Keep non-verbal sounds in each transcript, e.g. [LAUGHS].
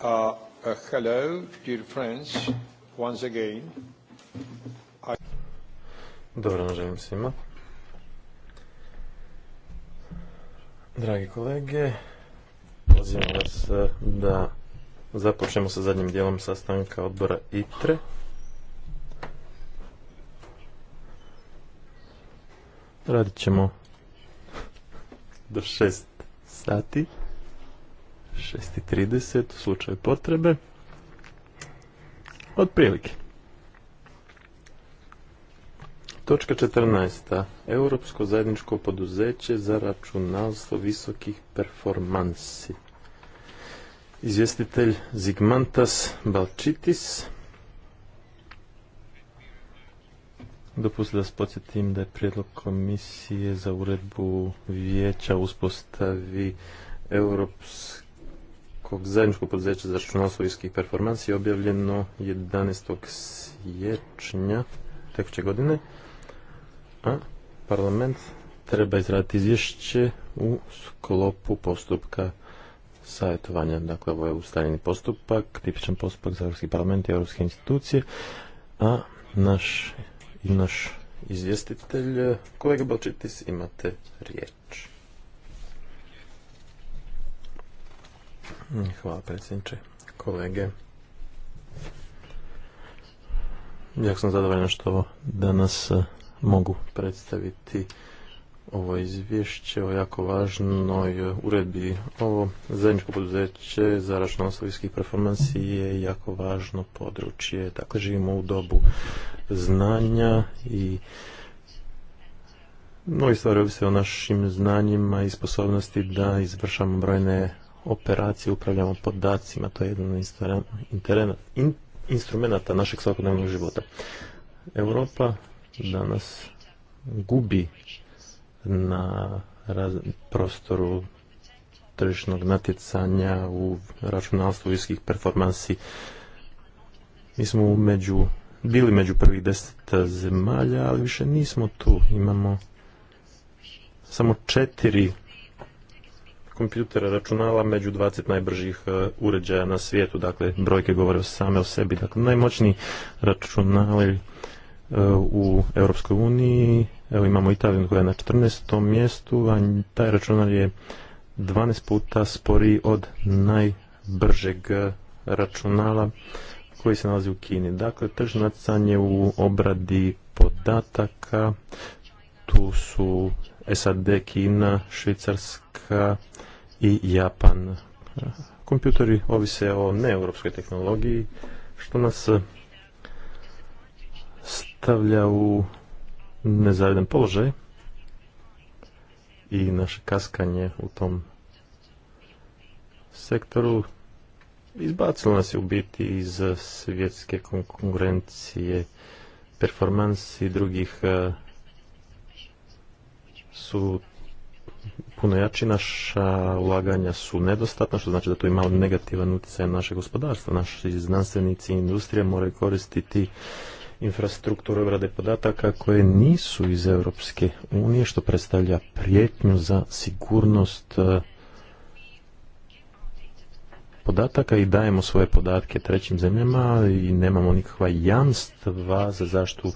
Uh, uh, hello, dear friends, once again. Dobro nam želim svima. Dragi kolege, pozivam vas uh, da započnemo sa zadnjim dijelom sastanka odbora ITRE. Radit ćemo do šest sati. 6.30 u slučaju potrebe. Otprilike. Točka 14. Europsko zajedničko poduzeće za računalstvo visokih performansi. Izvjestitelj Zigmantas Balčitis. Dopustite da podsjetim da je prijedlog komisije za uredbu vijeća uspostavi europske Europskog zajedničkog poduzeća za računovodstvo visokih performansi objavljeno 11. siječnja tekuće godine, a parlament treba izraditi izvješće u sklopu postupka savjetovanja. Dakle, ovo je ustaljeni postupak, tipičan postupak za Europski parlament i Europske institucije, a naš, naš izvjestitelj, kolega Balčitis, imate riječ. Hvala predsjedniče, kolege. Ja sam zadovoljan što danas e, mogu predstaviti ovo izvješće o jako važnoj e, uredbi. Ovo zajedničko poduzeće za računalnostavijskih performansi je jako važno područje. Dakle, živimo u dobu znanja i mnogi stvari ovise o našim znanjima i sposobnosti da izvršamo brojne operacije upravljamo podacima, to je jedan od instrumenta našeg svakodnevnog života. Europa danas gubi na prostoru tržišnog natjecanja u računalstvu viskih performansi. Mi smo među, bili među prvih deset zemalja, ali više nismo tu. Imamo samo četiri kompjutera računala među 20 najbržih e, uređaja na svijetu. Dakle, brojke govore same o sebi. Dakle, najmoćniji računali e, u Europskoj uniji. Evo imamo Italiju koja je na 14. mjestu, a taj računal je 12 puta spori od najbržeg e, računala koji se nalazi u Kini. Dakle, tržno natjecanje u obradi podataka, tu su SAD, Kina, Švicarska i Japan. Kompjutori ovise o neeuropskoj tehnologiji, što nas stavlja u nezavidan položaj i naše kaskanje u tom sektoru izbacilo nas je u biti iz svjetske konkurencije performansi drugih su puno jači, naša ulaganja su nedostatna, što znači da to ima negativan utjecaj na naše gospodarstvo. Naši znanstvenici i industrija moraju koristiti infrastrukturu obrade podataka koje nisu iz Europske unije, što predstavlja prijetnju za sigurnost e, podataka i dajemo svoje podatke trećim zemljama i nemamo nikakva jamstva za zaštu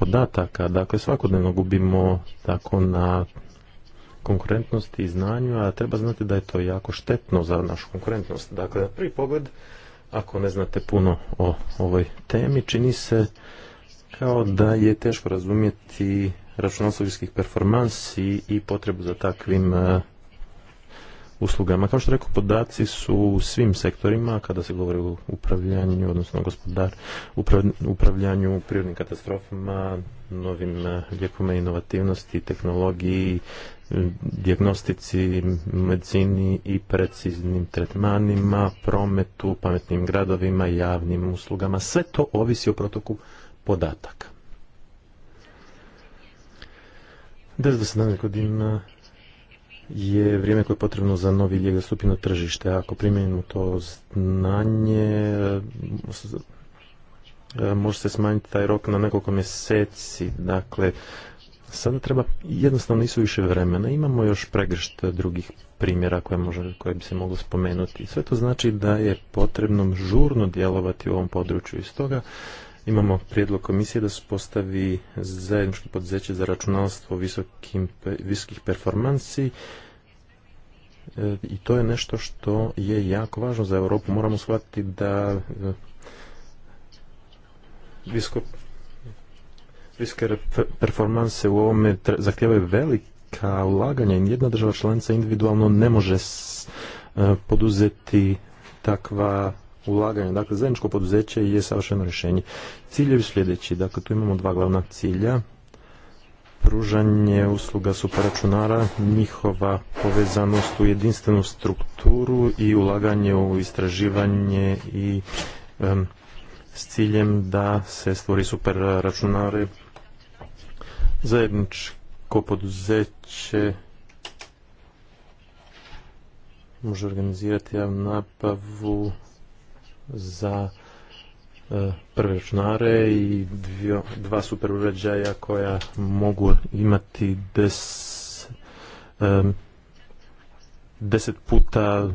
podataka. Dakle, svakodnevno gubimo tako na konkurentnosti i znanju, a treba znati da je to jako štetno za našu konkurentnost. Dakle, na prvi pogled, ako ne znate puno o ovoj temi, čini se kao da je teško razumjeti računovodstvenih performansi i potrebu za takvim e, uslugama. Kao što rekao, podaci su u svim sektorima, kada se govori o upravljanju, odnosno gospodar, upravljanju prirodnim katastrofama, novim eh, lijekovima inovativnosti, tehnologiji, dijagnostici, medicini i preciznim tretmanima, prometu, pametnim gradovima, javnim uslugama. Sve to ovisi o protoku podataka. da godina je vrijeme koje je potrebno za novi lijek da stupi na tržište. Ako primijenimo to znanje, eh, može se smanjiti taj rok na nekoliko mjeseci. Dakle, sada treba, jednostavno nisu više vremena. Imamo još pregršt drugih primjera koje, koje bi se moglo spomenuti. Sve to znači da je potrebno žurno djelovati u ovom području. I stoga imamo prijedlog komisije da se postavi zajedničko poduzeće za računalstvo visokim, visokih performansi e, i to je nešto što je jako važno za Europu. Moramo shvatiti da viske viske performanse u ovome zahtijevaju velika ulaganja i nijedna država članica individualno ne može e, poduzeti takva ulaganja. Dakle, zajedničko poduzeće je savršeno rješenje. Ciljevi sljedeći, dakle tu imamo dva glavna cilja. Pružanje usluga superračunara, njihova povezanost u jedinstvenu strukturu i ulaganje u istraživanje i s ciljem da se stvori super zajedničko poduzeće može organizirati javnu nabavu za e, prve računare i dva super uređaja koja mogu imati e, deset puta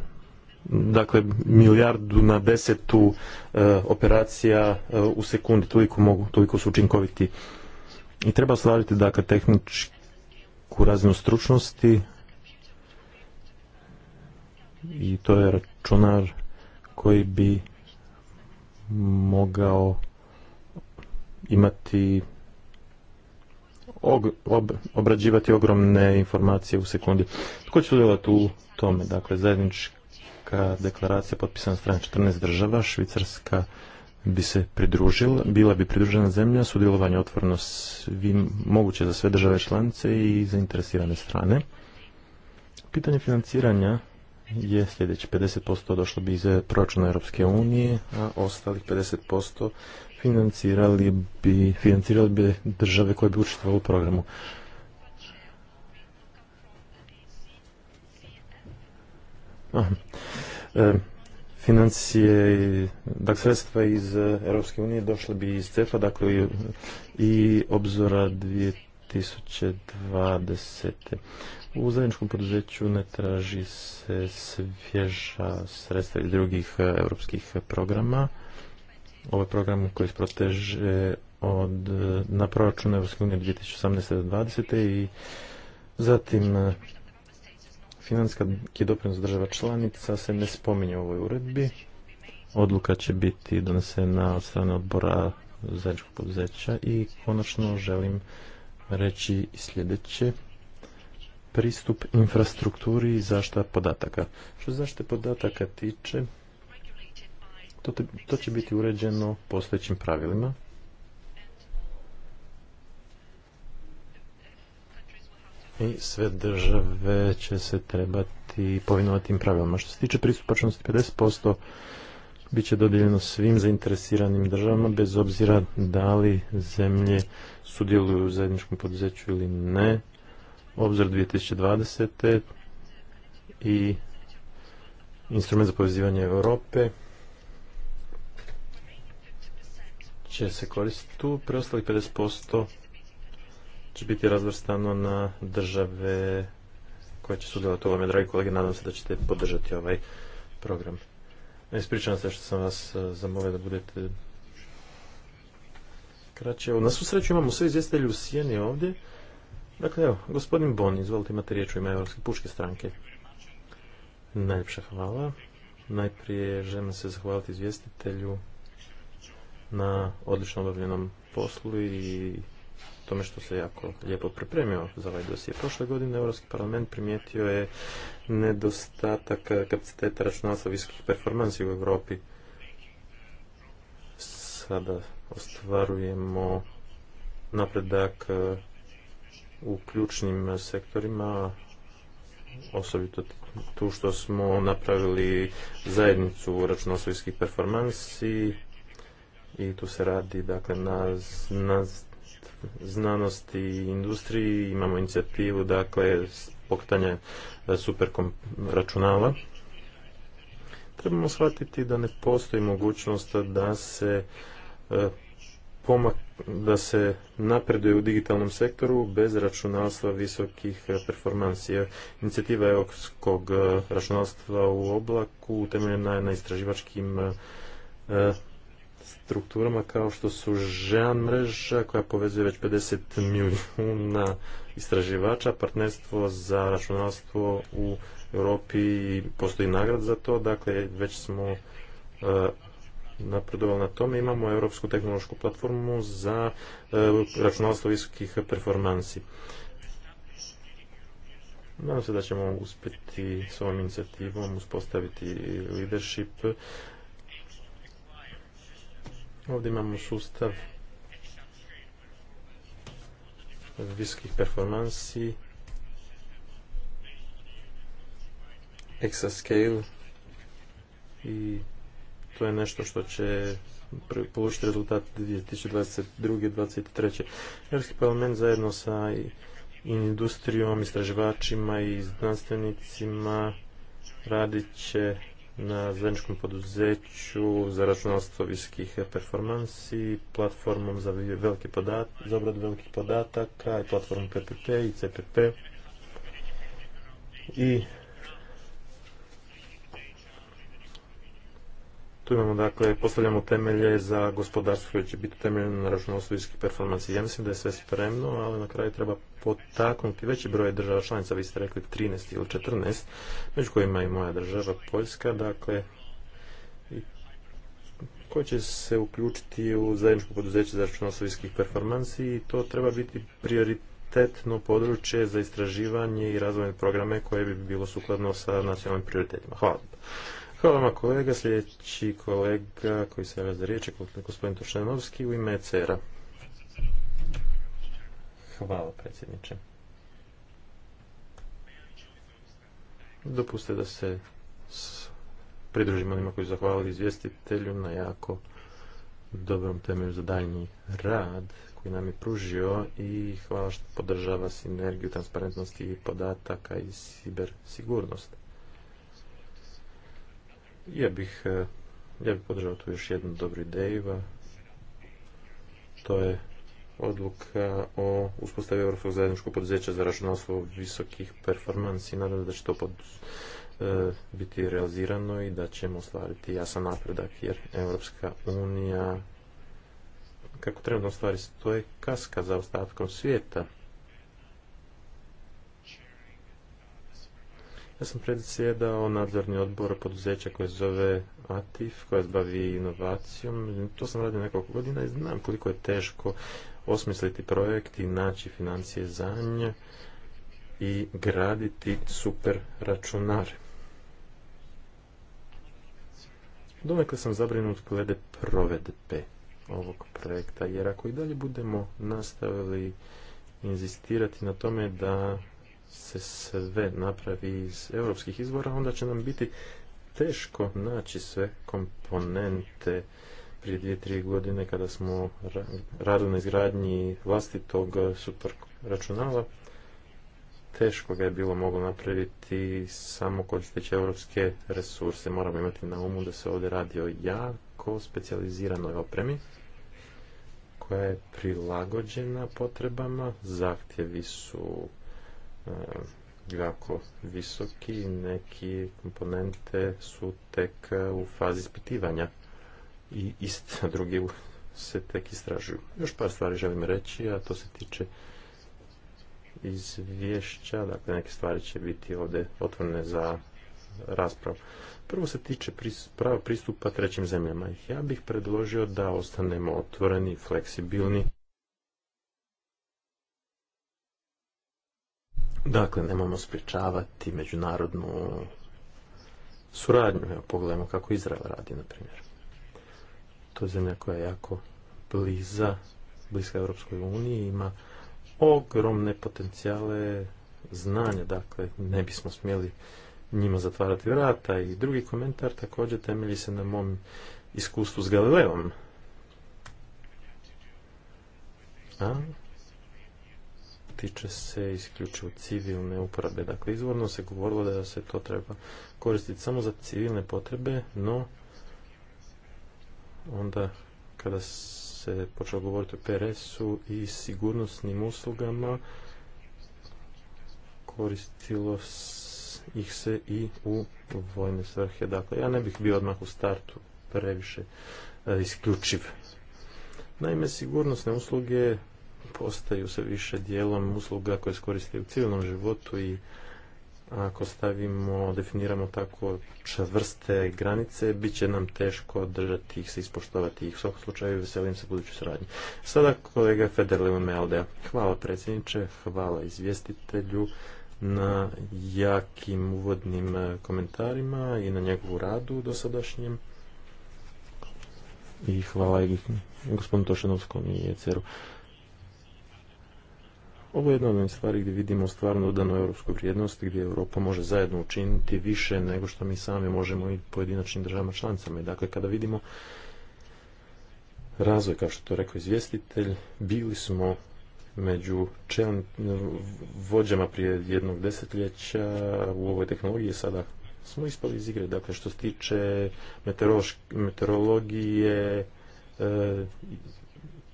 dakle milijardu na desetu e, operacija u sekundi toliko mogu toliko su učinkoviti i treba ostvariti dakle tehničku razinu stručnosti i to je računar koji bi mogao imati og, obrađivati ogromne informacije u sekundi. Tko će sudjelovati u tome? Dakle, zajednička deklaracija potpisana strane 14 država, Švicarska bi se pridružila, bila bi pridružena zemlja, sudjelovanje otvoreno svim, moguće za sve države članice i zainteresirane strane. Pitanje financiranja je sljedeći. 50% došlo bi iz proračuna Europske unije, a ostalih 50% financirali bi, financirali bi države koje bi učestvovali u programu. e, financije, dakle sredstva iz Europske unije došle bi iz CEFA, dakle i, i obzora 2020. U zajedničkom poduzeću ne traži se svježa sredstva iz drugih e, europskih programa. Ovo ovaj je program koji se proteže od, e, na proračun Europske unije 2018. do 2020. i zatim e, finanska doprinos država članica se ne spominje u ovoj uredbi. Odluka će biti donesena od strane odbora zajedničkog poduzeća i konačno želim reći sljedeće pristup infrastrukturi i zaštita podataka. Što se podataka tiče, to, te, to će biti uređeno postojećim pravilima. I sve države će se trebati povinovati tim pravilima. Što se tiče pristupačnosti 50%, bit će dodijeljeno svim zainteresiranim državama bez obzira da li zemlje sudjeluju u zajedničkom poduzeću ili ne obzor 2020. i instrument za povezivanje Europe će se koristiti tu. Preostali 50% će biti razvrstano na države koje će sudjelovati u ovome. Dragi kolege, nadam se da ćete podržati ovaj program. Ispričavam se što sam vas e, zamolio da budete kraće. Na sreću imamo sve izvjestelje u Sijeni ovdje. Dakle, evo, gospodin Bon, izvolite imate riječ u ime Europske pučke stranke. Najljepša hvala. Najprije želim se zahvaliti izvjestitelju na odlično obavljenom poslu i tome što se jako lijepo pripremio za ovaj dosije. Prošle godine Europski parlament primijetio je nedostatak kapaciteta računalstva visokih performansi u Europi. Sada ostvarujemo napredak u ključnim sektorima, osobito tu što smo napravili zajednicu računosovijskih performansi i tu se radi dakle na, znanosti i industriji, imamo inicijativu dakle pokretanja e, superkom računala. Trebamo shvatiti da ne postoji mogućnost da se e, pomak da se napreduje u digitalnom sektoru bez računalstva visokih eh, performansi. Eh, inicijativa europskog eh, računalstva u oblaku utemeljena je na istraživačkim strukturama kao što su žan mreža koja povezuje već 50 milijuna istraživača, partnerstvo za računalstvo u Europi i postoji nagrad za to, dakle već smo napredovali na tome. Imamo Europsku tehnološku platformu za e, računalstvo visokih performansi. Nadam se da ćemo uspjeti s ovom inicijativom uspostaviti leadership. Ovdje imamo sustav visokih performansi Exascale i to je nešto što će polučiti rezultat 2022. 2023. Europski parlament zajedno sa industrijom, istraživačima i znanstvenicima radit će na zajedničkom poduzeću za računalstvo visokih performansi, platformom za, velike obradu velikih podataka i platformom PPP i CPP i Tu imamo, dakle, postavljamo temelje za gospodarstvo koje će biti temeljeno na računovodstvenih performansi. Ja mislim da je sve spremno, ali na kraju treba potaknuti veći broj država članica, vi ste rekli 13 ili 14, među kojima i moja država Poljska, dakle, koji će se uključiti u zajedničko poduzeće za računovodstvenih performansi i to treba biti prioritetno područje za istraživanje i razvojne programe koje bi bilo sukladno sa nacionalnim prioritetima. Hvala. Hvala vam kolega. Sljedeći kolega koji se javlja za riječ je gospodin Tošanovski u ime CERA. Hvala predsjedniče. Dopuste da se pridružimo onima koji su zahvalili izvjestitelju na jako dobrom temelju za daljnji rad koji nam je pružio i hvala što podržava sinergiju transparentnosti i podataka i sibersigurnosti. Ja bih, e, ja bih podržao tu još jednu dobru ideju, to je odluka o uspostavi Europskog zajedničkog poduzeća za računalstvo visokih performansi. Nadam da će to pod, e, biti realizirano i da ćemo ostvariti jasan napredak jer Europska unija kako trenutno stvari stoje kaska za ostatkom svijeta Ja sam predsjedao nadzorni odbor poduzeća koje zove ATIF, koja se bavi inovacijom. To sam radio nekoliko godina i znam koliko je teško osmisliti projekt i naći financije za nje i graditi super računare. Donekle sam zabrinut glede provedbe ovog projekta, jer ako i dalje budemo nastavili inzistirati na tome da se sve napravi iz europskih izvora, onda će nam biti teško naći sve komponente prije dvije, tri godine kada smo radili na izgradnji vlastitog super računala. Teško ga je bilo moglo napraviti samo koristeći europske resurse. Moramo imati na umu da se ovdje radi o jako specijaliziranoj opremi koja je prilagođena potrebama. Zahtjevi su E, jako visoki, neki komponente su tek u fazi ispitivanja i ist, drugi se tek istražuju. Još par stvari želim reći, a to se tiče izvješća, dakle neke stvari će biti ovdje otvorene za raspravu. Prvo se tiče prava pristupa trećim zemljama. Ja bih predložio da ostanemo otvoreni, fleksibilni Dakle, nemamo spričavati međunarodnu suradnju. Evo, pogledajmo kako Izrael radi, na primjer. To je zemlja koja je jako bliza, bliska Europskoj uniji, ima ogromne potencijale znanja, dakle, ne bismo smjeli njima zatvarati vrata. I drugi komentar također temelji se na mom iskustvu s Galileom. A, tiče se isključivo civilne uporabe. Dakle, izvorno se govorilo da se to treba koristiti samo za civilne potrebe, no onda kada se počelo govoriti o PRS-u i sigurnosnim uslugama, koristilo ih se i u vojne svrhe. Dakle, ja ne bih bio odmah u startu previše e, isključiv. Naime, sigurnosne usluge postaju sve više dijelom usluga koje se koriste u civilnom životu i ako stavimo, definiramo tako čvrste granice, bit će nam teško držati ih se, ispoštovati ih. U svakom slučaju veselim se budućoj suradnji. Sada kolega Federle Melda. Hvala predsjedniče, hvala izvjestitelju na jakim uvodnim e, komentarima i na njegovu radu dosadašnjem. I hvala i gospodinu Tošanovskom i Jeceru. Ovo je jedna od stvari gdje vidimo stvarno odanu europsku vrijednost, gdje Europa može zajedno učiniti više nego što mi sami možemo i pojedinačnim državama članicama. I dakle, kada vidimo razvoj, kao što to rekao izvjestitelj, bili smo među čeln... vođama prije jednog desetljeća u ovoj tehnologiji, sada smo ispali iz igre. Dakle, što se tiče meteorologije, e,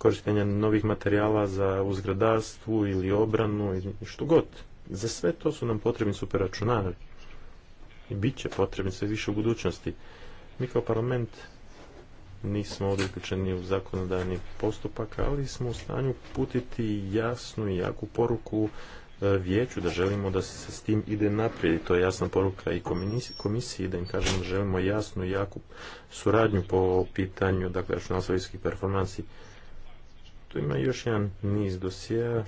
korištenja novih materijala za uzgradarstvu ili obranu, što god. Za sve to su nam potrebni superračunari. I bit će potrebni sve više u budućnosti. Mi kao parlament nismo ovdje uključeni u zakonodavni postupak, ali smo u stanju putiti jasnu i jaku poruku e, vijeću da želimo da se s tim ide naprijed to je jasna poruka i komisiji da im kažemo da želimo jasnu i jaku suradnju po pitanju dakle performansi tu ima još jedan niz dosija,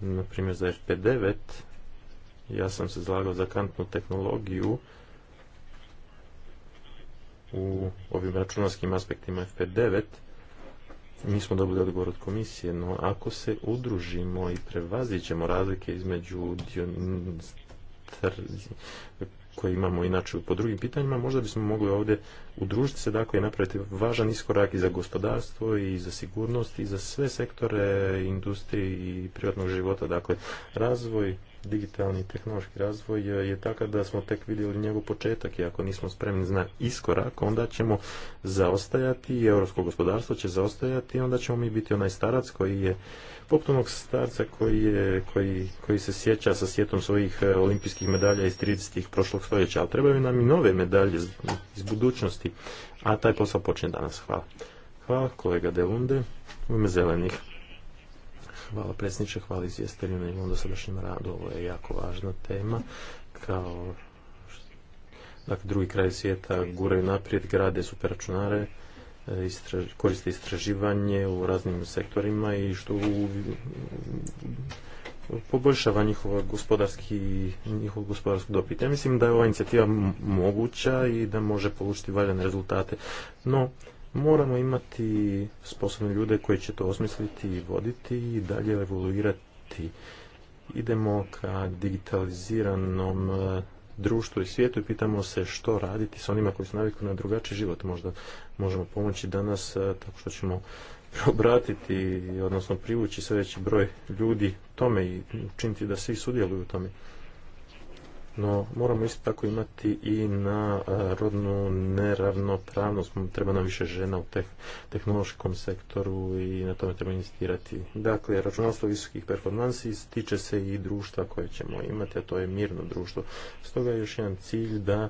na primjer za FP9, ja sam se zlagao za kantnu tehnologiju u ovim računalskim aspektima FP9, nismo dobili odgovor od komisije, no ako se udružimo i ćemo razlike između koje imamo inače po drugim pitanjima, možda bismo mogli ovdje udružiti se dakle i napraviti važan iskorak i za gospodarstvo i za sigurnost i za sve sektore industrije i privatnog života. Dakle, razvoj, digitalni i tehnološki razvoj je takav da smo tek vidjeli njegov početak i ako nismo spremni na iskorak, onda ćemo zaostajati i europsko gospodarstvo će zaostajati i onda ćemo mi biti onaj starac koji je poput starca koji, je, koji, koji, se sjeća sa sjetom svojih e, olimpijskih medalja iz 30. prošlog stoljeća, ali trebaju nam i nove medalje iz budućnosti. A taj posao počinje danas. Hvala. Hvala kolega Delunde u ime zelenih. Hvala predsjedniče, hvala izvjestelju na imam dosadašnjem radu. Ovo je jako važna tema. Kao dakle, drugi kraj svijeta guraju naprijed, grade superračunare, e, koriste istraživanje u raznim sektorima i što u, poboljšava njihov gospodarski, njihov gospodarski dopit. Ja mislim da je ova inicijativa moguća i da može polučiti valjane rezultate. No, moramo imati sposobne ljude koji će to osmisliti i voditi i dalje evoluirati. Idemo ka digitaliziranom e, društvu i svijetu i pitamo se što raditi sa onima koji su navikli na drugačiji život. Možda možemo pomoći danas e, tako što ćemo [LAUGHS] obratiti, odnosno privući sve veći broj ljudi tome i učiniti da svi sudjeluju u tome. No, moramo isto tako imati i na rodnu neravnopravnost. Treba nam više žena u tehnološkom sektoru i na tome treba investirati. Dakle, računalstvo visokih performansi tiče se i društva koje ćemo imati, a to je mirno društvo. Stoga je još jedan cilj da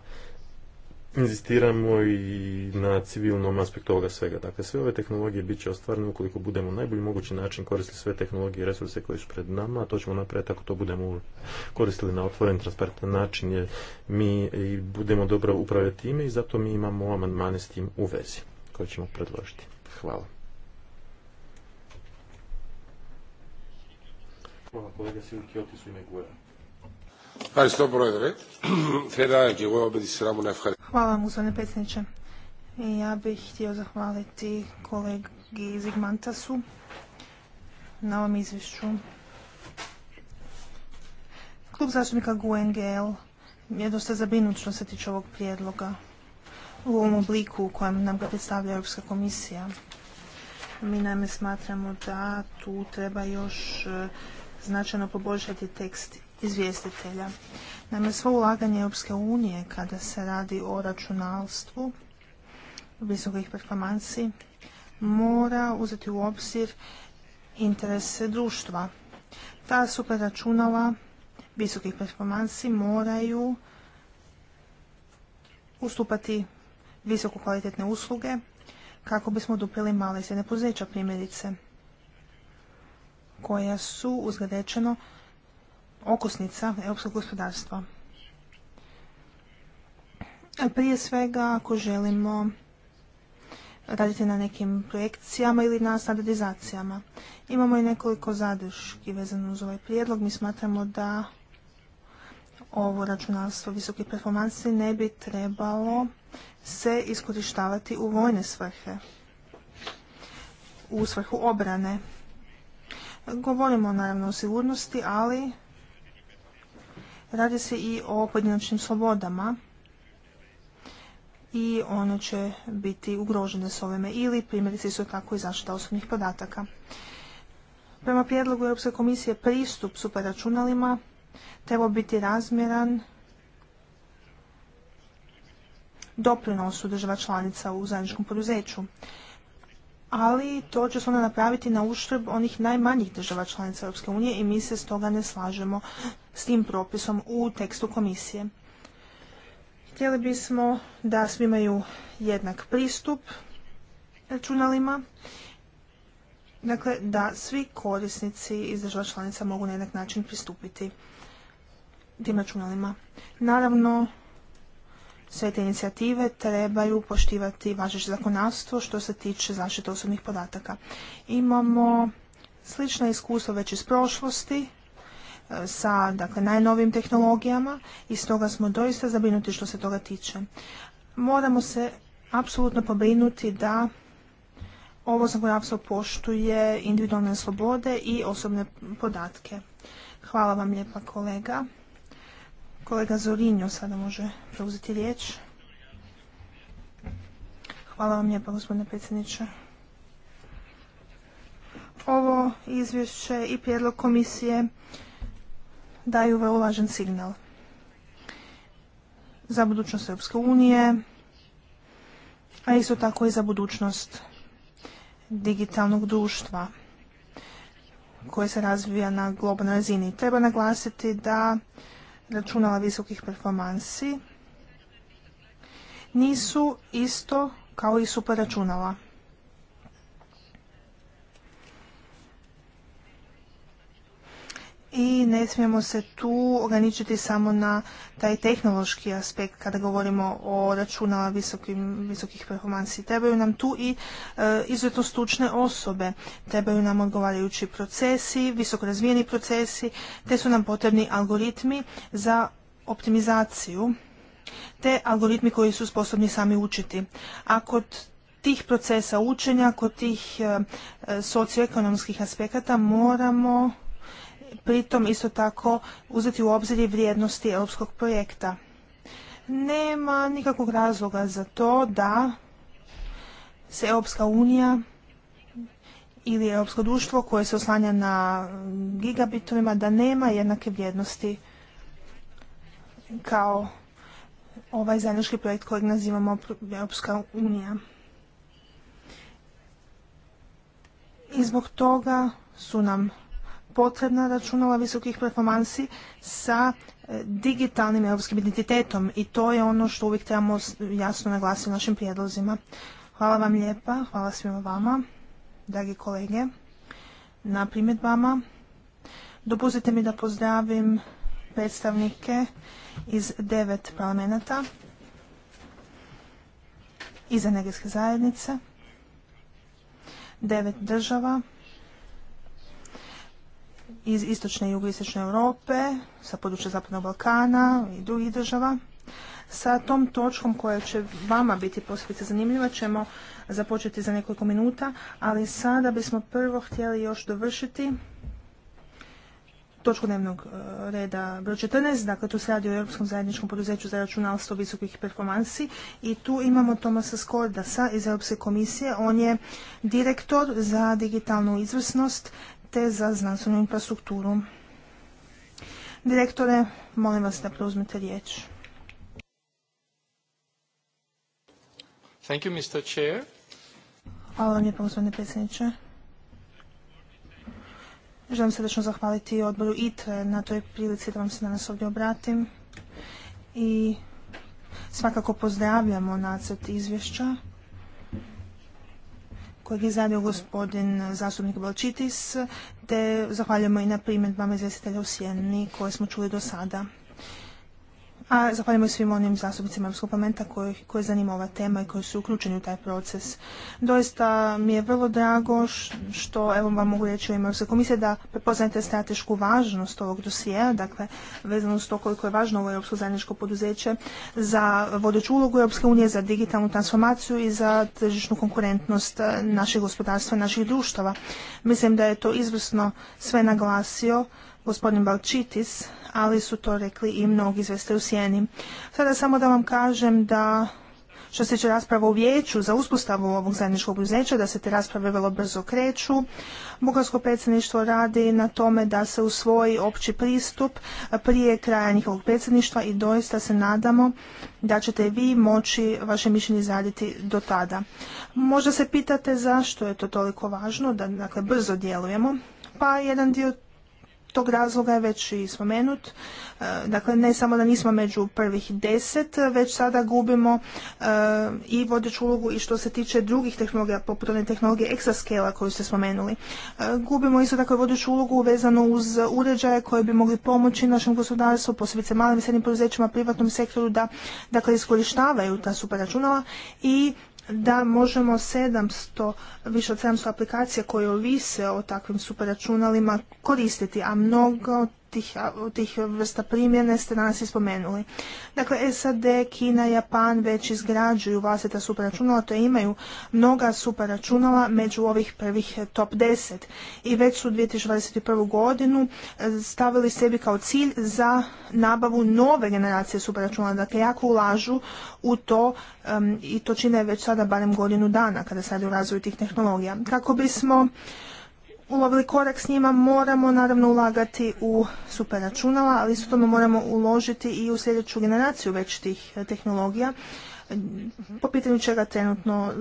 inzistiramo i na civilnom aspektu ovoga svega. Dakle, sve ove tehnologije bit će ostvarene ukoliko budemo na najbolji mogući način koristili sve tehnologije i resurse koji su pred nama, a to ćemo napraviti ako to budemo koristili na otvoren, transparentan način, jer mi i budemo dobro upravljati time i zato mi imamo amandmane s tim u vezi koje ćemo predložiti. Hvala. Hvala kolega Hvala [CLEARS THROAT] Hvala vam, gospodine predsjedniče. Ja bih htio zahvaliti kolegi Zigmantasu na ovom izvješću. Klub zastupnika GUNGL je dosta zabrinut što se tiče ovog prijedloga u ovom obliku u kojem nam ga predstavlja Europska komisija. Mi naime smatramo da tu treba još e, značajno poboljšati tekst izvjestitelja. Naime, svo ulaganje Europske unije kada se radi o računalstvu visokih performansi mora uzeti u obzir interese društva. Ta računala visokih performansi moraju ustupati visoko kvalitetne usluge kako bismo odupili male i poduzeća primjerice koja su uzgledečeno okosnica europskog gospodarstva. E, prije svega ako želimo raditi na nekim projekcijama ili na standardizacijama. Imamo i nekoliko zadrški vezano uz ovaj prijedlog. Mi smatramo da ovo računalstvo visoke performanse ne bi trebalo se iskorištavati u vojne svrhe, u svrhu obrane. Govorimo naravno o sigurnosti, ali Radi se i o pojedinačnim slobodama i one će biti ugrožene s ovime ili primjerice su tako i zaštita osobnih podataka. Prema prijedlogu Europske komisije pristup superračunalima treba biti razmjeran doprinosu država članica u zajedničkom poduzeću. Ali to će se onda napraviti na uštrb onih najmanjih država članica Europske unije i mi se stoga ne slažemo s tim propisom u tekstu komisije. Htjeli bismo da svi imaju jednak pristup računalima, dakle da svi korisnici iz država članica mogu na jednak način pristupiti tim računalima. Naravno, sve te inicijative trebaju poštivati važeće zakonavstvo što se tiče zaštite osobnih podataka. Imamo slična iskustva već iz prošlosti sa dakle, najnovim tehnologijama i stoga smo doista zabrinuti što se toga tiče. Moramo se apsolutno pobrinuti da ovo zakonodavstvo poštuje individualne slobode i osobne podatke. Hvala vam lijepa kolega. Kolega Zorinjo sada može preuzeti riječ. Hvala vam lijepa gospodine predsjedniče. Ovo izvješće i prijedlog komisije daju vrlo važan signal za budućnost Europske unije, a isto tako i za budućnost digitalnog društva koje se razvija na globalnoj razini. Treba naglasiti da računala visokih performansi nisu isto kao i super računala. i ne smijemo se tu ograničiti samo na taj tehnološki aspekt kada govorimo o računala visokim, visokih performansi. Trebaju nam tu i e, izuzetno stručne osobe, trebaju nam odgovarajući procesi, visoko razvijeni procesi, te su nam potrebni algoritmi za optimizaciju, te algoritmi koji su sposobni sami učiti. A kod tih procesa učenja, kod tih e, e, socioekonomskih aspekata moramo pritom isto tako uzeti u obzir i vrijednosti europskog projekta. Nema nikakvog razloga za to da se Europska unija ili Europsko društvo koje se oslanja na gigabitovima da nema jednake vrijednosti kao ovaj zajednički projekt kojeg nazivamo Europska unija. I zbog toga su nam potrebna računala visokih performansi sa e, digitalnim europskim identitetom i to je ono što uvijek trebamo jasno naglasiti u našim prijedlozima. Hvala vam lijepa, hvala svima vama, dragi kolege, na primjedbama. Dopustite mi da pozdravim predstavnike iz devet parlamenta, iz energetske zajednice, devet država, iz istočne i jugoistočne Europe, sa područja Zapadnog Balkana i drugih država. Sa tom točkom koja će vama biti posebice zanimljiva ćemo započeti za nekoliko minuta, ali sada bismo prvo htjeli još dovršiti točku dnevnog e, reda broj 14, dakle tu se radi o Europskom zajedničkom poduzeću za računalstvo visokih performansi i tu imamo Tomasa Skordasa iz Europske komisije, on je direktor za digitalnu izvrsnost te za znanstvenu infrastrukturu. Direktore, molim vas da preuzmete riječ. Thank you, Hvala vam lijepo, gospodine predsjedniče. Želim srdečno zahvaliti odboru ITRE na toj prilici da vam se danas ovdje obratim i svakako pozdravljamo nacrt izvješća kojeg je izradio gospodin zastupnik Balčitis, te zahvaljujemo i na primjedbama izvjestitelja u Sjeni koje smo čuli do sada a zahvaljujemo svim onim zastupnicima Europskog parlamenta koji koje zanima ova tema i koji su uključeni u taj proces. Doista mi je vrlo drago što, evo vam mogu reći u ime Europske komisije, da prepoznajete stratešku važnost ovog dosjea, dakle vezano s to koliko je važno ovo Europsko zajedničko poduzeće za vodeću ulogu Europske unije, za digitalnu transformaciju i za tržišnu konkurentnost e, našeg gospodarstva, naših društava. Mislim da je to izvrsno sve naglasio gospodin Balčitis, ali su to rekli i mnogi izveste u sjeni. Sada samo da vam kažem da što se će rasprava u vijeću za uspostavu ovog zajedničkog poduzeća, da se te rasprave vrlo brzo kreću. Bugarsko predsjedništvo radi na tome da se usvoji opći pristup prije kraja njihovog predsjedništva i doista se nadamo da ćete vi moći vaše mišljenje izraditi do tada. Možda se pitate zašto je to toliko važno, da dakle, brzo djelujemo. Pa jedan dio tog razloga je već i spomenut. E, dakle, ne samo da nismo među prvih deset, već sada gubimo e, i vodeću ulogu i što se tiče drugih tehnologija, poput one tehnologije exascale-a koju ste spomenuli. E, gubimo isto tako vodeću ulogu vezanu uz uređaje koje bi mogli pomoći našem gospodarstvu, posebice malim i srednjim poduzećima, privatnom sektoru da dakle, iskorištavaju ta super računala i da možemo 700, više od 700 aplikacija koje ovise o takvim super računalima koristiti, a mnogo tih, tih vrsta primjene ste danas i spomenuli. Dakle, SAD, Kina, Japan već izgrađuju vlastita superračunala, to imaju mnoga superračunala među ovih prvih eh, top 10 i već su 2021. godinu eh, stavili sebi kao cilj za nabavu nove generacije superračunala. Dakle, jako ulažu u to i to čine već sada barem godinu dana kada sad u razvoju tih tehnologija. Kako bismo ulovili korak s njima, moramo naravno ulagati u super računala, ali tome moramo uložiti i u sljedeću generaciju već tih eh, tehnologija po pitanju čega trenutno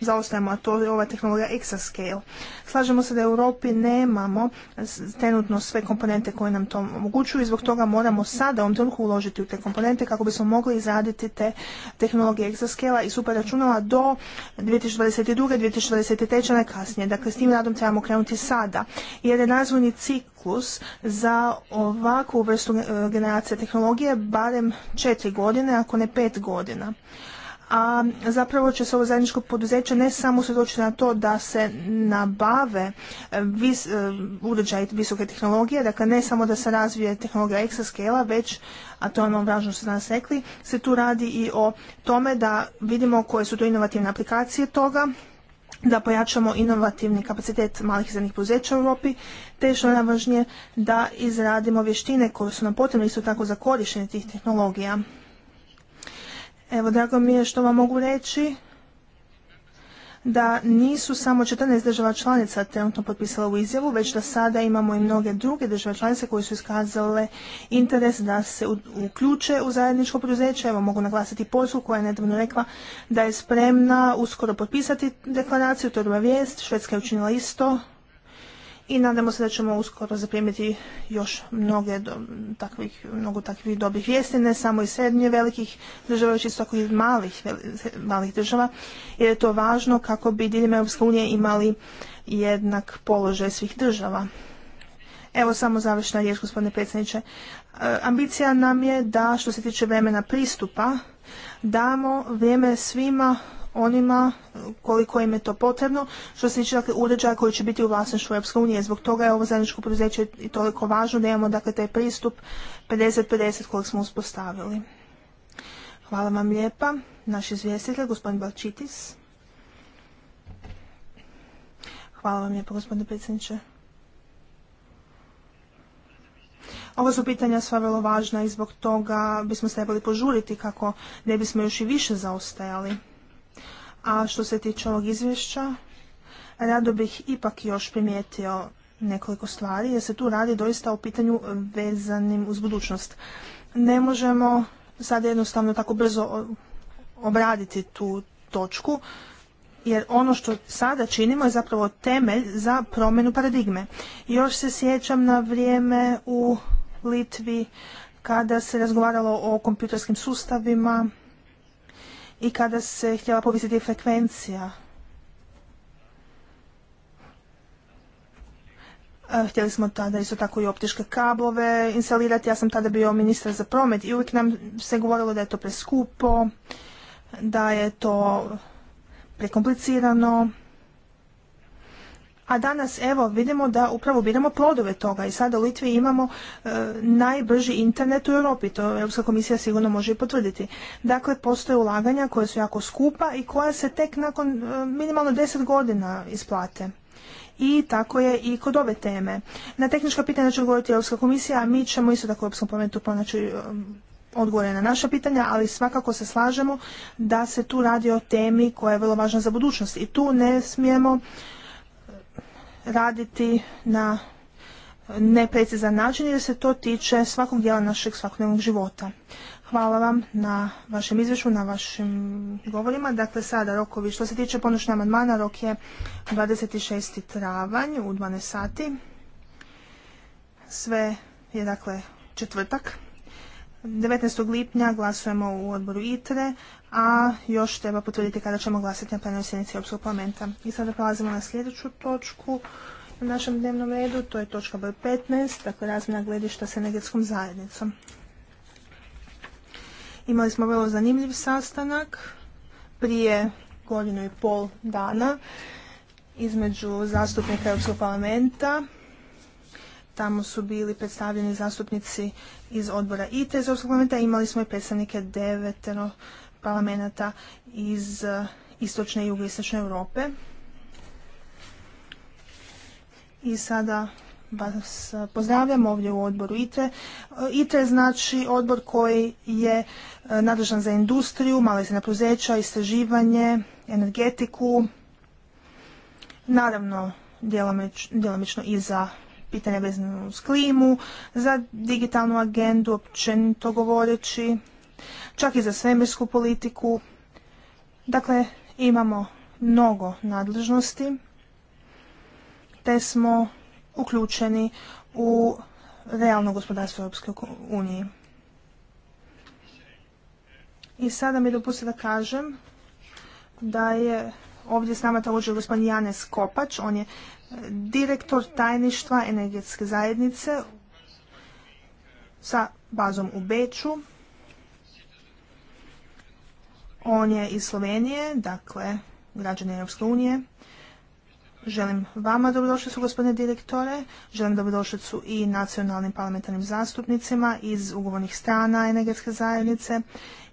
zaostajemo, a to je ova tehnologija exascale. Slažemo se da u Europi nemamo trenutno sve komponente koje nam to omogućuju i zbog toga moramo sada u ovom trenutku uložiti u te komponente kako bismo mogli izraditi te tehnologije exascale i super računala do 2022. 2023. kasnije. Dakle, s tim radom trebamo krenuti sada jer je razvojni cik ciklus za ovakvu vrstu e, generacije tehnologije barem četiri godine, ako ne pet godina. A zapravo će se ovo zajedničko poduzeće ne samo svjedočiti na to da se nabave e, vis, e, uređaj visoke tehnologije, dakle ne samo da se razvije tehnologija exascale već, a to je ono važno što ste danas rekli, se tu radi i o tome da vidimo koje su to inovativne aplikacije toga, da pojačamo inovativni kapacitet malih i srednjih poduzeća u Europi, te što je najvažnije da izradimo vještine koje su nam potrebne isto tako za korištenje tih tehnologija. Evo, drago mi je što vam mogu reći da nisu samo 14 država članica trenutno potpisala u izjavu, već da sada imamo i mnoge druge države članice koje su iskazale interes da se uključe u zajedničko poduzeće. Evo mogu naglasiti Poljsku koja je nedavno rekla da je spremna uskoro potpisati deklaraciju, to je dobra vijest. Švedska je učinila isto i nadamo se da ćemo uskoro zaprimiti još mnoge takvih, mnogo takvih dobrih vijesti, ne samo iz srednje velikih država, već i i malih, malih država, jer je to važno kako bi diljem Europske unije imali jednak položaj svih država. Evo samo završna riječ, gospodine predsjedniče. E, ambicija nam je da, što se tiče vremena pristupa, damo vrijeme svima onima koliko im je to potrebno, što se tiče dakle, uređaja koji će biti u vlasništvu Europske unije. Zbog toga je ovo zajedničko poduzeće i toliko važno da imamo dakle, taj pristup 50-50 kojeg smo uspostavili. Hvala vam lijepa. Naš izvjestitelj, gospodin Balčitis. Hvala vam lijepo, gospodine predsjedniče. Ovo su pitanja sva vrlo važna i zbog toga bismo se trebali požuriti kako ne bismo još i više zaostajali. A što se tiče ovog izvješća, rado bih ipak još primijetio nekoliko stvari, jer se tu radi doista o pitanju vezanim uz budućnost. Ne možemo sada jednostavno tako brzo obraditi tu točku, jer ono što sada činimo je zapravo temelj za promjenu paradigme. Još se sjećam na vrijeme u Litvi kada se razgovaralo o kompjuterskim sustavima, i kada se htjela povisiti frekvencija. E, htjeli smo tada isto tako i optičke kablove instalirati. Ja sam tada bio ministar za promet i uvijek nam se govorilo da je to preskupo, da je to prekomplicirano a danas evo vidimo da upravo biramo plodove toga i sada u Litvi imamo e, najbrži internet u Europi, to Europska komisija sigurno može i potvrditi. Dakle, postoje ulaganja koja su jako skupa i koja se tek nakon e, minimalno deset godina isplate. I tako je i kod ove teme. Na tehnička pitanja će odgovoriti Europska komisija, a mi ćemo isto tako u Europskom parlamentu pronaći e, odgovore na naša pitanja, ali svakako se slažemo da se tu radi o temi koja je vrlo važna za budućnost i tu ne smijemo raditi na neprecizan način jer se to tiče svakog dijela našeg svakodnevnog života. Hvala vam na vašem izvješću, na vašim govorima. Dakle, sada rokovi. Što se tiče ponošnja amandmana, rok je 26. travanj u 12 sati. Sve je, dakle, četvrtak. 19. lipnja glasujemo u odboru ITRE, a još treba potvrditi kada ćemo glasati na plenarnoj sjednici Europskog parlamenta. I sada prelazimo na sljedeću točku na našem dnevnom redu, to je točka broj 15, dakle razmjena gledišta s energetskom zajednicom. Imali smo vrlo zanimljiv sastanak prije godinu i pol dana između zastupnika Europskog parlamenta Tamo su bili predstavljeni zastupnici iz odbora IT za Europskog parlamenta. Imali smo i predstavnike devetero parlamenta iz eh, istočne i jugoistočne Europe. I sada vas eh, pozdravljam ovdje u odboru ITRE. Eh, ITRE znači odbor koji je nadležan za industriju, mala i poduzeća, istraživanje, energetiku, naravno djelomično i za pitanja vezano uz klimu, za digitalnu agendu, općenito govoreći, čak i za svemirsku politiku. Dakle, imamo mnogo nadležnosti, te smo uključeni u realno gospodarstvo Europske unije. I sada mi dopustite da kažem da je ovdje s nama također gospodin Janez Kopač, on je direktor tajništva energetske zajednice sa bazom u Beču. On je iz Slovenije, dakle građani Europske unije. Želim vama dobrodošlicu, gospodine direktore. Želim dobrodošlicu i nacionalnim parlamentarnim zastupnicima iz ugovornih strana energetske zajednice.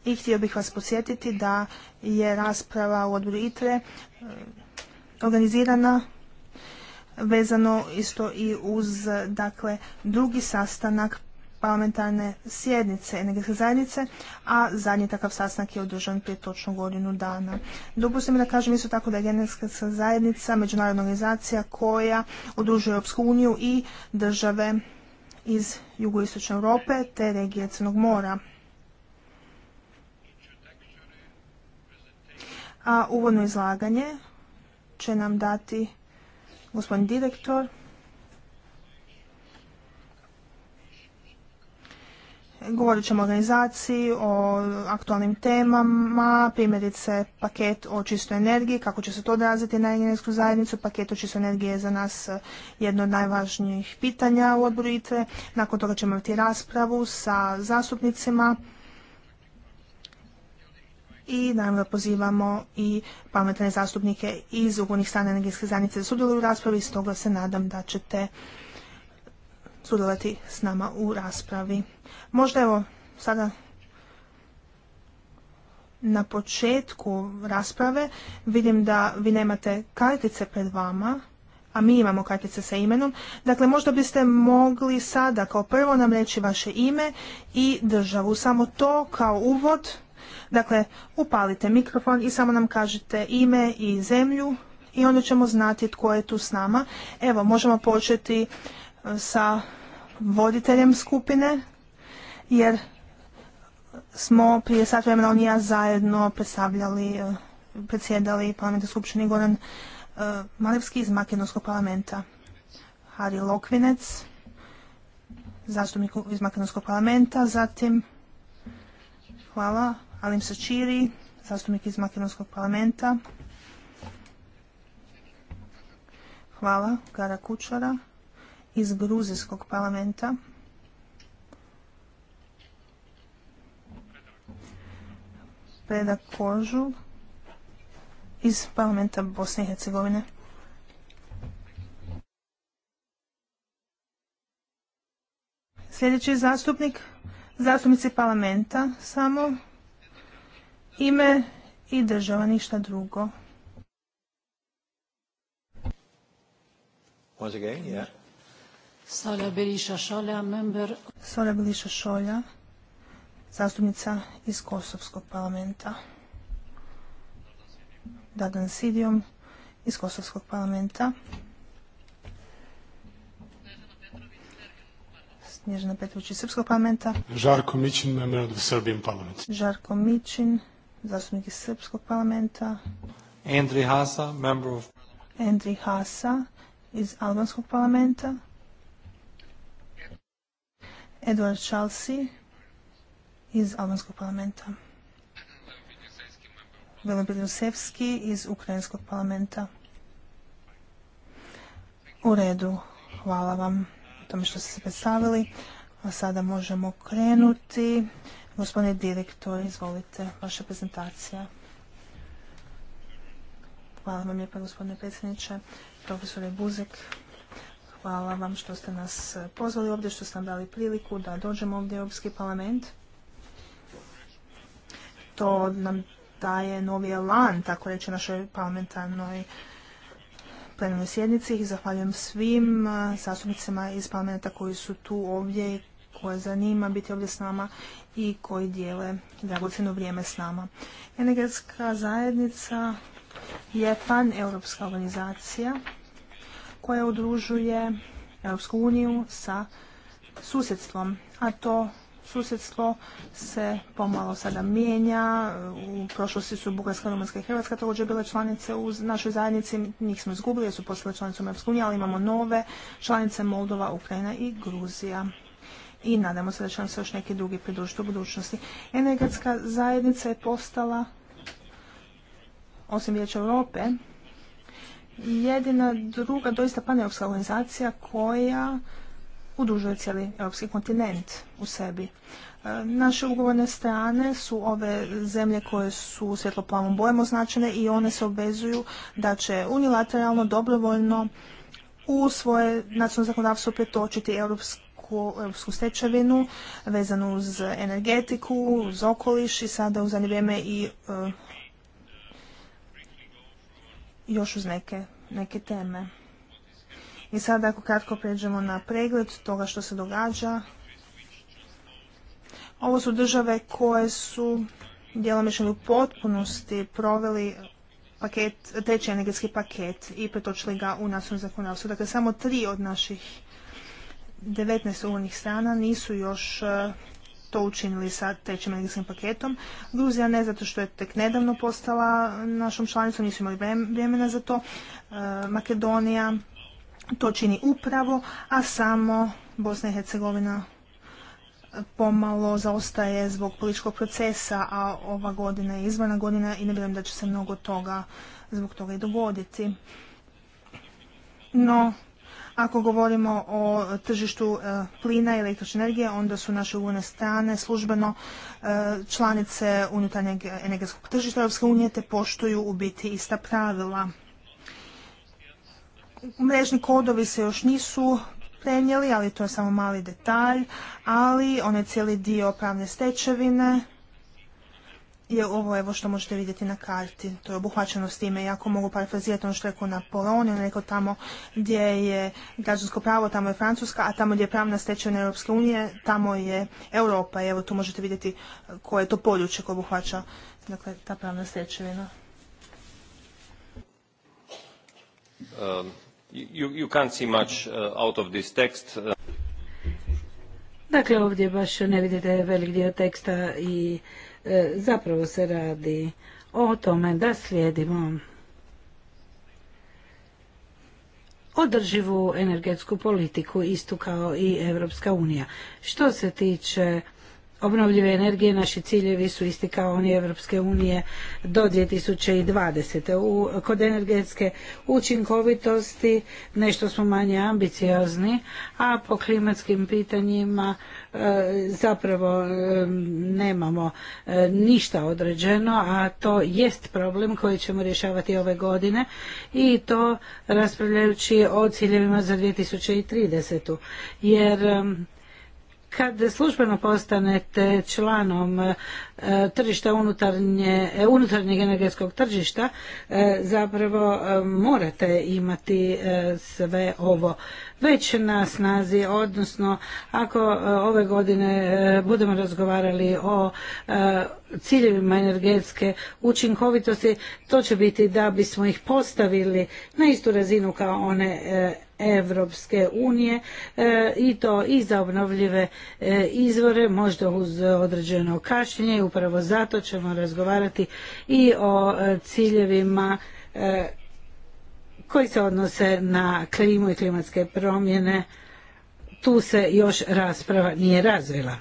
I htio bih vas podsjetiti da je rasprava u odboru ITRE eh, organizirana vezano isto i uz dakle drugi sastanak parlamentarne sjednice energetske zajednice, a zadnji takav sastanak je održan prije točno godinu dana. se da kažem isto tako da je energetska zajednica međunarodna organizacija koja udružuje Europsku uniju i države iz jugoistočne Europe te regije Crnog mora. A uvodno izlaganje će nam dati Gospodin direktor, govorit ćemo o organizaciji, o aktualnim temama, primjerice paket o čistoj energiji, kako će se to odraziti na energetsku zajednicu, paket o čistoj energiji je za nas e, jedno od najvažnijih pitanja u odboru ITRE. Nakon toga ćemo imati raspravu sa zastupnicima i naravno pozivamo i pametne zastupnike iz ugovornih strana energetske zajednice da sudjeluju u raspravi, stoga se nadam da ćete sudjelovati s nama u raspravi. Možda evo sada na početku rasprave vidim da vi nemate kartice pred vama, a mi imamo kartice sa imenom. Dakle, možda biste mogli sada kao prvo nam reći vaše ime i državu. Samo to kao uvod Dakle, upalite mikrofon i samo nam kažete ime i zemlju i onda ćemo znati tko je tu s nama. Evo, možemo početi e, sa voditeljem skupine, jer smo prije sat vremena on i ja zajedno predstavljali, e, predsjedali parlamenta skupštini Goran e, Malevski iz Makedonskog parlamenta. Hari Lokvinec, zastupnik iz Makedonskog parlamenta, zatim hvala Alim Sačiri, zastupnik iz Makedonskog parlamenta. Hvala, Gara Kučara iz Gruzijskog parlamenta. Preda Kožu iz parlamenta Bosne i Hercegovine. Sljedeći zastupnik, zastupnici parlamenta samo ime i država, ništa drugo. Once again, yeah. Solja Beliša Šolja, member... Beliša Šolja, zastupnica iz Kosovskog parlamenta. Dadan Sidijom iz Kosovskog parlamenta. Snježana Petrović iz Srpskog parlamenta. Žarko Mičin, member of the Serbian Žarko Mićin, zastupnik iz Srpskog parlamenta. Andri Hasa, member of... Hasa iz Albanskog parlamenta. Edward Chalsi iz Albanskog parlamenta. Velobir Jusevski iz Ukrajinskog parlamenta. U redu, hvala vam tome što ste se predstavili. A sada možemo krenuti Gospodine direktor, izvolite, vaša prezentacija. Hvala vam lijepa gospodine predsjedniče, profesore Buzek. Hvala vam što ste nas pozvali ovdje, što ste nam dali priliku da dođemo ovdje u Europski parlament. To nam daje novi elan, tako reći, našoj parlamentarnoj plenarnoj sjednici i zahvaljujem svim zastupnicima iz parlamenta koji su tu ovdje i koje zanima biti ovdje s nama i koji dijele dragocjeno vrijeme s nama. Energetska zajednica je pan-europska organizacija koja udružuje Europsku uniju sa susjedstvom, a to susjedstvo se pomalo sada mijenja. U prošlosti su Bugarska, Rumunjska i Hrvatska također bile članice u našoj zajednici. Njih smo izgubili jer su postale u Europsku uniju, ali imamo nove članice Moldova, Ukrajina i Gruzija i nadamo se da će nam se još neki drugi pridružiti u budućnosti. Energetska zajednica je postala, osim Vijeća Europe, jedina druga doista paneuropska organizacija koja udružuje cijeli europski kontinent u sebi. E, naše ugovorne strane su ove zemlje koje su svjetloplavom bojem označene i one se obvezuju da će unilateralno, dobrovoljno u svoje nacionalno zakonodavstvo pretočiti europski u europsku stečevinu vezanu uz energetiku, uz okoliš i sada u zadnje vrijeme i e, još uz neke, teme. I sada ako kratko pređemo na pregled toga što se događa. Ovo su države koje su djelomično u potpunosti proveli paket, treći energetski paket i pretočili ga u nacionalno zakonodavstvo. Dakle, samo tri od naših 19 uvodnih strana nisu još e, to učinili sa trećim energetskim paketom. Gruzija ne zato što je tek nedavno postala našom članicom, nisu imali vremena za to. E, Makedonija to čini upravo, a samo Bosna i Hercegovina e, pomalo zaostaje zbog političkog procesa, a ova godina je izvana godina i ne vjerujem da će se mnogo toga zbog toga i dogoditi. No, ako govorimo o tržištu e, plina i električne energije, onda su naše ugovorne strane službeno e, članice unutarnjeg energetskog tržišta Europske unije te poštuju u biti ista pravila. Mrežni kodovi se još nisu prenijeli, ali to je samo mali detalj, ali onaj cijeli dio pravne stečevine je ovo evo što možete vidjeti na karti. To je obuhvaćeno s time. Jako mogu parafrazirati ono što je rekao Poloniju, tamo gdje je građansko pravo, tamo je Francuska, a tamo gdje je pravna stečevina Europske unije, tamo je Europa. evo tu možete vidjeti e, koje je to područje koje obuhvaća dakle, ta pravna stečevina. Dakle, ovdje baš ne vidite velik dio teksta i E, zapravo se radi o tome da slijedimo održivu energetsku politiku istu kao i Europska unija. Što se tiče obnovljive energije naši ciljevi su isti kao oni Europske unije do 2020. kod energetske učinkovitosti nešto smo manje ambiciozni, a po klimatskim pitanjima E, zapravo e, nemamo e, ništa određeno, a to jest problem koji ćemo rješavati ove godine i to raspravljajući o ciljevima za 2030. Jer kad službeno postanete članom e, tržišta unutarnje, e, unutarnjeg energetskog tržišta, e, zapravo morate imati sve ovo već na snazi, odnosno ako ove godine budemo razgovarali o ciljevima energetske učinkovitosti, to će biti da bismo ih postavili na istu razinu kao one Evropske unije e, i to i za obnovljive e, izvore, možda uz određeno kašnjenje i upravo zato ćemo razgovarati i o e, ciljevima koji se odnose na klimu i klimatske promjene. Tu se još rasprava nije razvila.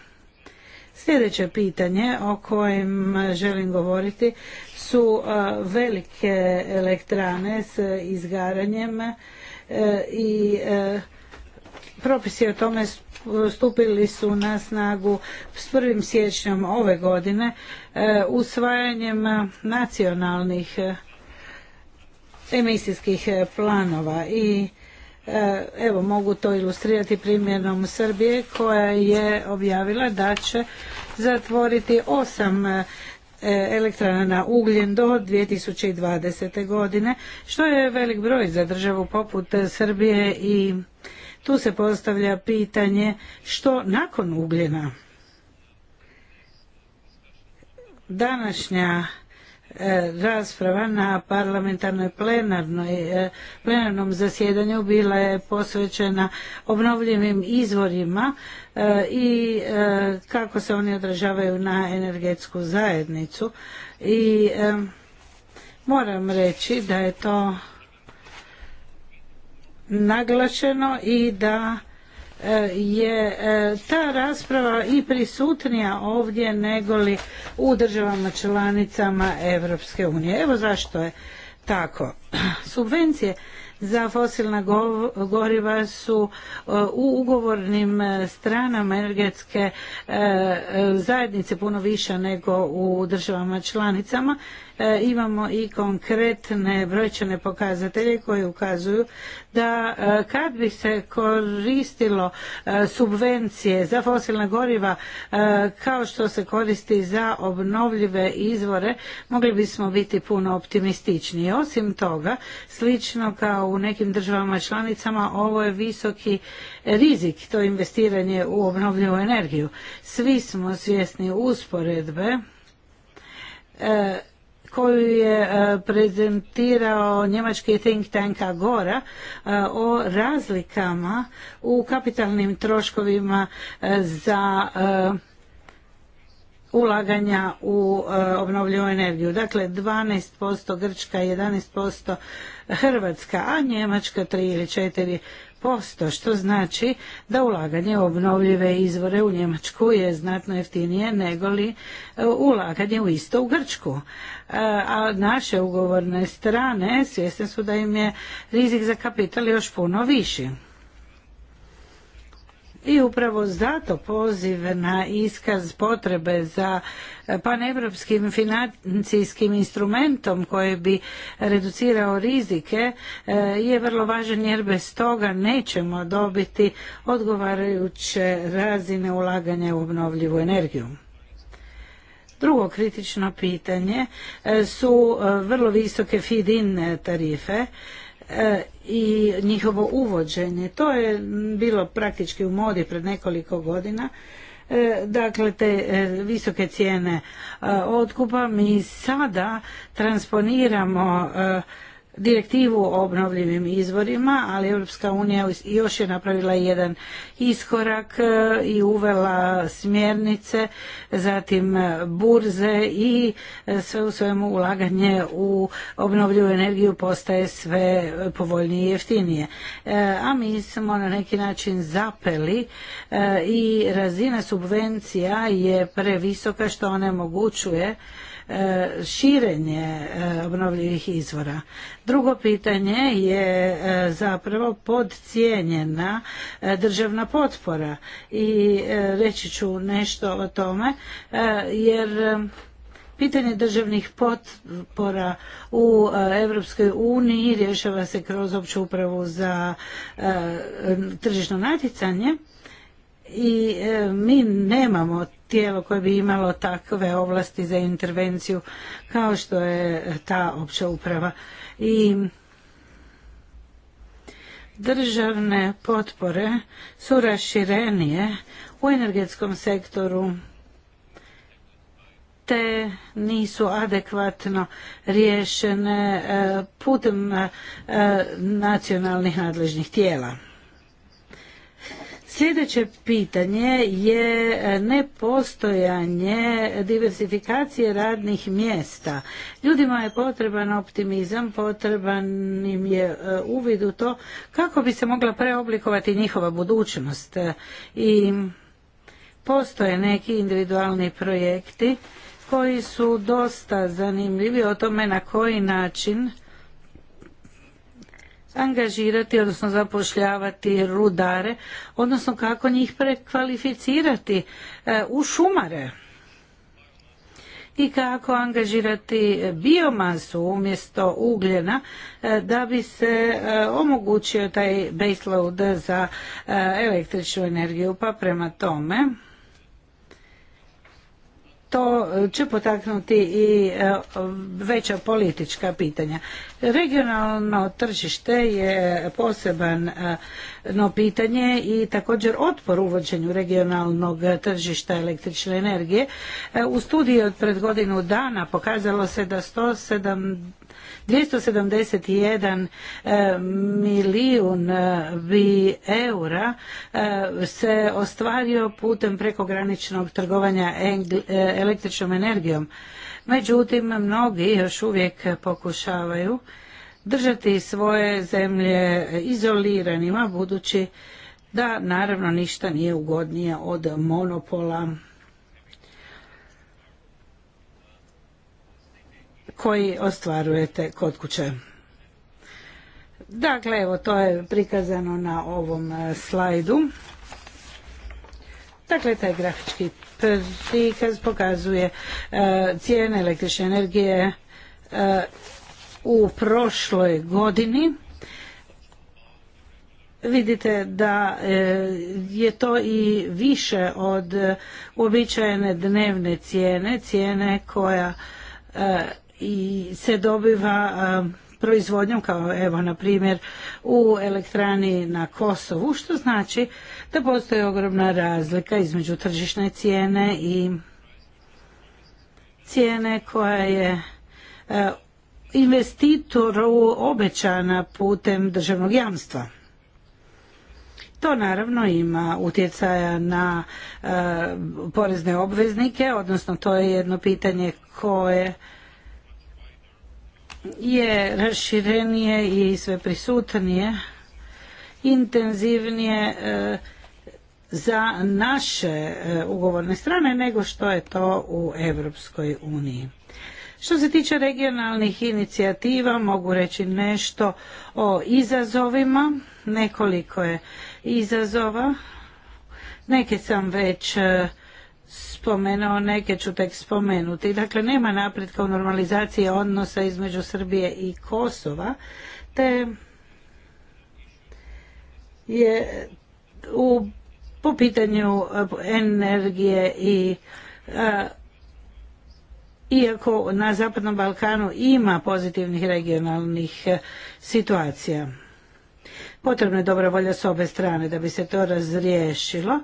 Sljedeće pitanje o kojem želim govoriti su velike elektrane s izgaranjem E, i e, propisi o tome stupili su na snagu s prvim siječnjom ove godine e, usvajanjem nacionalnih emisijskih planova i evo mogu to ilustrirati primjenom Srbije koja je objavila da će zatvoriti osam E, elektrana na ugljen do 2020. godine, što je velik broj za državu poput Srbije i tu se postavlja pitanje što nakon ugljena. Današnja e, rasprava na parlamentarnoj plenarnoj, e, plenarnom zasjedanju bila je posvećena obnovljivim izvorima E, i e, kako se oni odražavaju na energetsku zajednicu i e, moram reći da je to naglašeno i da je ta rasprava i prisutnija ovdje negoli u državama članicama Europske unije. Evo zašto je tako. [CLEARS THROAT] Subvencije za fosilna goriva su e, u ugovornim e, stranama energetske e, zajednice puno više nego u državama članicama E, imamo i konkretne brojčane pokazatelje koji ukazuju da e, kad bi se koristilo e, subvencije za fosilna goriva kao što se koristi za obnovljive izvore, mogli bismo biti puno optimističniji. Osim toga, slično kao u nekim državama članicama, ovo je visoki rizik, to investiranje u obnovljivu energiju. Svi smo svjesni usporedbe koju je e, prezentirao njemački think tank Agora e, o razlikama u kapitalnim troškovima e, za ulaganja u obnovljivu energiju. Dakle, 12% Grčka, 11% Hrvatska, a Njemačka 3 ili 4 posto što znači da ulaganje u obnovljive izvore u Njemačku je znatno jeftinije nego li e, ulaganje u isto u Grčku. E, a naše ugovorne strane svjesne su da im je rizik za kapital još puno viši i upravo zato poziv na iskaz potrebe za eh, panevropskim financijskim instrumentom koji bi reducirao rizike eh, je vrlo važan jer bez toga nećemo dobiti odgovarajuće razine ulaganja u obnovljivu energiju. Drugo kritično pitanje eh, su vrlo visoke feed-in tarife i njihovo uvođenje. To je bilo praktički u modi pred nekoliko godina. E, dakle, te e, visoke cijene e, otkupa mi sada transponiramo direktivu o obnovljivim izvorima, ali Europska unija još je napravila jedan iskorak e, i uvela smjernice, zatim e, burze i e, sve u svemu ulaganje u obnovljivu energiju postaje sve povoljnije i jeftinije. A mi smo na neki način zapeli i razina subvencija je previsoka što onemogućuje E, širenje e, obnovljivih izvora. Drugo pitanje je e, zapravo podcijenjena državna potpora i reći ću nešto o tome jer Pitanje državnih potpora u Europskoj uniji rješava se kroz opću upravu za tržišno natjecanje i e, mi nemamo tijelo koje bi imalo takve ovlasti za intervenciju kao što je ta opća uprava i državne potpore su raširenije u energetskom sektoru te nisu adekvatno riješene e, putem e, nacionalnih nadležnih tijela Sljedeće pitanje je e, nepostojanje diversifikacije radnih mjesta. Ljudima je potreban optimizam, potreban im je e, uvid u to kako bi se mogla preoblikovati njihova budućnost. E, I postoje neki individualni projekti koji su dosta zanimljivi o tome na koji način angažirati, odnosno zapošljavati rudare, odnosno kako njih prekvalificirati e, u šumare i kako angažirati biomasu umjesto ugljena e, da bi se e, omogućio taj baseload za električnu energiju. Pa prema tome to e, će potaknuti i e, veća politička pitanja. Regionalno tržište je posebno e, pitanje i također otpor uvođenju regionalnog tržišta električne energije. U studiji od pred godinu dana pokazalo se da 170 271 e, milijun e, bi eura e, se ostvario putem prekograničnog trgovanja električnom energijom. Međutim, mnogi još uvijek pokušavaju držati svoje zemlje izoliranima budući da naravno ništa nije ugodnije od monopola koji ostvarujete kod kuće. Dakle, evo, to je prikazano na ovom e, slajdu. Dakle, taj grafički prikaz pokazuje e, cijene električne energije e, u prošloj godini. Vidite da je to i više od uobičajene dnevne cijene, cijene koja i se dobiva proizvodnjom kao evo na primjer u elektrani na Kosovu što znači da postoji ogromna razlika između tržišne cijene i cijene koja je investitoru obećana putem državnog jamstva. To naravno ima utjecaja na porezne obveznike, odnosno to je jedno pitanje koje je raširenije i sve prisutnije, intenzivnije e, za naše e, ugovorne strane nego što je to u Europskoj uniji. Što se tiče regionalnih inicijativa, mogu reći nešto o izazovima, nekoliko je izazova, neke sam već e, spomenuo, neke ću tek spomenuti. Dakle, nema napretka u normalizaciji odnosa između Srbije i Kosova, te je u, po pitanju eh, energije i eh, iako na Zapadnom Balkanu ima pozitivnih regionalnih eh, situacija. Potrebna je dobra volja s obje strane da bi se to razriješilo, e,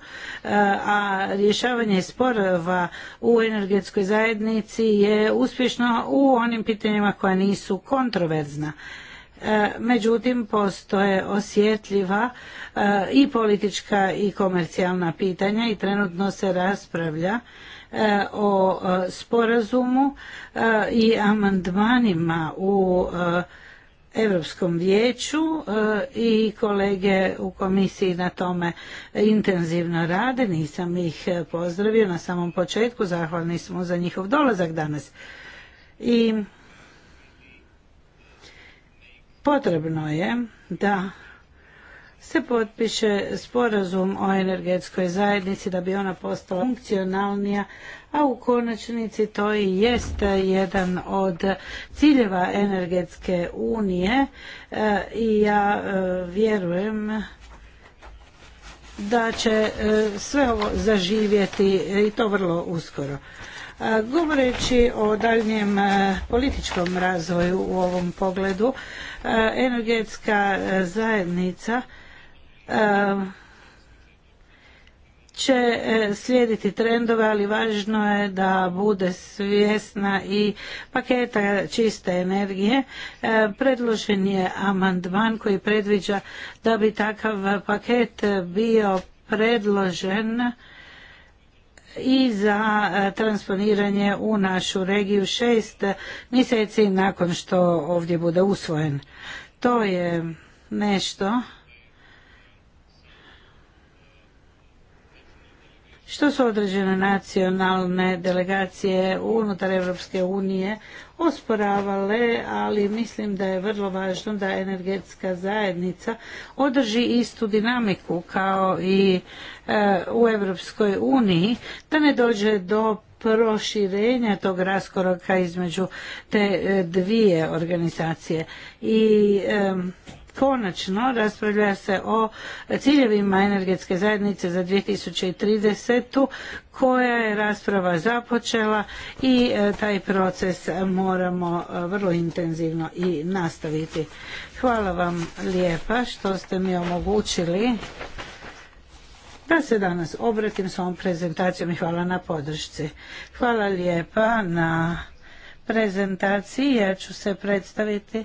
a rješavanje sporova u energetskoj zajednici je uspješno u onim pitanjima koja nisu kontroverzna. E, međutim, postoje osjetljiva e, i politička i komercijalna pitanja i trenutno se raspravlja o sporazumu i amandmanima u Europskom vijeću eh, i kolege u komisiji na tome intenzivno rade. Nisam ih eh, pozdravio na samom početku, zahvalni smo za njihov dolazak danas. I potrebno je da se potpiše sporazum o energetskoj zajednici da bi ona postala funkcionalnija a u konačnici to i jest jedan od ciljeva energetske unije e, i ja e, vjerujem da će e, sve ovo zaživjeti i to vrlo uskoro. Govoreći o daljnjem političkom razvoju u ovom pogledu, energetska zajednica će e, slijediti trendove, ali važno je da bude svjesna i paketa čiste energije. E, predložen je amandman koji predviđa da bi takav paket bio predložen i za e, transponiranje u našu regiju šest mjeseci nakon što ovdje bude usvojen. To je nešto što su određene nacionalne delegacije unutar Europske unije osporavale, ali mislim da je vrlo važno da energetska zajednica održi istu dinamiku kao i e, u Europskoj uniji, da ne dođe do proširenja tog raskoraka između te e, dvije organizacije. I Konačno, raspravlja se o ciljevima energetske zajednice za 2030. koja je rasprava započela i e, taj proces moramo e, vrlo intenzivno i nastaviti. Hvala vam lijepa što ste mi omogućili da se danas obratim s ovom prezentacijom i hvala na podršci. Hvala lijepa na prezentaciji. Ja ću se predstaviti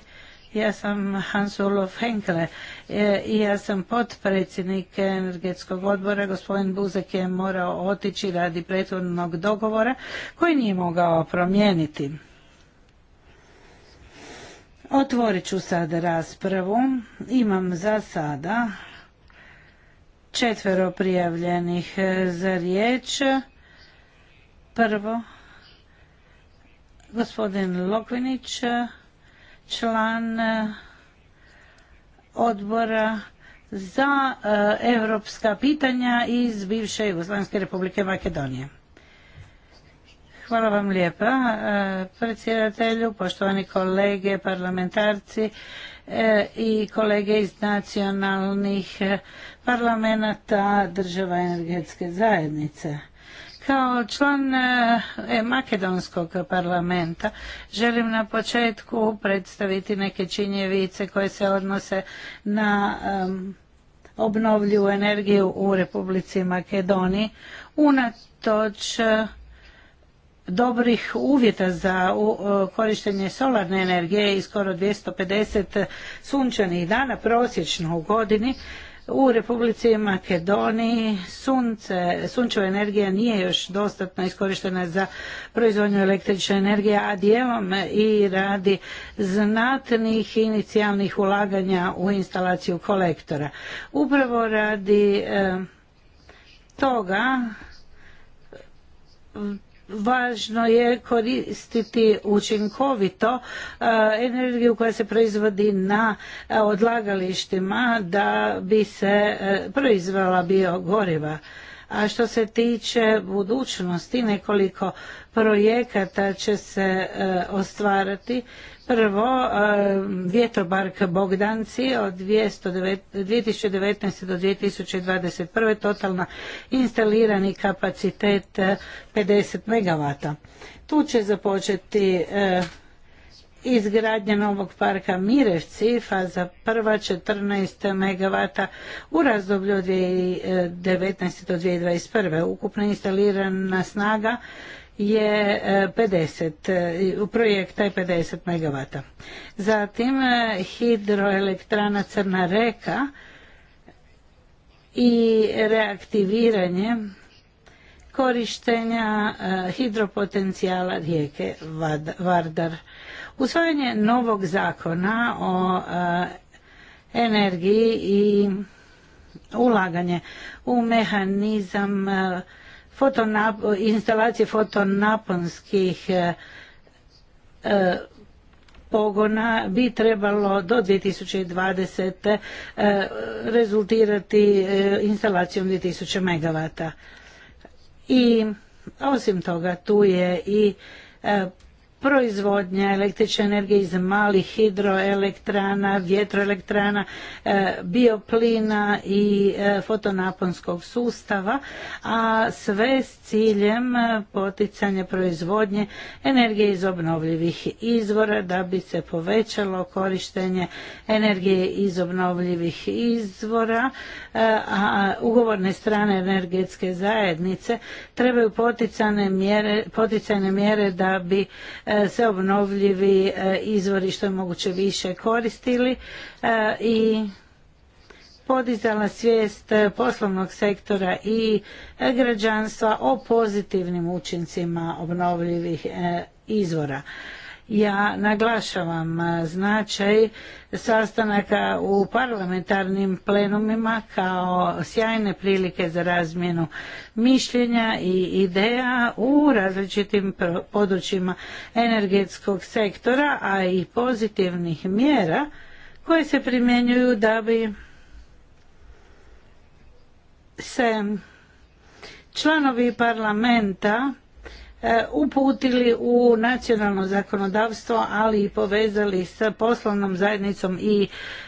ja sam Hans Ulof Henkele e, i ja sam potpredsjednik energetskog odbora. Gospodin Buzek je morao otići radi prethodnog dogovora koji nije mogao promijeniti. Otvorit ću sada raspravu. Imam za sada četvero prijavljenih e, za riječ. Prvo, gospodin Lokvinić, član e, odbora za europska pitanja iz bivše Jugoslavijske republike Makedonije. Hvala vam lijepa, e, predsjedatelju, poštovani kolege, parlamentarci e, i kolege iz nacionalnih parlamenta država energetske zajednice. Kao član eh, e, Makedonskog parlamenta želim na početku predstaviti neke činjevice koje se odnose na obnovlju energiju u Republici Makedoniji unatoč eh, dobrih uvjeta za eh, korištenje solarne energije i skoro 250 sunčanih dana prosječno u godini u Republici Makedoniji sunce, sunčeva energija nije još dostatno iskorištena za proizvodnju električne energije, a dijelom i radi znatnih inicijalnih ulaganja u instalaciju kolektora. Upravo radi eh, toga važno je koristiti učinkovito e, energiju koja se proizvodi na e, odlagalištima da bi se e, proizvela biogoriva. A što se tiče budućnosti, nekoliko projekata će se ostvarati Prvo, e, vjetrobark Bogdanci od 2019. do 2021. totalno instalirani kapacitet 50 e, MW. Tu će započeti e, izgradnja novog parka Mirevci, faza prva 14 MW u razdoblju od 2019. do 2021. Ukupna instalirana snaga je 50, projekta je 50 MW. Zatim e, hidroelektrana Crna reka i reaktiviranje korištenja e, hidropotencijala rijeke Vardar. Usvajanje novog zakona o e, energiji i ulaganje u mehanizam fotonap, instalacije fotonaponskih e, e, pogona bi trebalo do 2020. E, rezultirati instalacijom 2000 megavata. I osim toga tu je i proizvodnja električne energije iz malih hidroelektrana, vjetroelektrana, e, bioplina i e, fotonaponskog sustava, a sve s ciljem e, poticanja proizvodnje energije iz obnovljivih izvora da bi se povećalo korištenje energije iz obnovljivih izvora, a ugovorne strane energetske zajednice trebaju poticane mjere, mjere da bi se obnovljivi e, izvori što je moguće više koristili e, i podizala svijest poslovnog sektora i građanstva o pozitivnim učincima obnovljivih e, izvora. Ja naglašavam značaj sastanaka u parlamentarnim plenumima kao sjajne prilike za razmjenu mišljenja i ideja u različitim područjima energetskog sektora, a i pozitivnih mjera koje se primjenjuju da bi se članovi parlamenta E, uputili u nacionalno zakonodavstvo, ali i povezali s poslovnom zajednicom i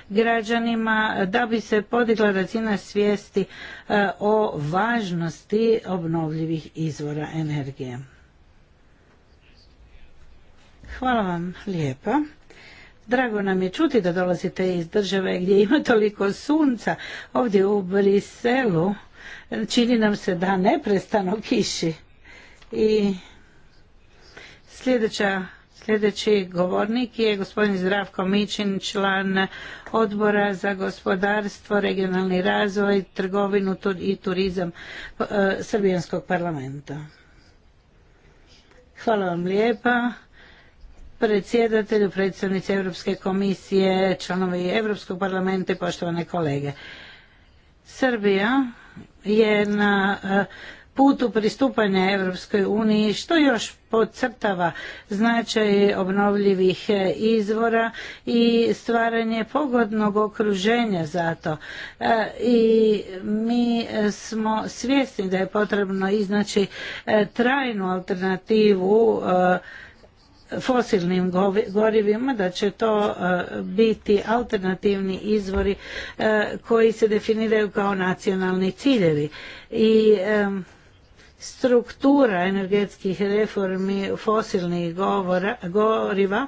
građanima da bi se podigla razina svijesti e, o važnosti obnovljivih izvora energije. Hvala vam lijepa. Drago nam je čuti da dolazite iz države gdje ima toliko sunca. Ovdje u Briselu čini nam se da neprestano kiši. I sljedeća Sljedeći govornik je gospodin Zdravko Mičin, član odbora za gospodarstvo, regionalni razvoj, trgovinu i turizam e, Srbijanskog parlamenta. Hvala vam lijepa. Predsjedatelju, predstavnici Europske komisije, članovi Europskog parlamenta i poštovane kolege. Srbija je na e, putu pristupanja Europskoj uniji što još podcrtava značaj obnovljivih e, izvora i stvaranje pogodnog okruženja za to. E, I mi smo svjesni da je potrebno iznaći e, trajnu alternativu fosilnim gorivima, da će to biti alternativni izvori koji se definiraju kao nacionalni ciljevi. I struktura energetskih reformi fosilnih goriva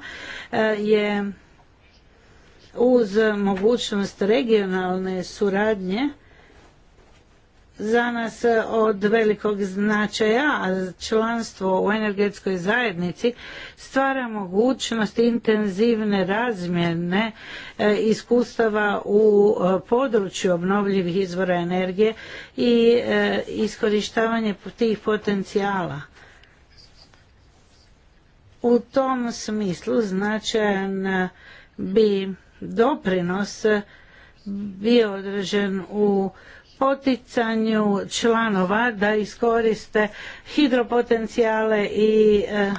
e, je uz mogućnost regionalne suradnje za nas od velikog značaja, a članstvo u energetskoj zajednici stvara mogućnost intenzivne razmjene e, iskustava u e, području obnovljivih izvora energije i e, iskorištavanje tih potencijala. U tom smislu značajan bi doprinos bio određen u poticanju članova da iskoriste hidropotencijale i e,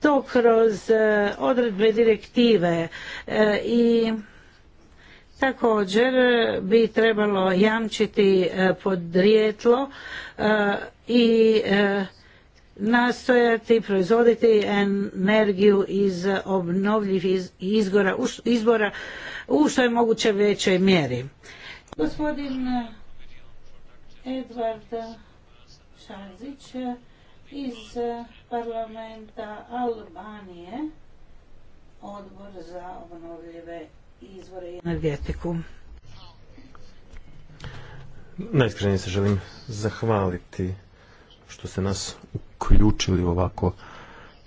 to kroz e, odredbe direktive e, i također bi trebalo jamčiti podrijetlo i nastojati proizvoditi energiju iz obnovljivih izbora, u što je moguće većoj mjeri. Gospodin eh, Edward Šanzić eh, iz eh, parlamenta Albanije, odbor za obnovljive izvore i energetiku. Najiskrenije se želim zahvaliti što ste nas uključili u ovako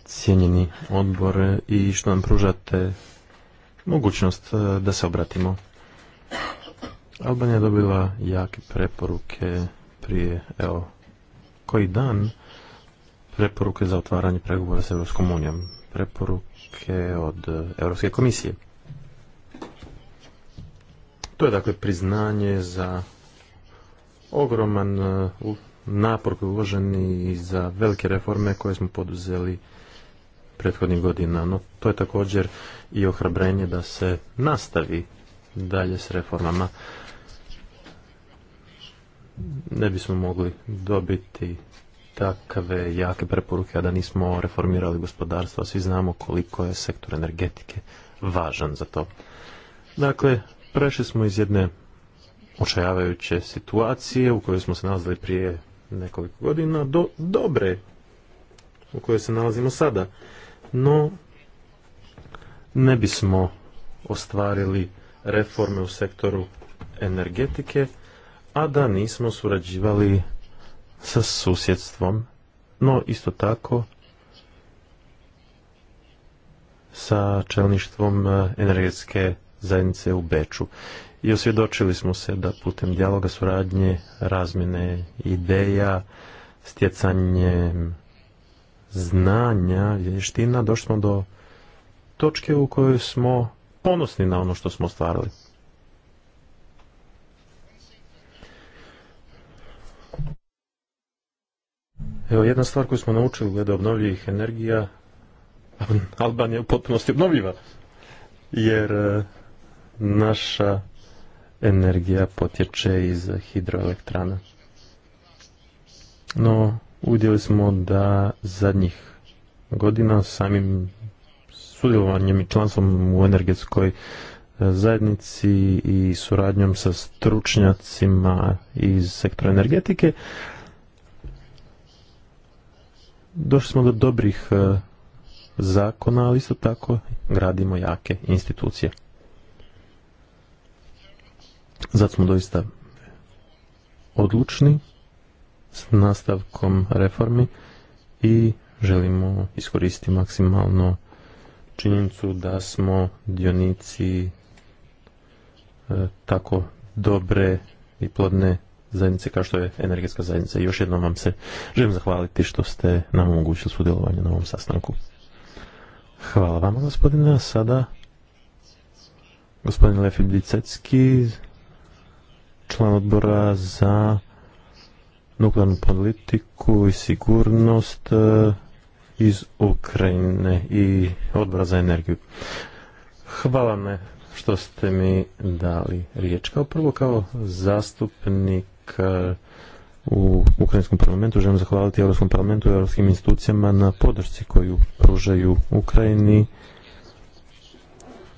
cijenjeni odbor i što nam pružate mogućnost da se obratimo. Albanija je dobila jake preporuke prije, evo, koji dan preporuke za otvaranje pregovora s Europskom unijom. Preporuke od e, Europske komisije. To je dakle priznanje za ogroman e, napor koji uložen i za velike reforme koje smo poduzeli prethodnih godina. No, to je također i ohrabrenje da se nastavi dalje s reformama ne bismo mogli dobiti takve jake preporuke, a da nismo reformirali gospodarstvo. Svi znamo koliko je sektor energetike važan za to. Dakle, prešli smo iz jedne očajavajuće situacije u kojoj smo se nalazili prije nekoliko godina do dobre u kojoj se nalazimo sada. No, ne bismo ostvarili reforme u sektoru energetike a da nismo surađivali sa susjedstvom, no isto tako sa čelništvom e, energetske zajednice u Beču. I osvjedočili smo se da putem dijaloga suradnje, razmjene ideja, stjecanje znanja, vještina, došli smo do točke u kojoj smo ponosni na ono što smo stvarali. Evo jedna stvar koju smo naučili glede obnovljivih energija, [LAUGHS] Albanija je u potpunosti obnovljiva, jer e, naša energija potječe iz hidroelektrana. No, udjeli smo da zadnjih godina samim sudjelovanjem i članstvom u energetskoj e, zajednici i suradnjom sa stručnjacima iz sektora energetike, došli smo do dobrih e, zakona, ali isto tako gradimo jake institucije. Zato smo doista odlučni s nastavkom reformi i želimo iskoristiti maksimalno činjenicu da smo dionici e, tako dobre i plodne zajednice kao što je energetska zajednica. I još jednom vam se želim zahvaliti što ste nam omogućili sudjelovanje na ovom sastanku. Hvala vama gospodine. Sada gospodin Lefi Blicecki, član odbora za nuklearnu politiku i sigurnost e, iz Ukrajine i odbora za energiju. Hvala me što ste mi dali riječ. Kao prvo kao zastupnik E, u Ukrajinskom parlamentu. Želim zahvaliti Europskom parlamentu i europskim institucijama na podršci koju pružaju Ukrajini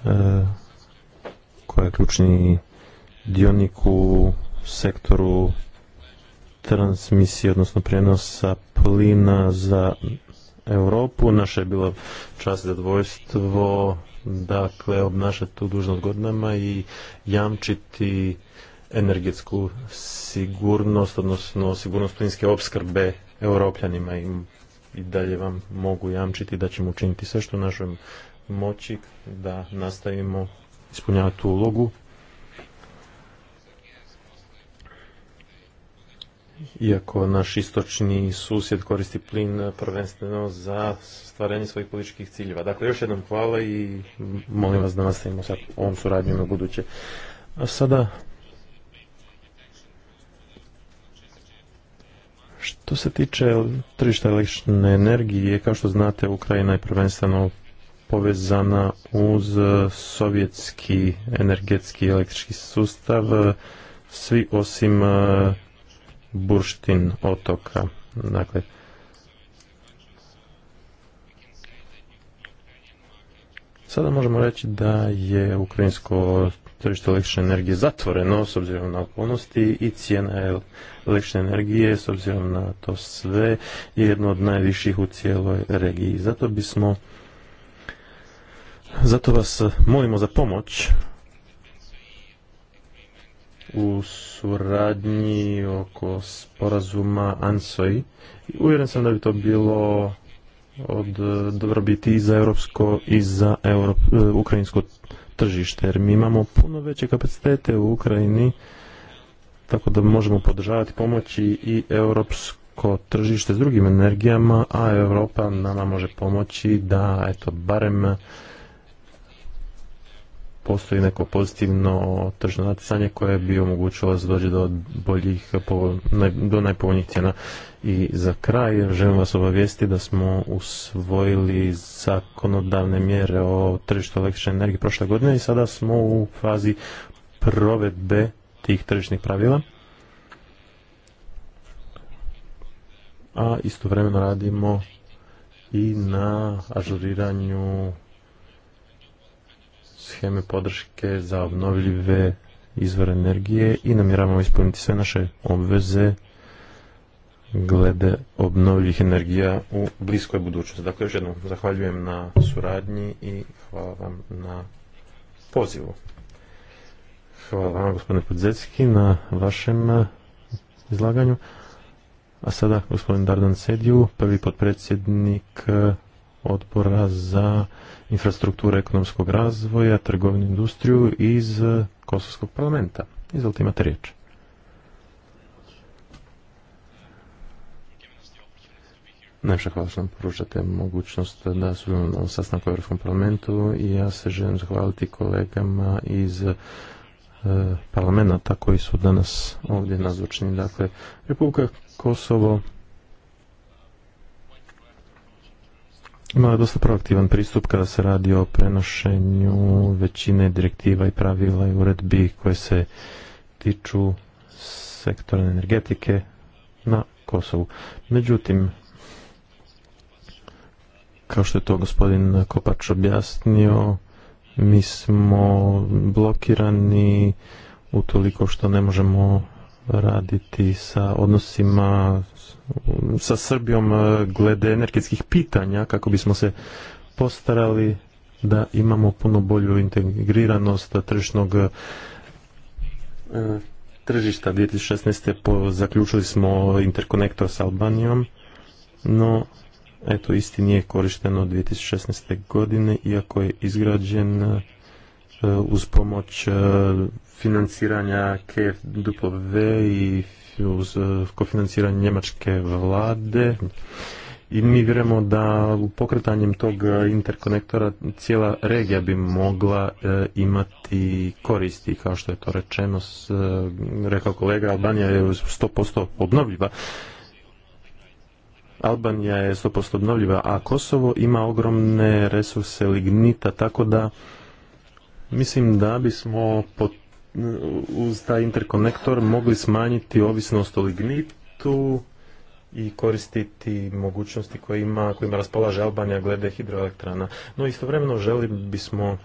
e, koja je ključni dionik u sektoru transmisije, odnosno prijenosa plina za Europu. Naše je bila čast zadvojstvo dakle obnašati tu dužnost godinama i jamčiti energetsku sigurnost, odnosno sigurnost plinske opskrbe europljanima i, i dalje vam mogu jamčiti da ćemo učiniti sve što u moći da nastavimo ispunjavati tu ulogu. Iako naš istočni susjed koristi plin prvenstveno za stvaranje svojih političkih ciljeva. Dakle, još jednom hvala i molim vas da nastavimo sa ovom suradnjom u buduće. A sada Što se tiče tržišta električne energije, kao što znate, Ukrajina je prvenstveno povezana uz sovjetski energetski električki sustav, svi osim eh, Burštin otoka. Dakle, Sada možemo reći da je ukrajinsko tržište električne energije zatvoreno s obzirom na okolnosti i cijena električne energije s obzirom na to sve je jedno od najviših u cijeloj regiji. Zato bismo zato vas molimo za pomoć u suradnji oko sporazuma ANSOI. Uvjeren sam da bi to bilo od e, dobrobiti i za europsko i za Europ, e, ukrajinsko tržište, jer mi imamo puno veće kapacitete u Ukrajini, tako da možemo podržavati pomoći i europsko tržište s drugim energijama, a Europa nama može pomoći da, eto, barem postoji neko pozitivno tržno natjecanje koje bi omogućilo da dođe do boljih, do najpovoljnijih cijena. I za kraj želim vas obavijestiti da smo usvojili zakonodavne mjere o tržištu električne energije prošle godine i sada smo u fazi provedbe tih tržišnih pravila. A istovremeno radimo i na ažuriranju scheme podrške za obnovljive izvore energije i namjeravamo ispuniti sve naše obveze glede obnovljivih energija u bliskoj budućnosti. Dakle, još jednom zahvaljujem na suradnji i hvala vam na pozivu. Hvala vam, gospodine Podzecki, na vašem izlaganju. A sada gospodin Dardan Sediju, prvi potpredsjednik odbora za infrastrukture ekonomskog razvoja, trgovinu industriju iz eh, Kosovskog parlamenta. Izvolite imate riječ. Najviše hvala što nam poručate mogućnost da su na sastanku u Europskom parlamentu i ja se želim zahvaliti kolegama iz eh, parlamenta koji su danas ovdje nazočni. Dakle, Republika Kosovo imala dosta proaktivan pristup kada se radi o prenošenju većine direktiva i pravila i uredbi koje se tiču sektora energetike na Kosovu. Međutim, kao što je to gospodin Kopač objasnio, mi smo blokirani utoliko što ne možemo raditi sa odnosima sa Srbijom e, glede energetskih pitanja kako bismo se postarali da imamo puno bolju integriranost tržišnog e, tržišta 2016. Po, zaključili smo interkonektor s Albanijom, no eto isti nije korišteno 2016. godine, iako je izgrađen Eh, uz pomoć eh, financiranja KFW i uz eh, kofinanciranje njemačke vlade i mi vjerujemo da pokretanjem tog interkonektora cijela regija bi mogla imati koristi kao što je to rečeno s, rekao kolega Albanija je 100% obnovljiva Albanija je 100% obnovljiva a Kosovo ima ogromne resurse lignita tako da Mislim da bismo uz taj interkonektor mogli smanjiti ovisnost o lignitu i koristiti mogućnosti koje ima, kojima raspolaže Albanija glede hidroelektrana. No istovremeno želi bismo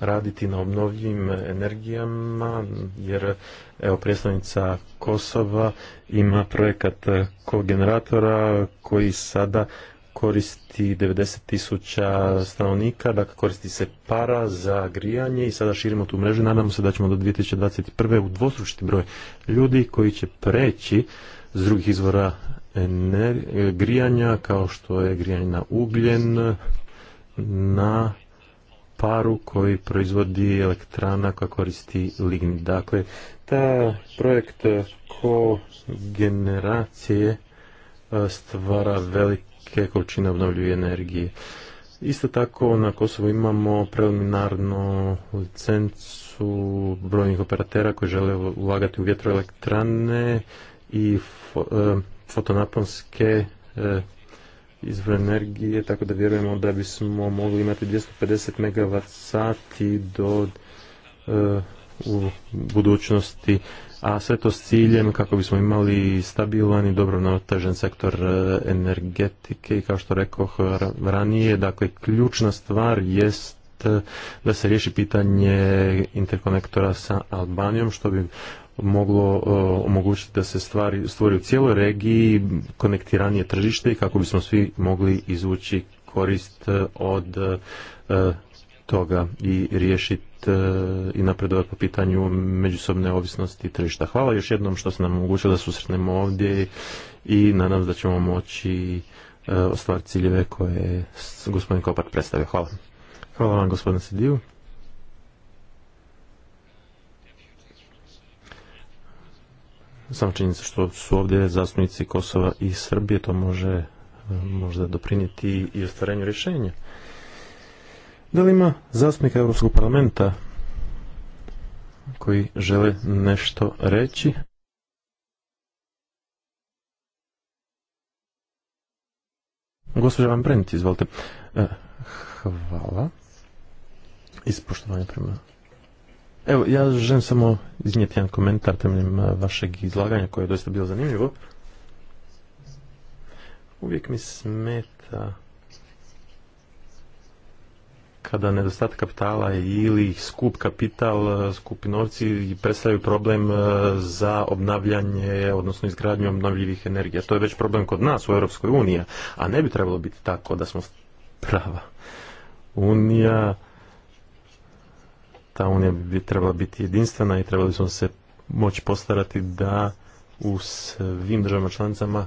raditi na obnovljivim energijama, jer evo predstavnica Kosova ima projekat kogeneratora koji sada koristi 90 tisuća stanovnika, dakle koristi se para za grijanje i sada širimo tu mrežu. Nadamo se da ćemo do 2021. u dvostručiti broj ljudi koji će preći s drugih izvora grijanja, kao što je grijanje na ugljen, na paru koji proizvodi elektrana koja koristi lignit. Dakle, ta projekt kogeneracije e, stvara velik velike količine obnovljive energije. Isto tako na Kosovu imamo preliminarnu licencu brojnih operatera koji žele ulagati u vjetroelektrane i e, fotonaponske e, izvore energije, tako da vjerujemo da bismo mogli imati 250 MW sati do e, u budućnosti a sve to s ciljem kako bismo imali stabilan i dobro naotežen sektor e, energetike i kao što rekoh ranije, dakle ključna stvar jest e, da se riješi pitanje interkonektora sa Albanijom, što bi moglo e, omogućiti da se stvari stvori u cijeloj regiji konektiranije tržište i kako bismo svi mogli izvući korist od toga i riješiti e, i napredovati po pitanju međusobne ovisnosti tržišta. Hvala još jednom što ste nam omogućili da susretnemo ovdje i nadam se da ćemo moći e, ostvariti ciljeve koje je gospodin Kopar predstavio. Hvala. Hvala vam gospodine Sidiju. Samo činjenica što su ovdje zastupnici Kosova i Srbije, to može e, možda doprinijeti i ostvarenju rješenja. Da li ima zastupnika Europskog parlamenta koji žele nešto reći? Gospođa Van Brent, izvolite. E, hvala. Ispoštovanje prema Evo, ja želim samo iznijeti jedan komentar temeljem e, vašeg izlaganja koje je doista bilo zanimljivo. Uvijek mi smeta kada nedostatak kapitala ili skup kapital, e, skupi novci predstavljaju problem e, za obnavljanje, odnosno izgradnju obnovljivih energija. To je već problem kod nas u Europskoj uniji, a ne bi trebalo biti tako da smo prava unija. Ta unija bi trebala biti jedinstvena i trebali smo se moći postarati da u svim državama članicama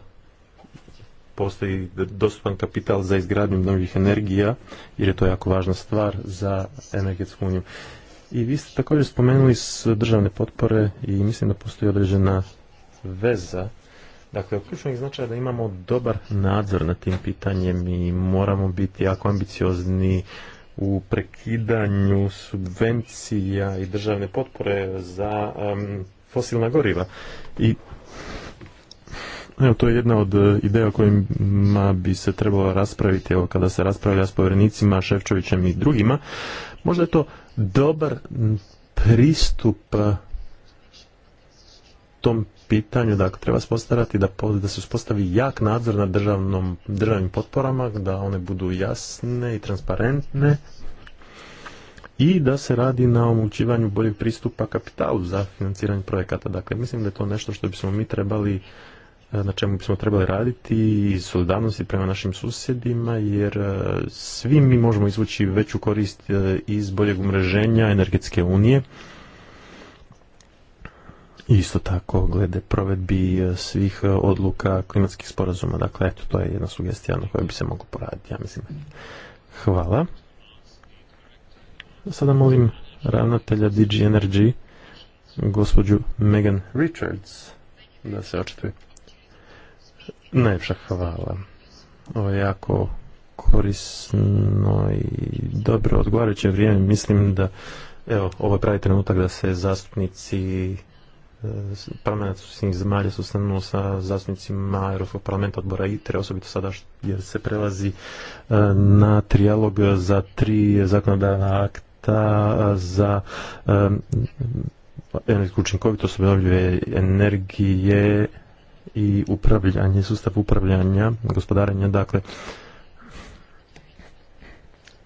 postoji dostupan kapital za izgradnju novih energija, jer je to jako važna stvar za energetsku uniju. I vi ste također spomenuli s državne potpore i mislim da postoji određena veza. Dakle, od ključnog značaja da imamo dobar nadzor na tim pitanjem i moramo biti jako ambiciozni u prekidanju subvencija i državne potpore za fosilna goriva. I Evo, to je jedna od e, ideja kojima bi se trebalo raspraviti, evo, kada se raspravlja s povjerenicima, Ševčovićem i drugima. Možda je to dobar pristup e, tom pitanju, dakle, treba spostarati da, da se uspostavi jak nadzor nad državnom, državnim potporama, da one budu jasne i transparentne i da se radi na omogućivanju boljeg pristupa kapitalu za financiranje projekata. Dakle, mislim da je to nešto što bismo mi trebali E, na čemu bismo trebali raditi i solidarnosti prema našim susjedima, jer e, svi mi možemo izvući veću korist e, iz boljeg umreženja energetske unije. Isto tako glede provedbi svih odluka klimatskih sporazuma. Dakle, eto, to je jedna sugestija na kojoj bi se moglo poraditi, ja mislim. Hvala. Sada molim ravnatelja DG Energy, gospođu Megan Richards, da se očituje. Najljepša hvala. Ovo je jako korisno i dobro odgovarajuće vrijeme. Mislim da evo, ovo je pravi trenutak da se zastupnici e, parlamenta svih zemalja sustanemo sa zastupnicima Europskog parlamenta odbora ITRE, osobito sada jer se prelazi e, na trijalog za tri zakonodavna akta za e, energetsku učinkovitost obnovljive energije i upravljanje, sustav upravljanja, gospodarenja, dakle,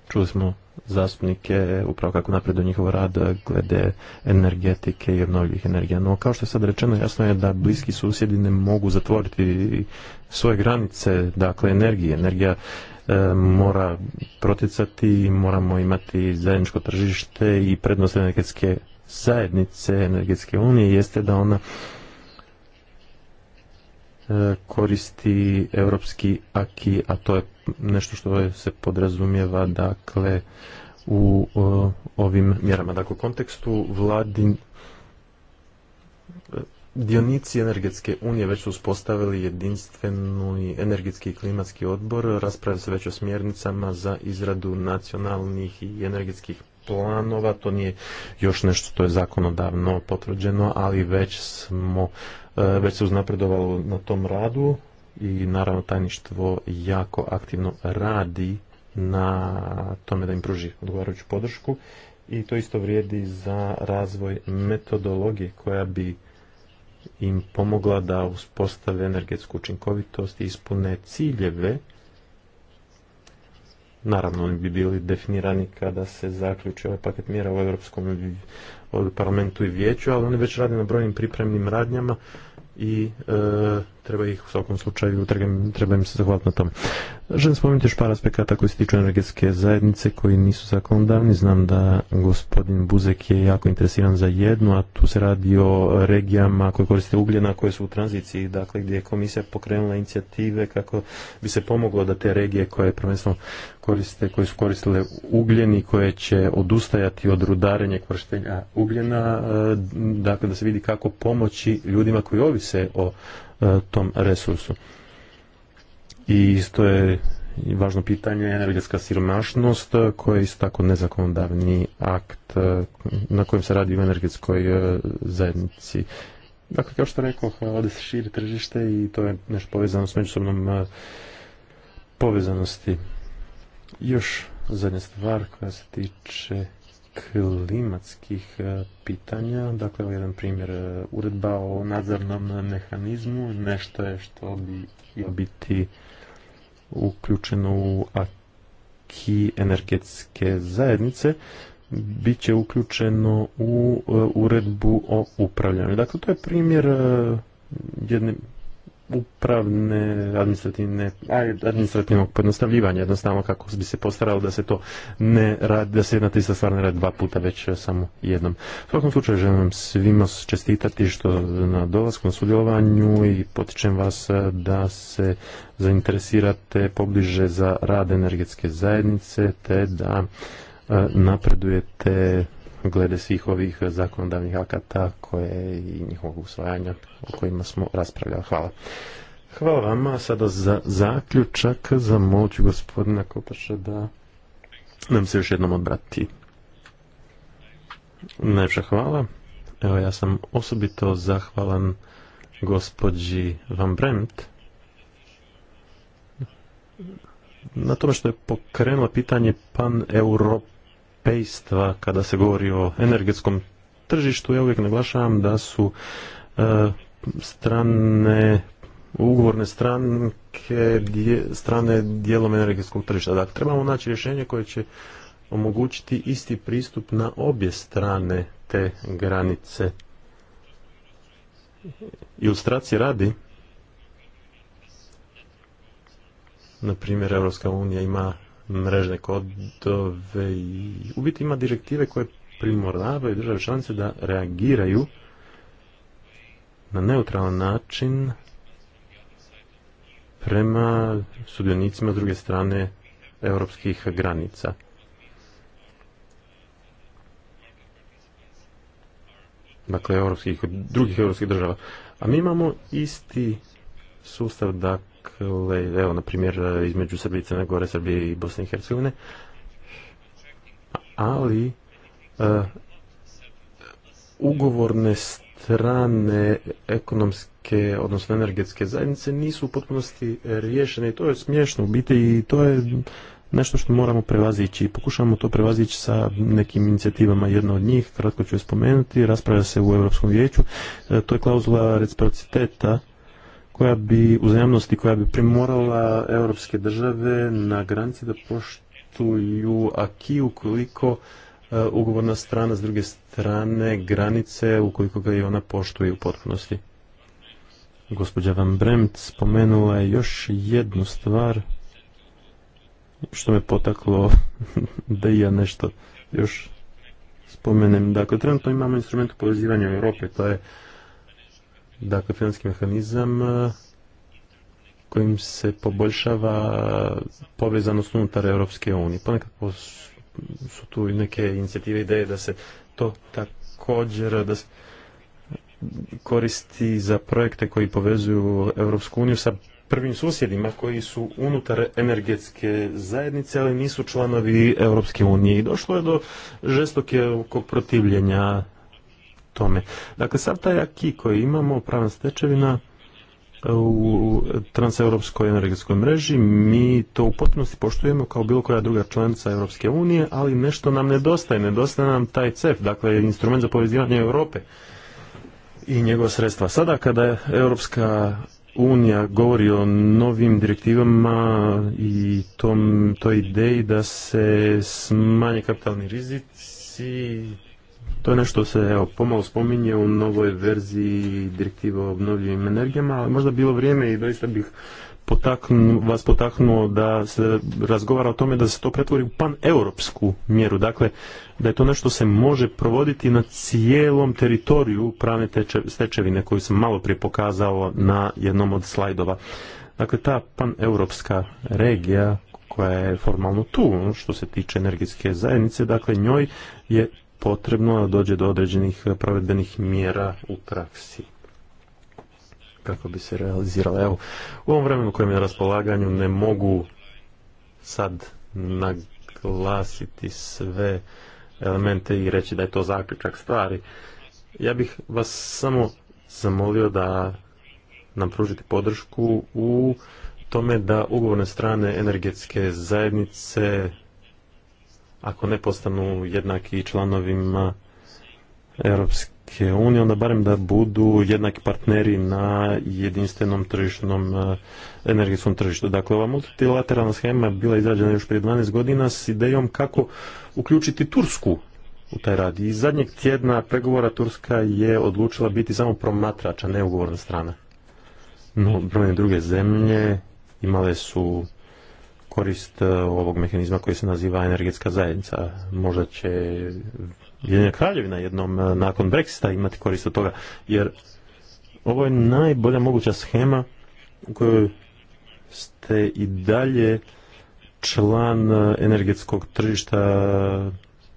čuli smo zastupnike upravo kako napreduje njihov rad glede energetike i obnovljivih energija. No, kao što je sad rečeno, jasno je da bliski susjedi ne mogu zatvoriti svoje granice, dakle, energije. Energija e, mora proticati, moramo imati zajedničko tržište i prednost energetske zajednice, energetske unije, jeste da ona E, koristi europski aki, a to je nešto što se podrazumijeva dakle u e, ovim mjerama. Dakle, u kontekstu vladin e, Dionici energetske unije već su uspostavili jedinstveni energetski i klimatski odbor, raspravlja se već o smjernicama za izradu nacionalnih i energetskih planova, to nije još nešto što je zakonodavno potvrđeno, ali već smo E, već se uznapredovalo na tom radu i naravno tajništvo jako aktivno radi na tome da im pruži odgovarajuću podršku i to isto vrijedi za razvoj metodologije koja bi im pomogla da uspostave energetsku učinkovitost i ispune ciljeve. Naravno, oni bi bili definirani kada se zaključi ovaj paket mjera u Europskom parlamentu i vijeću, ali oni već rade na brojnim pripremnim radnjama i e, treba ih u svakom slučaju, treba im se zahvaliti na tome. Želim spomenuti još par aspekata koji se tiču energetske zajednice koji nisu zakonodavni. Znam da gospodin Buzek je jako interesiran za jednu, a tu se radi o regijama koje koriste ugljena, koje su u tranziciji, dakle gdje je komisija pokrenula inicijative kako bi se pomoglo da te regije koje prvenstveno koriste, koje su koristile ugljen i koje će odustajati od rudarenja korištenja ugljena, e, dakle da se vidi kako pomoći ljudima koji ovise o E, tom resursu. I isto je važno pitanje energetska siromašnost e, koja je isto tako nezakonodavni akt e, na kojem se radi u energetskoj zajednici. Dakle, kao što rekao, ovdje se širi tržište i to je nešto povezano s međusobnom povezanosti. Još zadnja stvar koja se tiče klimatskih e, pitanja. Dakle, je jedan primjer, e, uredba o nadzornom mehanizmu, nešto je što bi htio biti uključeno u aki energetske zajednice, bit će uključeno u e, uredbu o upravljanju. Dakle, to je primjer jedne upravne administrativne, administrativnog pojednostavljivanja jednostavno kako bi se postaralo da se to ne radi, da se jedna tista stvar ne radi dva puta već e, samo jednom. U svakom slučaju želim vam svima čestitati što na dolasku na sudjelovanju i potičem vas e, da se zainteresirate pobliže za rad energetske zajednice te da e, napredujete glede svih ovih zakonodavnih akata koje i njihovog usvajanja o kojima smo raspravljali. Hvala. Hvala vama. Sada za zaključak za moć gospodina Kopaša da nam se još jednom odbrati. Najviše hvala. Evo ja sam osobito zahvalan gospođi Van Bremt na tome što je pokrenula pitanje pan Europa pejstva kada se govori o energetskom tržištu. Ja uvijek naglašavam da su e, strane ugovorne stranke strane dijelom energetskog tržišta. Dakle, trebamo naći rješenje koje će omogućiti isti pristup na obje strane te granice. Ilustracije radi, na primjer, Europska unija ima mrežne kodove i u biti ima direktive koje primoravaju države članice da reagiraju na neutralan način prema sudionicima s druge strane europskih granica. Dakle, drugih europskih država. A mi imamo isti sustav, dakle, Dakle, evo, na primjer, između Srbije i Crne Gore, Srbije i Bosne i Hercegovine, ali e, ugovorne strane ekonomske, odnosno energetske zajednice nisu u potpunosti riješene i to je smiješno u biti i to je nešto što moramo prevazići i pokušavamo to prevazići sa nekim inicijativama. Jedna od njih, kratko ću je spomenuti, raspravlja se u Europskom vijeću, e, to je klauzula reciprociteta koja bi uzajamnosti koja bi primorala europske države na granici da poštuju aki ukoliko e, ugovorna strana s druge strane granice ukoliko ga i ona poštuje u potpunosti. Gospođa Van Bremt spomenula je još jednu stvar što me potaklo [LAUGHS] da i ja nešto još spomenem. Dakle, trenutno imamo instrument povezivanja Europe, to je dakle financijski mehanizam e, kojim se poboljšava povezanost unutar Europske unije. Ponekad su tu neke inicijative ideje da se to također da se koristi za projekte koji povezuju Europsku uniju sa prvim susjedima koji su unutar energetske zajednice, ali nisu članovi Europske unije. I došlo je do žestokog protivljenja tome. Dakle, sav taj aki koji imamo, pravna stečevina e, u transeuropskoj energetskoj mreži, mi to u potpunosti poštujemo kao bilo koja druga članica Europske unije, ali nešto nam nedostaje, nedostaje nam taj CEF, dakle instrument za povezivanje Europe i njegova sredstva. Sada kada je Europska Unija govori o novim direktivama i tom, toj ideji da se smanje kapitalni rizici to je nešto se evo, pomalo spominje u novoj verziji direktive o obnovljivim energijama, ali možda bilo vrijeme i doista bih potaknu, vas potaknuo da se razgovara o tome da se to pretvori u paneuropsku mjeru. Dakle, da je to nešto se može provoditi na cijelom teritoriju pravne teče, stečevine koju sam malo prije pokazao na jednom od slajdova. Dakle, ta paneuropska regija koja je formalno tu što se tiče energetske zajednice, dakle njoj je potrebno dođe do određenih provedbenih mjera u praksi kako bi se realizirala. Evo, u ovom vremenu kojem je na raspolaganju ne mogu sad naglasiti sve elemente i reći da je to zaključak stvari. Ja bih vas samo zamolio da nam pružite podršku u tome da ugovorne strane energetske zajednice ako ne postanu jednaki članovima Europske unije, onda barem da budu jednaki partneri na jedinstvenom tržišnom eh, energetskom tržištu. Dakle, ova multilateralna schema je bila izrađena još prije 12 godina s idejom kako uključiti Tursku u taj rad. I zadnjeg tjedna pregovora Turska je odlučila biti samo promatrača, ne ugovorna strana. No, brojne druge zemlje imale su korist e, ovog mehanizma koji se naziva energetska zajednica. Možda će Jedinja Kraljevina jednom e, nakon Brexita imati korist od toga, jer ovo je najbolja moguća schema u kojoj ste i dalje član e, energetskog tržišta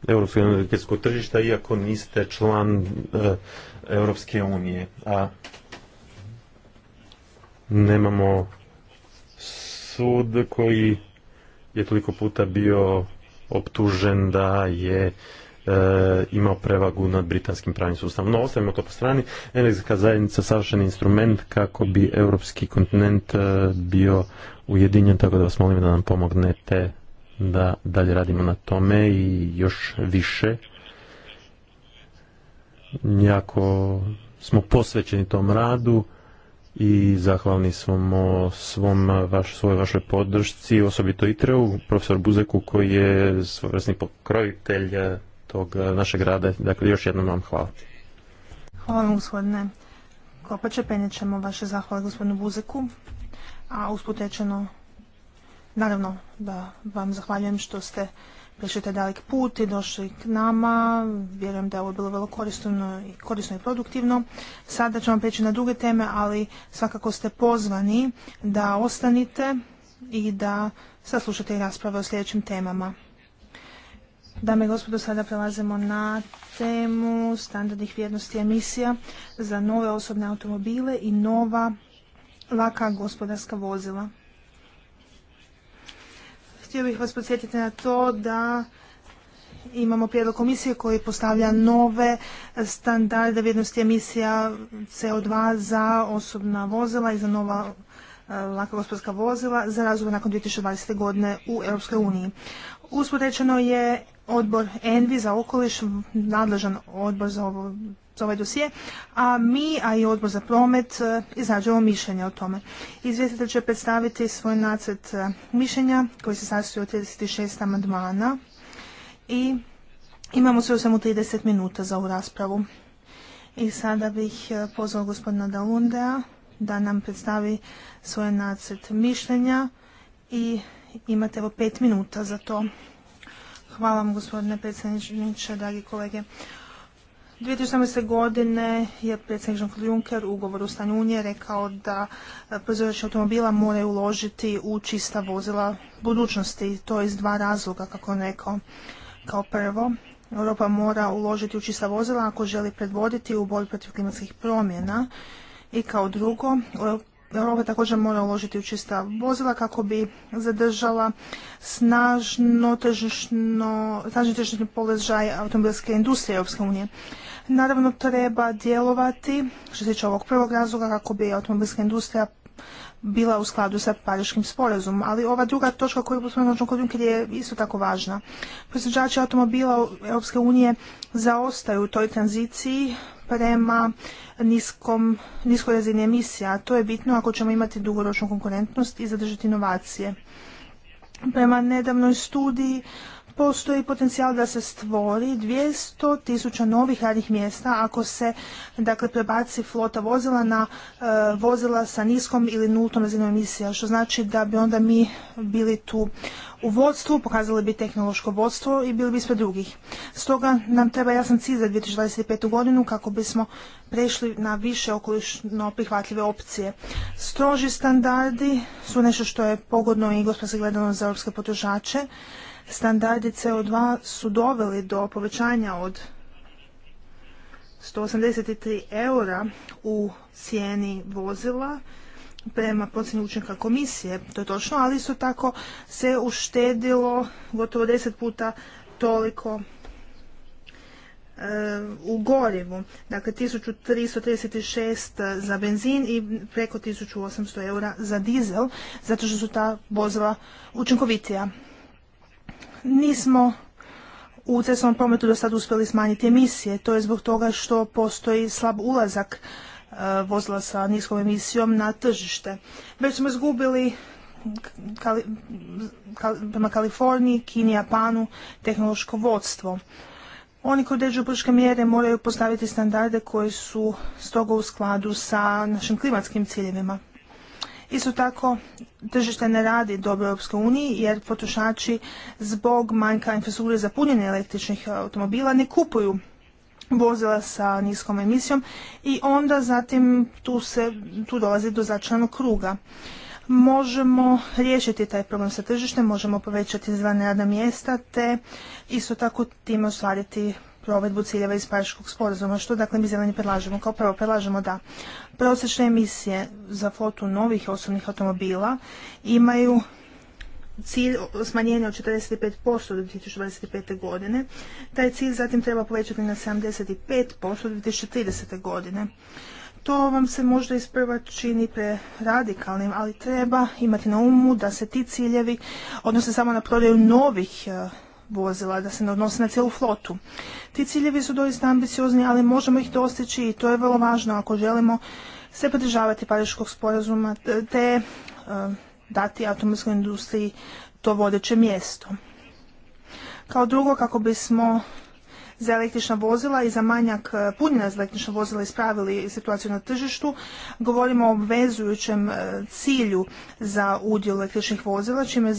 europskog energetskog tržišta iako niste član Europske unije a nemamo sud koji je toliko puta bio optužen da je eh, imao prevagu nad britanskim pravnim sustavom. No, ostavimo to po strani. Energetska zajednica savršen instrument kako bi europski kontinent eh, bio ujedinjen, tako da vas molim da nam pomognete da dalje radimo na tome i još više. Jako smo posvećeni tom radu i zahvalni smo svom, vaš, vašoj podršci, osobito Itreu, profesor Buzeku koji je svojvrsni pokrojitelj eh, tog eh, našeg rada. Dakle, još jednom vam hvala. Hvala vam, gospodine Kopače. Penjet ćemo vaše zahvale gospodinu Buzeku, a usputečeno naravno da vam zahvaljujem što ste Prišli taj dalek put i došli k nama. Vjerujem da je ovo bilo vrlo korisno, i produktivno. Sada ćemo preći na druge teme, ali svakako ste pozvani da ostanite i da saslušate i rasprave o sljedećim temama. Dame i gospodo, sada prelazimo na temu standardnih vrijednosti emisija za nove osobne automobile i nova laka gospodarska vozila. Htio bih vas podsjetiti na to da imamo prijedlog komisije koji postavlja nove standarde vrijednosti emisija CO2 za osobna vozila i za nova e, laka gospodarska vozila za razvoj nakon 2020. godine u Europskoj uniji. Usporečeno je odbor ENVI za okoliš, nadležan odbor za ovo za ovaj dosije, a mi, a i odbor za promet, e, izrađujemo mišljenje o tome. Izvjestitelj će predstaviti svoj nacrt e, mišljenja koji se sastoji od 36 amandmana i imamo sve u samo 30 minuta za ovu raspravu. I sada bih e, pozvao gospodina Dalundea da nam predstavi svoj nacrt mišljenja i imate evo pet minuta za to. Hvala vam gospodine predsjedniče, dragi kolege. 2018. godine je predsjednik Jean-Claude Juncker u ugovoru stanju Unije rekao da e, proizvođači automobila moraju uložiti u čista vozila budućnosti. To je iz dva razloga, kako on rekao. Kao prvo, Europa mora uložiti u čista vozila ako želi predvoditi u borbi protiv klimatskih promjena. I kao drugo, Europa također mora uložiti u čista vozila kako bi zadržala snažno tržišno, snažni položaj automobilske industrije Europske unije. Naravno treba djelovati što se tiče ovog prvog razloga kako bi automobilska industrija bila u skladu sa pariškim sporazumom. Ali ova druga točka koju je kod Juncker je isto tako važna. Proizvođači automobila Europske unije zaostaju u toj tranziciji prema niskom, niskoj razini emisija. To je bitno ako ćemo imati dugoročnu konkurentnost i zadržati inovacije. Prema nedavnoj studiji postoji potencijal da se stvori 200 tisuća novih radnih mjesta ako se dakle, prebaci flota vozila na e, vozila sa niskom ili nultom razinom emisija, što znači da bi onda mi bili tu u vodstvu, pokazali bi tehnološko vodstvo i bili bi ispred drugih. Stoga nam treba jasan cilj za 2025. godinu kako bismo prešli na više okolišno prihvatljive opcije. Stroži standardi su nešto što je pogodno i gospodarski gledano za europske potrošače, standardi CO2 su doveli do povećanja od 183 eura u cijeni vozila prema procjeni učinka komisije, to je točno, ali isto tako se uštedilo gotovo 10 puta toliko e, u gorivu. Dakle, 1336 za benzin i preko 1800 eura za dizel, zato što su ta vozila učinkovitija nismo u cestovnom prometu do sad uspjeli smanjiti emisije. To je zbog toga što postoji slab ulazak e, vozila sa niskom emisijom na tržište. Već smo izgubili prema Kaliforniji, Kini, Japanu tehnološko vodstvo. Oni koji određuju političke mjere moraju postaviti standarde koji su stoga u skladu sa našim klimatskim ciljevima. Isto tako, tržište ne radi dobro Europskoj uniji jer potrošači zbog manjka infrastrukture za punjenje električnih automobila ne kupuju vozila sa niskom emisijom i onda zatim tu, se, tu dolazi do začanog kruga. Možemo riješiti taj problem sa tržištem, možemo povećati izvane radna mjesta te isto tako time ostvariti provedbu ciljeva iz Pariškog sporazuma. Što dakle mi zeleni predlažemo? Kao prvo predlažemo da Prosječne emisije za flotu novih osobnih automobila imaju cilj smanjenja od 45% do 2025. godine. Taj cilj zatim treba povećati na 75% do 2030. godine. To vam se možda isprva čini preradikalnim, ali treba imati na umu da se ti ciljevi odnose samo na prodaju novih eh, vozila, da se ne odnose na cijelu flotu. Ti ciljevi su doista ambiciozni, ali možemo ih dostići i to je vrlo važno ako želimo se podržavati Pariškog sporazuma te e, dati automobilskoj industriji to vodeće mjesto. Kao drugo, kako bismo za električna vozila i za manjak e, punjena za električna vozila ispravili situaciju na tržištu. Govorimo o obvezujućem e, cilju za udjel električnih vozila, čime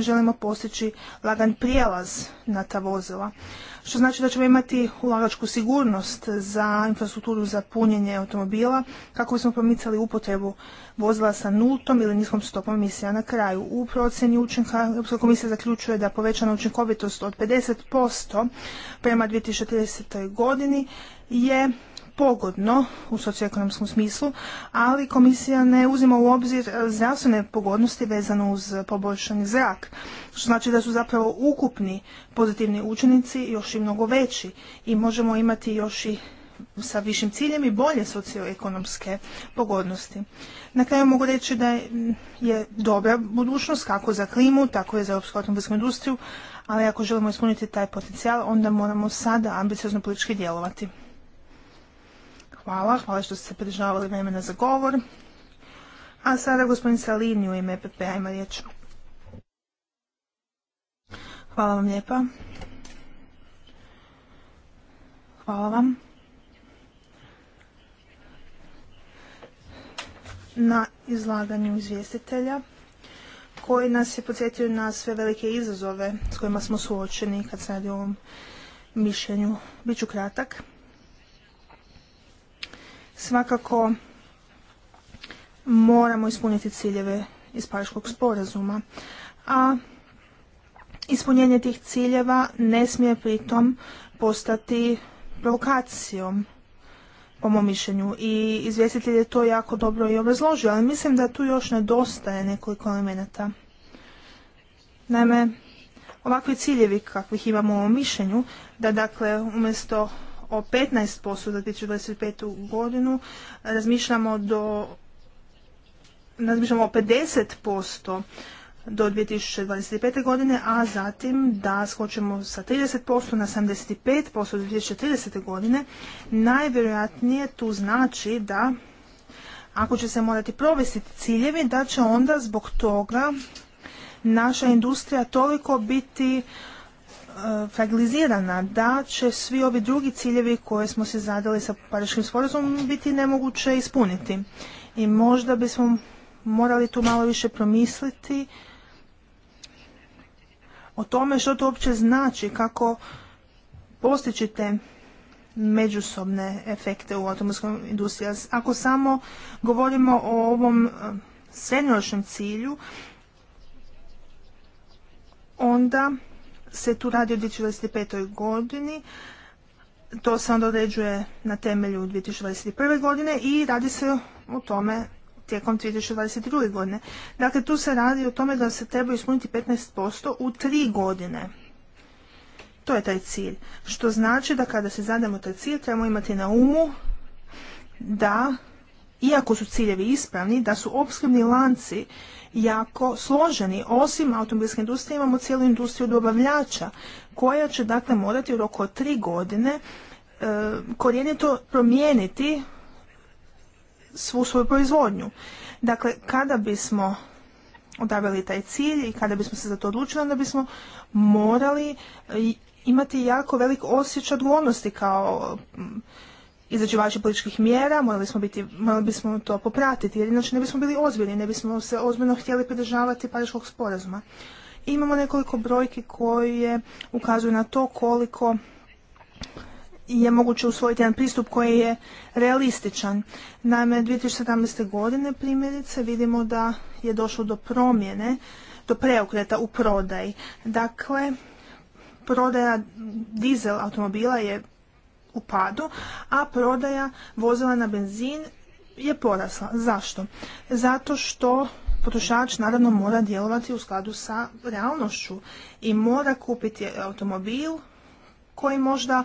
želimo postići lagan prijelaz na ta vozila što znači da ćemo imati ulagačku sigurnost za infrastrukturu za punjenje automobila kako bismo promicali upotrebu vozila sa nultom ili niskom stopom emisija na kraju. U procjeni učinka Europska komisija zaključuje da povećana učinkovitost od 50% prema 2030. godini je pogodno u socioekonomskom smislu, ali komisija ne uzima u obzir e, zdravstvene pogodnosti vezano uz poboljšani zrak, što znači da su zapravo ukupni pozitivni učenici još i mnogo veći i možemo imati još i sa višim ciljem i bolje socioekonomske pogodnosti. Na kraju mogu reći da je dobra budućnost kako za klimu, tako i za europsku automobilsku industriju, ali ako želimo ispuniti taj potencijal, onda moramo sada ambiciozno politički djelovati. Hvala, hvala što ste se pridržavali vremena za govor. A sada gospodin Salini u ime EPP-a ima riječ. Hvala vam lijepa. Hvala vam. Na izlaganju izvjestitelja koji nas je podsjetio na sve velike izazove s kojima smo suočeni kad se radi o ovom mišljenju. Biću kratak. Svakako moramo ispuniti ciljeve iz Pariškog sporazuma, a ispunjenje tih ciljeva ne smije pritom postati provokacijom po mom mišljenju i izvjestitelj je to jako dobro i obrazložio, ali mislim da tu još nedostaje nekoliko elemenata. Naime, ovakvi ciljevi kakvih imamo u ovom mišljenju, da dakle umjesto o 15% za 2025. godinu, razmišljamo do razmišljamo o 50% do 2025. godine, a zatim da skočemo sa 30% na 75% do 2030. godine, najvjerojatnije tu znači da ako će se morati provesti ciljevi, da će onda zbog toga naša industrija toliko biti fragilizirana, da će svi ovi drugi ciljevi koje smo se zadali sa Pariškim sporazumom biti nemoguće ispuniti. I možda bismo morali tu malo više promisliti o tome što to uopće znači, kako postići te međusobne efekte u automobilskoj industriji. Ako samo govorimo o ovom e, srednjoročnom cilju, onda se tu radi o 2025. godini, to se onda određuje na temelju 2021. godine i radi se o tome tijekom 2022. godine. Dakle, tu se radi o tome da se treba ispuniti 15% u tri godine. To je taj cilj. Što znači da kada se zadamo taj cilj, trebamo imati na umu da, iako su ciljevi ispravni, da su opskrbni lanci jako složeni. Osim automobilske industrije imamo cijelu industriju dobavljača koja će dakle morati u roku od tri godine e, korijenito promijeniti svu svoju proizvodnju. Dakle, kada bismo odabrali taj cilj i kada bismo se za to odlučili, onda bismo morali imati jako velik osjećaj odgovornosti kao izrađivači političkih mjera, morali, smo biti, morali bismo to popratiti, jer inače ne bismo bili ozbiljni, ne bismo se ozbiljno htjeli pridržavati Pariškog sporazuma. imamo nekoliko brojki koje ukazuju na to koliko je moguće usvojiti jedan pristup koji je realističan. Naime, 2017. godine primjerice vidimo da je došlo do promjene, do preokreta u prodaj. Dakle, prodaja dizel automobila je u padu, a prodaja vozila na benzin je porasla. Zašto? Zato što potrošač naravno mora djelovati u skladu sa realnošću i mora kupiti automobil koji možda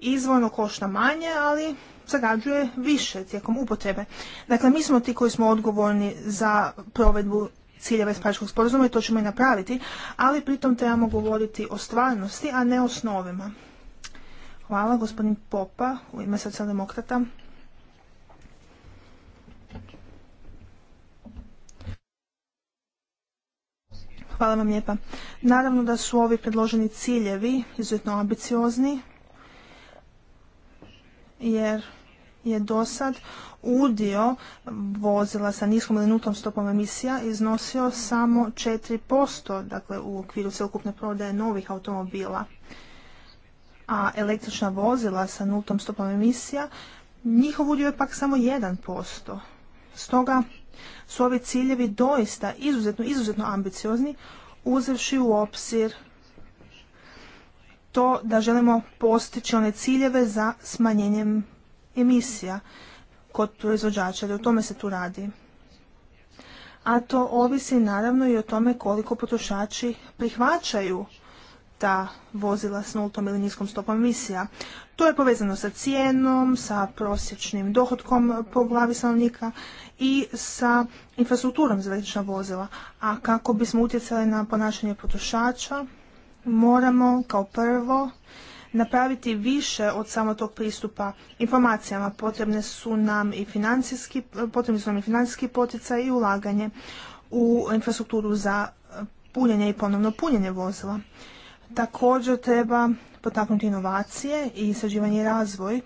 izvorno košta manje, ali zagađuje više tijekom upotrebe. Dakle, mi smo ti koji smo odgovorni za provedbu ciljeva iz Pariškog sporazuma i to ćemo i napraviti, ali pritom trebamo govoriti o stvarnosti, a ne o snovima. Hvala, gospodin Popa, u ime socijaldemokrata. Hvala vam lijepa. Naravno da su ovi predloženi ciljevi izuzetno ambiciozni, jer je do sad udio vozila sa niskom ili nultom stopom emisija iznosio samo 4%, dakle u okviru celokupne prodaje novih automobila a električna vozila sa nultom stopom emisija, njihov udio je pak samo 1%. Stoga su ovi ciljevi doista izuzetno, izuzetno ambiciozni, uzevši u obzir to da želimo postići one ciljeve za smanjenjem emisija kod proizvođača, jer o tome se tu radi. A to ovisi naravno i o tome koliko potrošači prihvaćaju ta vozila s nultom ili niskom stopom emisija. To je povezano sa cijenom, sa prosječnim dohodkom po glavi stanovnika i sa infrastrukturom za električna vozila. A kako bismo utjecali na ponašanje potrošača, moramo kao prvo napraviti više od samo tog pristupa informacijama. Potrebne su nam i financijski, potrebni su nam i financijski poticaj i ulaganje u infrastrukturu za punjenje i ponovno punjenje vozila. Također treba potaknuti inovacije i istraživanje i razvoj.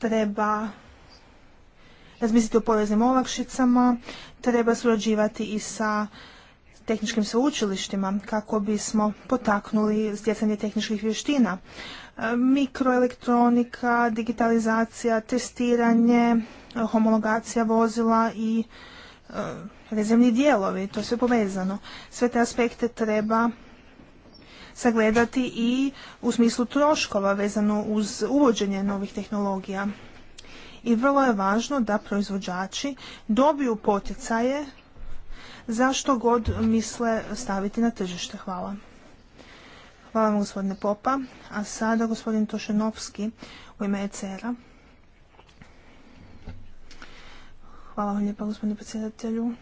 Treba razmisliti o poreznim olakšicama, treba surađivati i sa tehničkim sveučilištima kako bismo potaknuli stjecanje tehničkih vještina. E, mikroelektronika, digitalizacija, testiranje, homologacija vozila i e, rezervni dijelovi, to je sve povezano. Sve te aspekte treba sagledati i u smislu troškova vezano uz uvođenje novih tehnologija. I vrlo je važno da proizvođači dobiju poticaje za što god misle staviti na tržište. Hvala. Hvala vam gospodine Popa. A sada gospodin Tošenovski u ime ECR-a. Hvala vam lijepa gospodine predsjedatelju.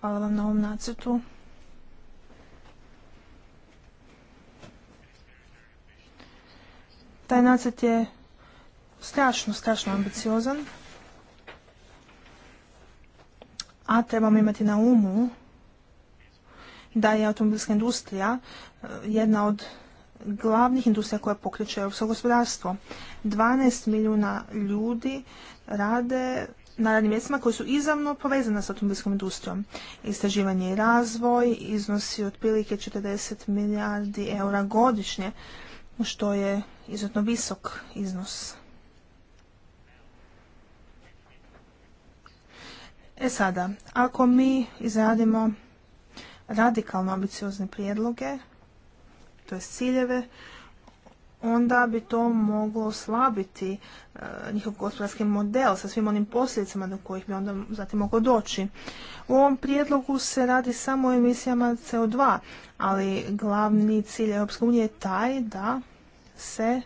Hvala vam na ovom nacrtu. Taj nacrt je strašno, strašno ambiciozan. A trebamo imati na umu da je automobilska industrija e, jedna od glavnih industrija koja pokreće europsko gospodarstvo. 12 milijuna ljudi rade na radnim mjestima koji su izravno povezana s automobilskom industrijom. Istraživanje i razvoj iznosi otprilike 40 milijardi eura godišnje što je izuzetno visok iznos. E sada, ako mi izradimo radikalno ambiciozne prijedloge, to je ciljeve, onda bi to moglo oslabiti e, njihov gospodarski model sa svim onim posljedicama do kojih bi onda zatim moglo doći. U ovom prijedlogu se radi samo o emisijama CO2, ali glavni cilj EU je taj da se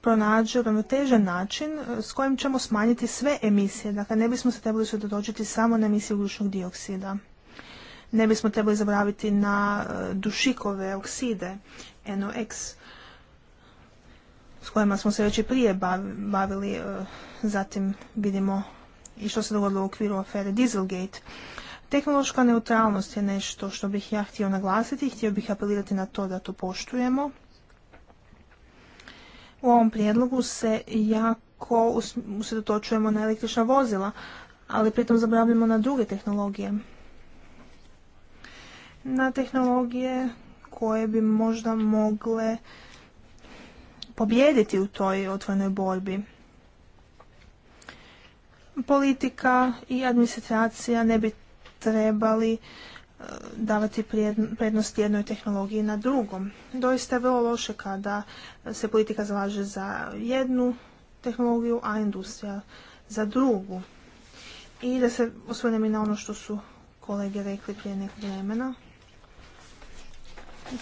pronađe ravnotežan način e, s kojim ćemo smanjiti sve emisije. Dakle, ne bismo se trebali usredotočiti samo na emisiju ugljičnog dioksida. Ne bismo trebali zaboraviti na e, dušikove okside, NOx s kojima smo se već i prije bavili, e, zatim vidimo i što se dogodilo u okviru afere Dieselgate. Tehnološka neutralnost je nešto što bih ja htio naglasiti, htio bih apelirati na to da to poštujemo. U ovom prijedlogu se jako usredotočujemo na električna vozila, ali pritom zaboravljamo na druge tehnologije. Na tehnologije koje bi možda mogle pobijediti u toj otvorenoj borbi. Politika i administracija ne bi trebali e, davati prednost jednoj tehnologiji na drugom. Doista je vrlo loše kada se politika zalaže za jednu tehnologiju, a industrija za drugu. I da se osvrnem i na ono što su kolege rekli prije nekog vremena.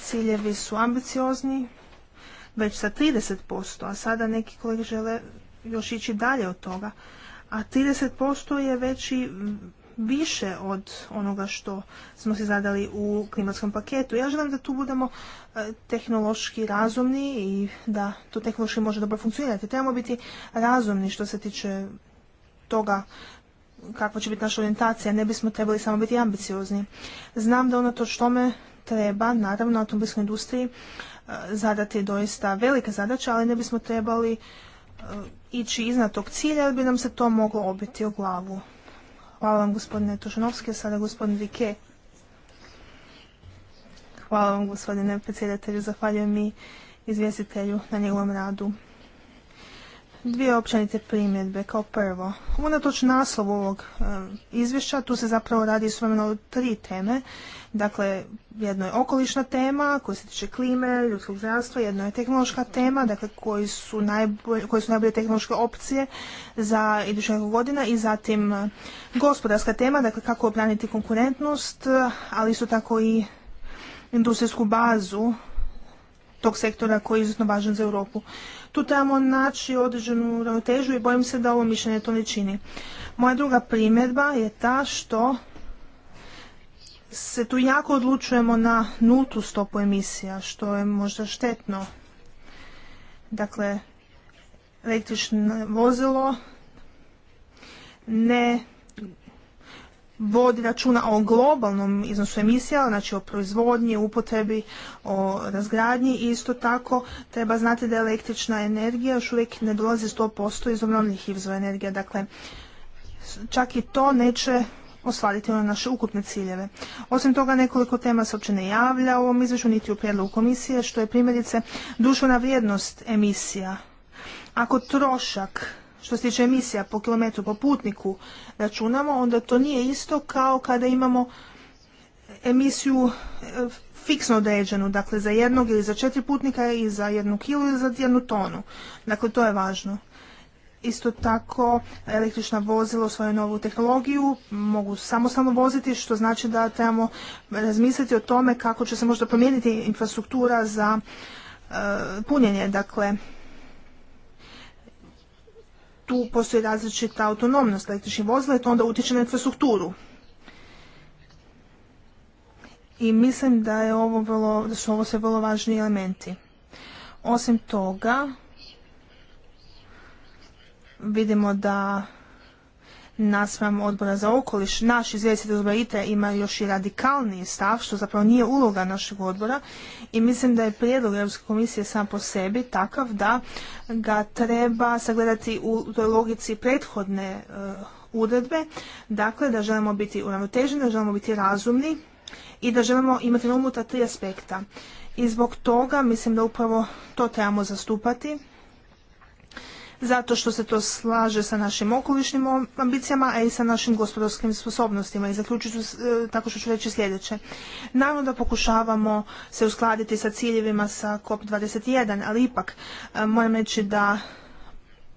Ciljevi su ambiciozni, već sa 30%, a sada neki kolege žele još ići dalje od toga. A 30% je već i više od onoga što smo se zadali u klimatskom paketu. Ja želim da tu budemo e, tehnološki razumni i da to tehnološki može dobro funkcionirati. Trebamo biti razumni što se tiče toga kakva će biti naša orijentacija, ne bismo trebali samo biti ambiciozni. Znam da ono što tome treba, naravno, automobilskoj industriji zadati doista velike zadaće, ali ne bismo trebali e, ići iznad tog cilja jer bi nam se to moglo obiti o glavu. Hvala vam gospodine Tošanovski, sada gospodin Rike. Hvala vam gospodine predsjedatelju, zahvaljujem i izvjestitelju na njegovom radu. Dvije općenice primjedbe kao prvo. Unatoč naslovu ovog e, izvješća, tu se zapravo radi svojeno tri teme. Dakle, jedno je okolišna tema koja se tiče klime, ljudskog zdravstva, jedno je tehnološka tema, dakle koji su najbolje, koje su najbolje tehnološke opcije za nekog godina i zatim e, gospodarska tema, dakle kako obraniti konkurentnost, ali isto tako i industrijsku bazu tog sektora koji je izuzetno važan za Europu. Tu trebamo naći određenu ravnotežu i bojim se da ovo mišljenje to ne čini. Moja druga primjedba je ta što se tu jako odlučujemo na nultu stopu emisija, što je možda štetno. Dakle, električno vozilo ne vodi računa o globalnom iznosu emisija, znači o proizvodnji, upotrebi, o razgradnji i isto tako treba znati da električna energija još uvijek ne dolazi 100% iz obnovljivih izvora energije, dakle čak i to neće ostvariti na naše ukupne ciljeve. Osim toga nekoliko tema se uopće ne javlja u ovom izvješću niti u prijedlogu komisije, što je primjerice na vrijednost emisija. Ako trošak što se tiče emisija po kilometru po putniku računamo, onda to nije isto kao kada imamo emisiju e, fiksno određenu, dakle za jednog ili za četiri putnika i za jednu kilu ili za jednu tonu. Dakle, to je važno. Isto tako, električna vozila u svoju novu tehnologiju mogu samostalno voziti, što znači da trebamo razmisliti o tome kako će se možda promijeniti infrastruktura za e, punjenje. Dakle, tu postoji različita autonomnost električnih vozila i to onda utječe na infrastrukturu. I mislim da, je ovo vrlo, da su ovo sve vrlo važni elementi. Osim toga, vidimo da naspram odbora za okoliš, naš izvjestitelj odbora ima još i radikalniji stav, što zapravo nije uloga našeg odbora i mislim da je prijedlog Europske komisije sam po sebi takav da ga treba sagledati u toj logici prethodne e, uredbe, dakle da želimo biti uravnoteženi, da želimo biti razumni i da želimo imati na umu ta tri aspekta. I zbog toga mislim da upravo to trebamo zastupati zato što se to slaže sa našim okolišnim ambicijama, a i sa našim gospodarskim sposobnostima. I zaključit ću e, tako što ću reći sljedeće. Naravno da pokušavamo se uskladiti sa ciljevima sa COP21, ali ipak e, moram reći da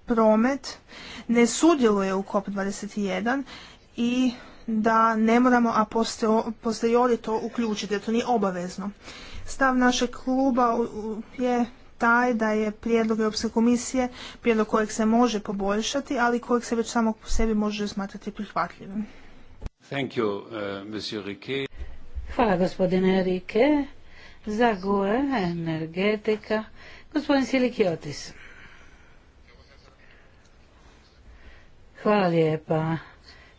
promet ne sudjeluje u COP21 i da ne moramo a posteriori to uključiti, jer to nije obavezno. Stav našeg kluba je taj da je prijedlog Europske komisije prijedlog kojeg se može poboljšati, ali kojeg se već samo po sebi može smatrati prihvatljivim. Thank you, uh, Hvala gospodine Rike. Za GUE, energetika, gospodin Silikiotis. Hvala lijepa.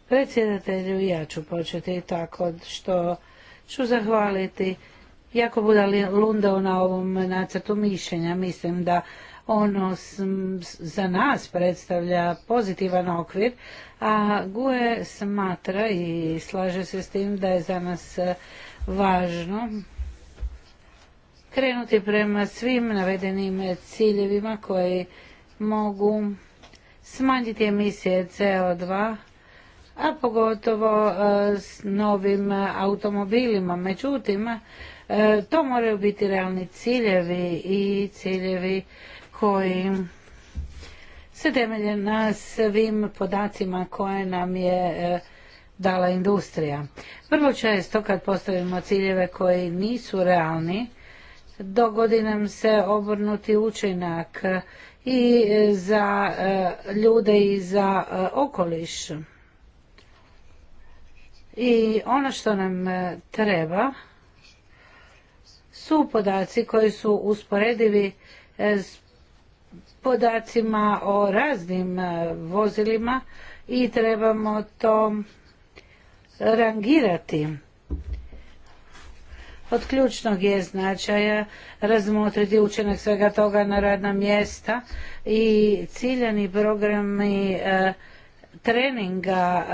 Predsjedatelju, ja ću početi tako što ću zahvaliti jako bude lundao na ovom nacrtu mišljenja. Mislim da ono za nas predstavlja pozitivan okvir, a GUE smatra i slaže se s tim da je za nas e, važno krenuti prema svim navedenim ciljevima koji mogu smanjiti emisije CO2, a pogotovo e, s novim automobilima. Međutim, E, to moraju biti realni ciljevi i ciljevi koji se temelje na svim podacima koje nam je e, dala industrija. Vrlo često kad postavimo ciljeve koji nisu realni, dogodi nam se obrnuti učinak i za e, ljude i za okoliš. I ono što nam treba su podaci koji su usporedivi e, s podacima o raznim e, vozilima i trebamo to rangirati. Od ključnog je značaja razmotriti učinak svega toga na radna mjesta i ciljani programi e, treninga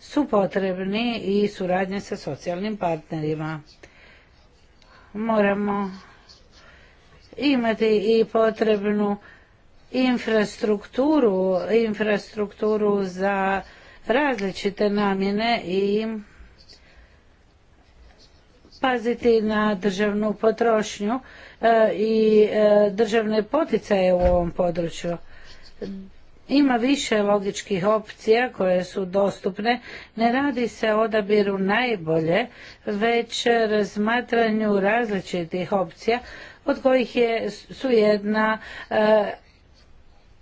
su potrebni i suradnje sa socijalnim partnerima moramo imati i potrebnu infrastrukturu, infrastrukturu za različite namjene i paziti na državnu potrošnju e, i e, državne poticaje u ovom području. Ima više logičkih opcija koje su dostupne, ne radi se o odabiru najbolje, već razmatranju različitih opcija od kojih je, su jedna e,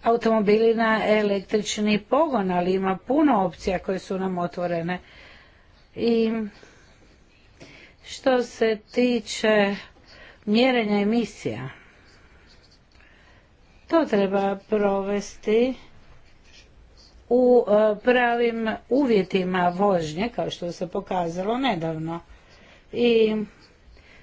automobili na električni pogon, ali ima puno opcija koje su nam otvorene. I što se tiče mjerenja emisija, to treba provesti u e, pravim uvjetima vožnje, kao što se pokazalo nedavno. I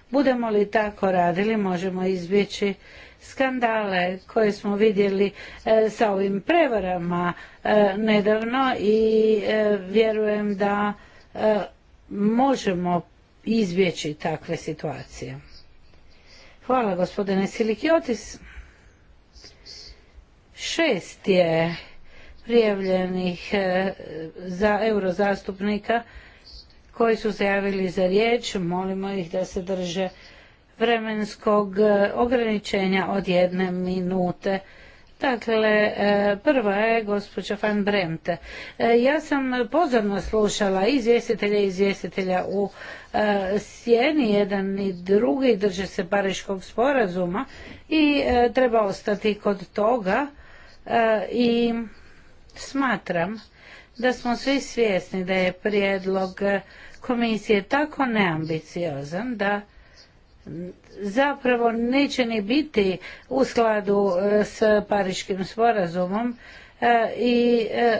budemo li tako radili, možemo izbjeći skandale koje smo vidjeli e, sa ovim prevarama e, nedavno i vjerujem da možemo izbjeći takve situacije. Hvala gospodine Silikiotis. Šest je prijavljenih e, za eurozastupnika koji su se javili za riječ. Molimo ih da se drže vremenskog e, ograničenja od jedne minute. Dakle, e, prva je gospođa Van Bremte. Ja sam pozorno slušala izvjestitelja i izvjestitelja u sjeni, jedan i drugi drže se Pariškog sporazuma i treba ostati kod toga i Smatram da smo svi svjesni da je prijedlog komisije tako neambiciozan da zapravo neće ni biti u skladu e, s pariškim sporazumom e, i e,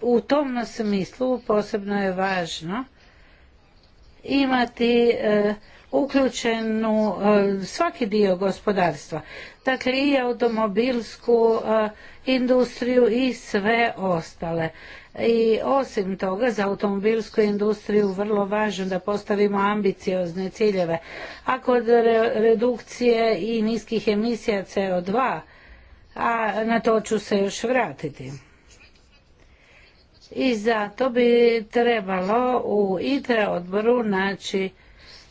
u tom smislu posebno je važno imati uključenu e, svaki dio gospodarstva. Dakle i automobilsku e, industriju i sve ostale. I osim toga za automobilsku industriju vrlo važno da postavimo ambiciozne ciljeve. A kod redukcije i niskih emisija CO2, a na to ću se još vratiti. I zato bi trebalo u ITRE odboru naći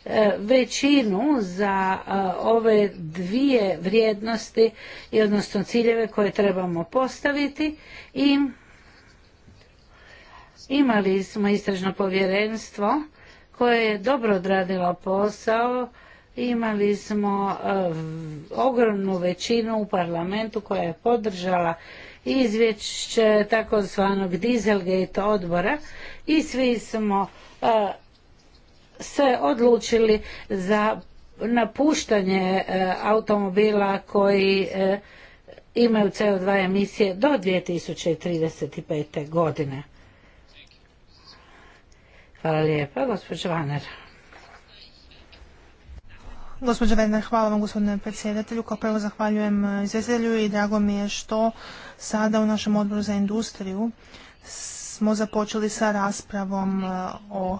E, većinu za e, ove dvije vrijednosti i odnosno ciljeve koje trebamo postaviti i imali smo istražno povjerenstvo koje je dobro odradilo posao imali smo e, ogromnu većinu u parlamentu koja je podržala izvješće takozvanog Dieselgate odbora i svi smo se odlučili za napuštanje e, automobila koji e, imaju CO2 emisije do 2035. godine. Hvala lijepa, gospođo Vaner. Gospođo Vaner, hvala vam gospodine predsjedatelju. Kao prvo zahvaljujem e, izvjestitelju i drago mi je što sada u našem odboru za industriju smo započeli sa raspravom o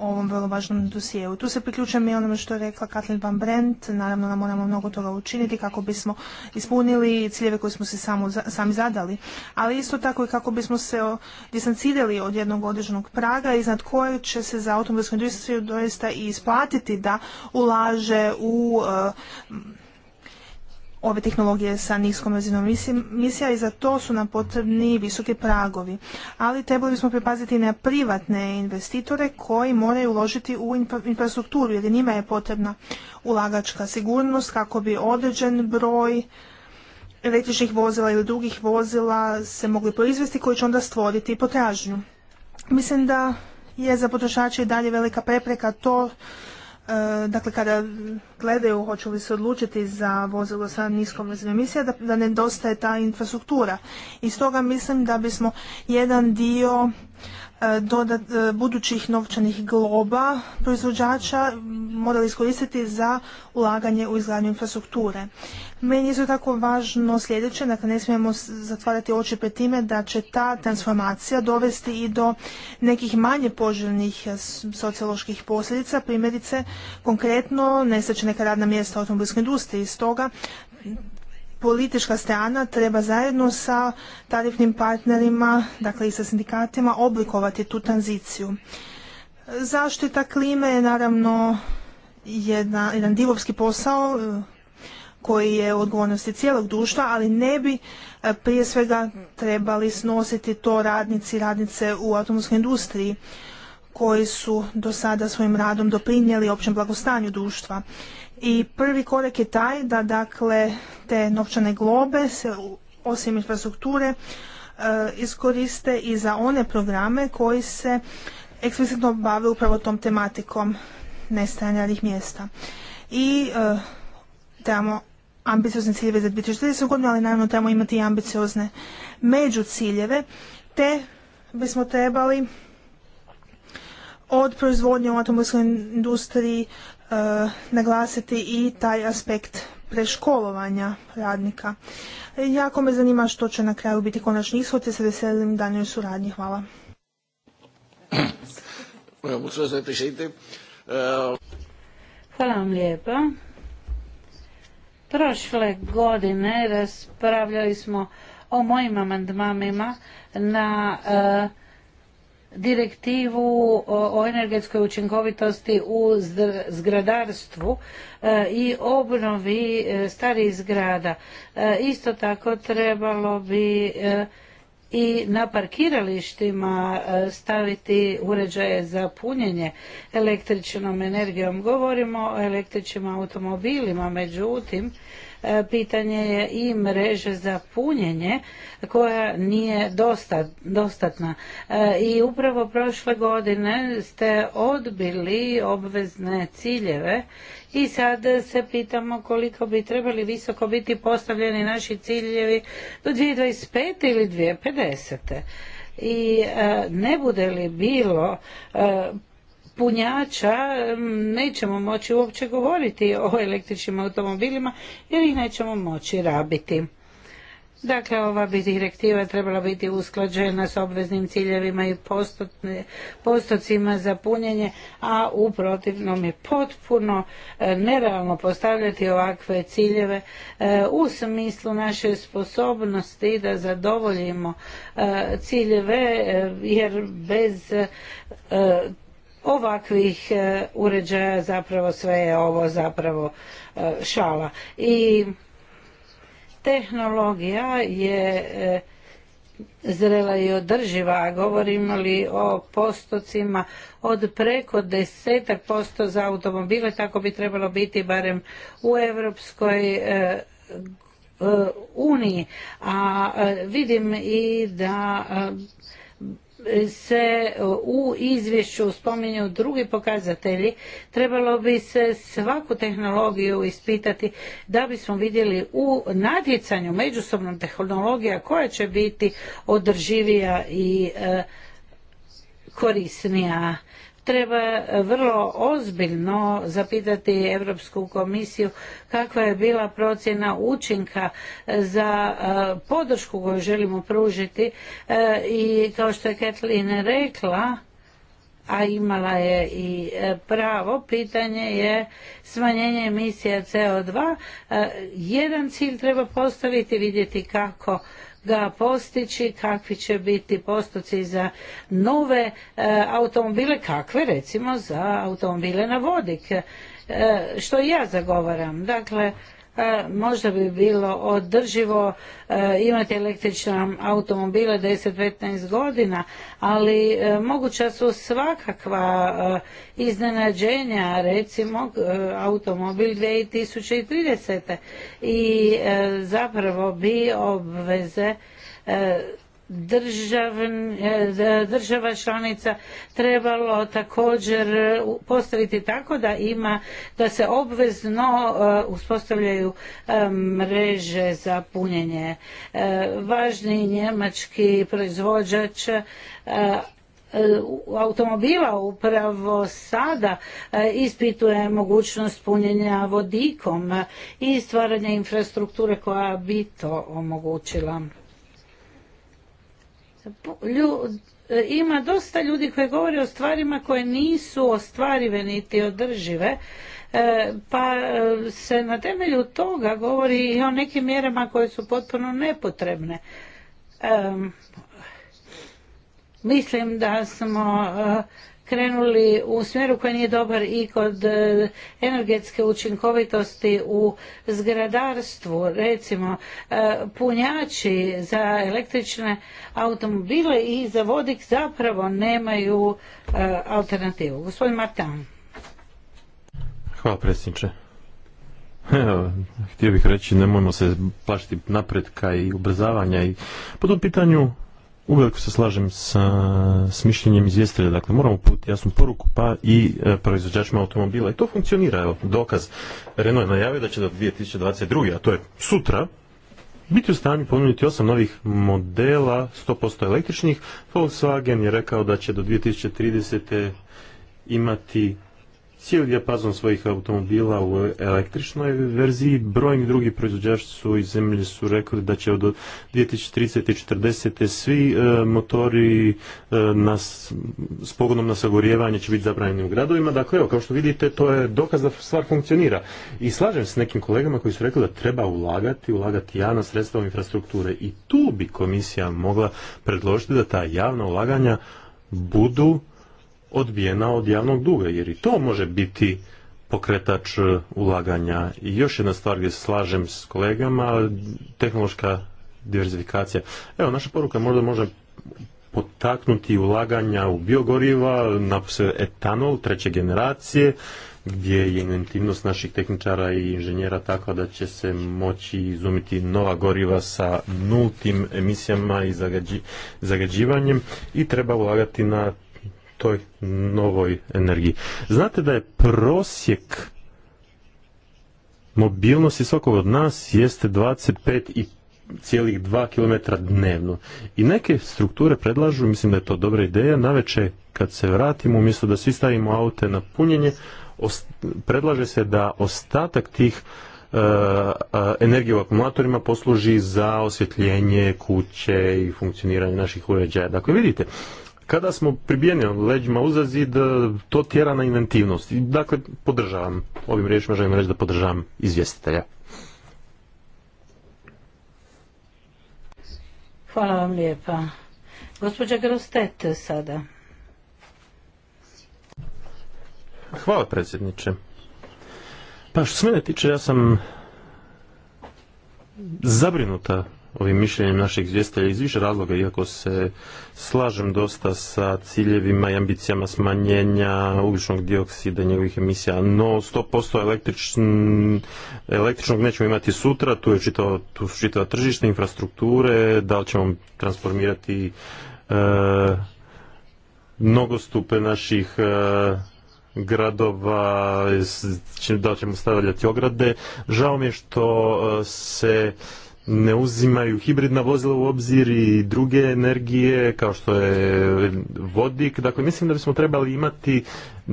ovom vrlo važnom dosijelu. Tu se priključujem i onome što je rekla Katlin Van Brent. Naravno da moramo mnogo toga učiniti kako bismo ispunili ciljeve koje smo se sami zadali. Ali isto tako i kako bismo se distancirali od jednog određenog praga iznad kojeg će se za automobilsku industriju doista i isplatiti da ulaže u e, ove tehnologije sa niskom razinom misija i za to su nam potrebni visoki pragovi. Ali trebali bismo pripaziti na privatne investitore koji moraju uložiti u infrastrukturu jer njima je potrebna ulagačka sigurnost kako bi određen broj električnih vozila ili drugih vozila se mogli proizvesti koji će onda stvoriti potražnju. Mislim da je za potrošače i dalje velika prepreka to E, dakle kada gledaju hoće li se odlučiti za vozilo sa niskom razinom emisija, da, da nedostaje ta infrastruktura. I stoga mislim da bismo jedan dio E, dodat, e, budućih novčanih globa proizvođača morali iskoristiti za ulaganje u izgradnju infrastrukture. Meni je isto tako važno sljedeće, dakle ne smijemo zatvarati oči pred time da će ta transformacija dovesti i do nekih manje poželjnih e, socioloških posljedica, primjerice konkretno nestaće neka radna mjesta u automobilskoj industriji. Stoga politička strana treba zajedno sa tarifnim partnerima, dakle i sa sindikatima, oblikovati tu tranziciju. Zaštita klime je naravno jedan divovski posao e, koji je u odgovornosti cijelog društva, ali ne bi e, prije svega trebali snositi to radnici i radnice u automobilskoj industriji koji su do sada svojim radom doprinijeli općem blagostanju društva. I prvi korak je taj da dakle te novčane globe se osim infrastrukture e, iskoriste i za one programe koji se eksplicitno bave upravo tom tematikom nestajanja radnih mjesta. I e, trebamo ambiciozne ciljeve za 2040 godinu, ali naravno trebamo imati i ambiciozne međuciljeve, te bismo trebali od proizvodnje u automobilskoj industriji, E, naglasiti i taj aspekt preškolovanja radnika. E, jako me zanima što će na kraju biti konačni ishod i se veselim daljnjoj suradnji. Hvala. Eh, Hvala vam lijepa. Prošle godine raspravljali smo o mojim amandmanima na eh, direktivu o energetskoj učinkovitosti u zgradarstvu e, i obnovi e, starih zgrada. E, isto tako trebalo bi i na parkiralištima staviti uređaje za punjenje električnom energijom. Govorimo o električnim automobilima, međutim E, pitanje je i mreže za punjenje koja nije dostatna. E, I upravo prošle godine ste odbili obvezne ciljeve i sad se pitamo koliko bi trebali visoko biti postavljeni naši ciljevi do 2025. ili 2050 i e, ne bude li bilo punjača nećemo moći uopće govoriti o električnim automobilima jer ih nećemo moći rabiti. Dakle, ova bi direktiva trebala biti usklađena s obveznim ciljevima i postocima za punjenje, a u protivnom je potpuno e, nerealno postavljati ovakve ciljeve e, u smislu naše sposobnosti da zadovoljimo e, ciljeve, jer bez ovakvih e, uređaja zapravo sve je ovo zapravo e, šala. I tehnologija je e, zrela i održiva, govorimo li o postocima od preko desetak posto za automobile, tako bi trebalo biti barem u Europskoj uniji. A vidim i da se u izvješću spominju drugi pokazatelji, trebalo bi se svaku tehnologiju ispitati da bismo vidjeli u natjecanju međusobnom tehnologija koja će biti održivija i e, korisnija treba vrlo ozbiljno zapitati Europsku komisiju kakva je bila procjena učinka za e, podršku koju želimo pružiti e, i kao što je Kathleen rekla a imala je i e, pravo, pitanje je smanjenje emisija CO2. Jedan cilj treba postaviti, vidjeti kako ga postići, kakvi će biti postoci za nove e, automobile, kakve recimo za automobile na vodik, e, što i ja zagovaram. Dakle, E, možda bi bilo održivo e, imati električne automobile 10-15 godina, ali e, moguća su svakakva iznenađenja, recimo automobil 2030. I zapravo bi obveze E, država članica trebalo također postaviti tako da ima da se obvezno e, uspostavljaju e, mreže za punjenje. Važni njemački proizvođač automobila upravo sada ispituje mogućnost punjenja vodikom i stvaranje infrastrukture koja bi to omogućila. E, ima dosta ljudi koji govore o stvarima koje nisu ostvarive niti održive, e, pa e, se na temelju toga govori i o nekim mjerama koje su potpuno nepotrebne. Mislim da smo krenuli u smjeru koji nije dobar i kod e, energetske učinkovitosti u zgradarstvu, recimo e, punjači za električne automobile i za vodik zapravo nemaju e, alternativu. Gospodin Martan. Hvala predsjedniče. htio bih reći, nemojmo se plašiti napretka i ubrzavanja. I po tom pitanju Uveliko se slažem sa, s mišljenjem izvjestitelja, dakle moramo putiti jasnu poruku pa i e, proizvođačima automobila i to funkcionira, evo dokaz. Renault je najavio da će do 2022. a to je sutra, biti u stanju ponuditi osam novih modela 100% električnih. Volkswagen je rekao da će do 2030. imati cijeli dijapazon svojih automobila u električnoj verziji. Brojni drugi proizvođači su iz zemlje su rekli da će od 2030. i 40. svi e, motori e, nas, s pogodom na sagorjevanje će biti zabranjeni u gradovima. Dakle, evo, kao što vidite, to je dokaz da stvar funkcionira. I slažem se s nekim kolegama koji su rekli da treba ulagati, ulagati javna sredstva u infrastrukture. I tu bi komisija mogla predložiti da ta javna ulaganja budu odbijena od javnog duga, jer i to može biti pokretač e, ulaganja. I još jedna stvar gdje se slažem s kolegama, tehnološka diversifikacija. Evo, naša poruka možda može potaknuti ulaganja u biogoriva, napose etanol treće generacije, gdje je inventivnost naših tehničara i inženjera takva da će se moći izumiti nova goriva sa nultim emisijama i zagađivanjem i treba ulagati na toj novoj energiji. Znate da je prosjek mobilnosti svakog od nas jeste 25,2 km dnevno. I neke strukture predlažu, mislim da je to dobra ideja, naveče kad se vratimo, umjesto da svi stavimo aute na punjenje, predlaže se da ostatak tih e, e, energije u akumulatorima posluži za osvjetljenje kuće i funkcioniranje naših uređaja. Dakle, vidite, kada smo pribijeni leđima uza zid, to tjera na inventivnost. Dakle, podržavam. Ovim riječima želim reći da podržavam izvjestitelja. Hvala vam lijepa. Gospođa Grostet sada. Hvala predsjedniče. Pa što se mene tiče, ja sam zabrinuta ovim mišljenjem naših izvjestitelja iz više razloga, iako se slažem dosta sa ciljevima i ambicijama smanjenja ugljičnog dioksida i njegovih emisija, no 100% električn, električnog nećemo imati sutra, tu, je čitava, tu čitava infrastrukture, da li ćemo transformirati e, mnogostupe naših e, gradova, da li ćemo stavljati ograde. Žao mi je što e, se ne uzimaju hibridna vozila u obzir i druge energije kao što je vodik. Dakle, mislim da bismo trebali imati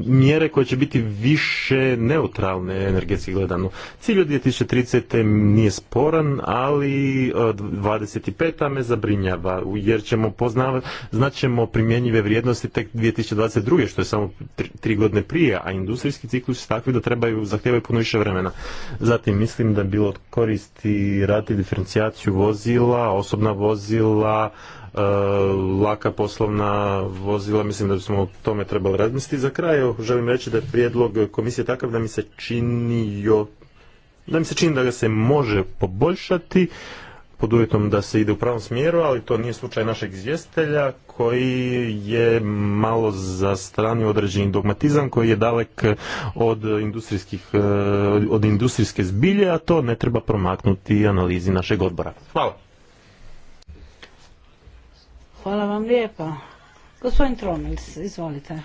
mjere koje će biti više neutralne energetski gledano. Cilj od 2030. nije sporan, ali 25. E, me zabrinjava, jer ćemo poznavati, znaćemo primjenjive vrijednosti tek 2022. što je samo tri, godine prije, a industrijski ciklus je takvi da trebaju, zahtijevaju puno više vremena. Zatim mislim da bilo koristi raditi diferencijaciju vozila, osobna vozila, Eh, laka poslovna vozila, mislim da bismo o tome trebali razmisliti. Za kraj želim reći da je prijedlog komisije takav da mi se da mi se čini da ga se može poboljšati pod uvjetom da se ide u pravom smjeru, ali to nije slučaj našeg izvjestitelja koji je malo za strani određeni dogmatizam koji je dalek od, industrijskih, eh, od industrijske zbilje, a to ne treba promaknuti analizi našeg odbora. Hvala. Hvala vam lijepa. Gospodin Tromils, izvolite.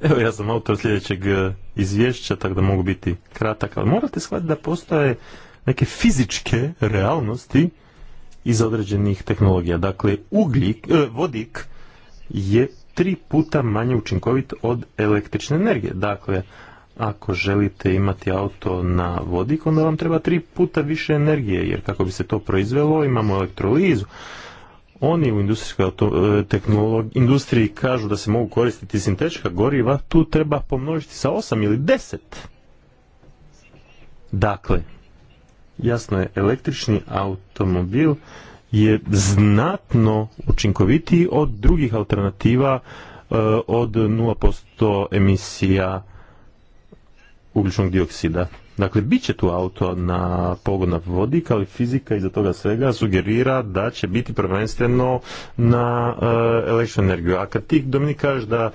Evo ja sam autor sljedećeg e, izvješća, tako da mogu biti kratak, ali morate shvatiti da postoje neke fizičke realnosti iz određenih tehnologija. Dakle, ugljik, e, vodik je tri puta manje učinkovit od električne energije. Dakle, ako želite imati auto na vodik, onda vam treba tri puta više energije, jer kako bi se to proizvelo, imamo elektrolizu. Oni u industrijskoj e, industriji kažu da se mogu koristiti sintetička goriva, tu treba pomnožiti sa osam ili deset. Dakle, jasno je, električni automobil je znatno učinkovitiji od drugih alternativa e, od 0% emisija ugljičnog dioksida. Dakle, bit će tu auto na pogon na vodik, ali fizika iza toga svega sugerira da će biti prvenstveno na uh, električnu energiju. A kad ti, Dominik, kažeš da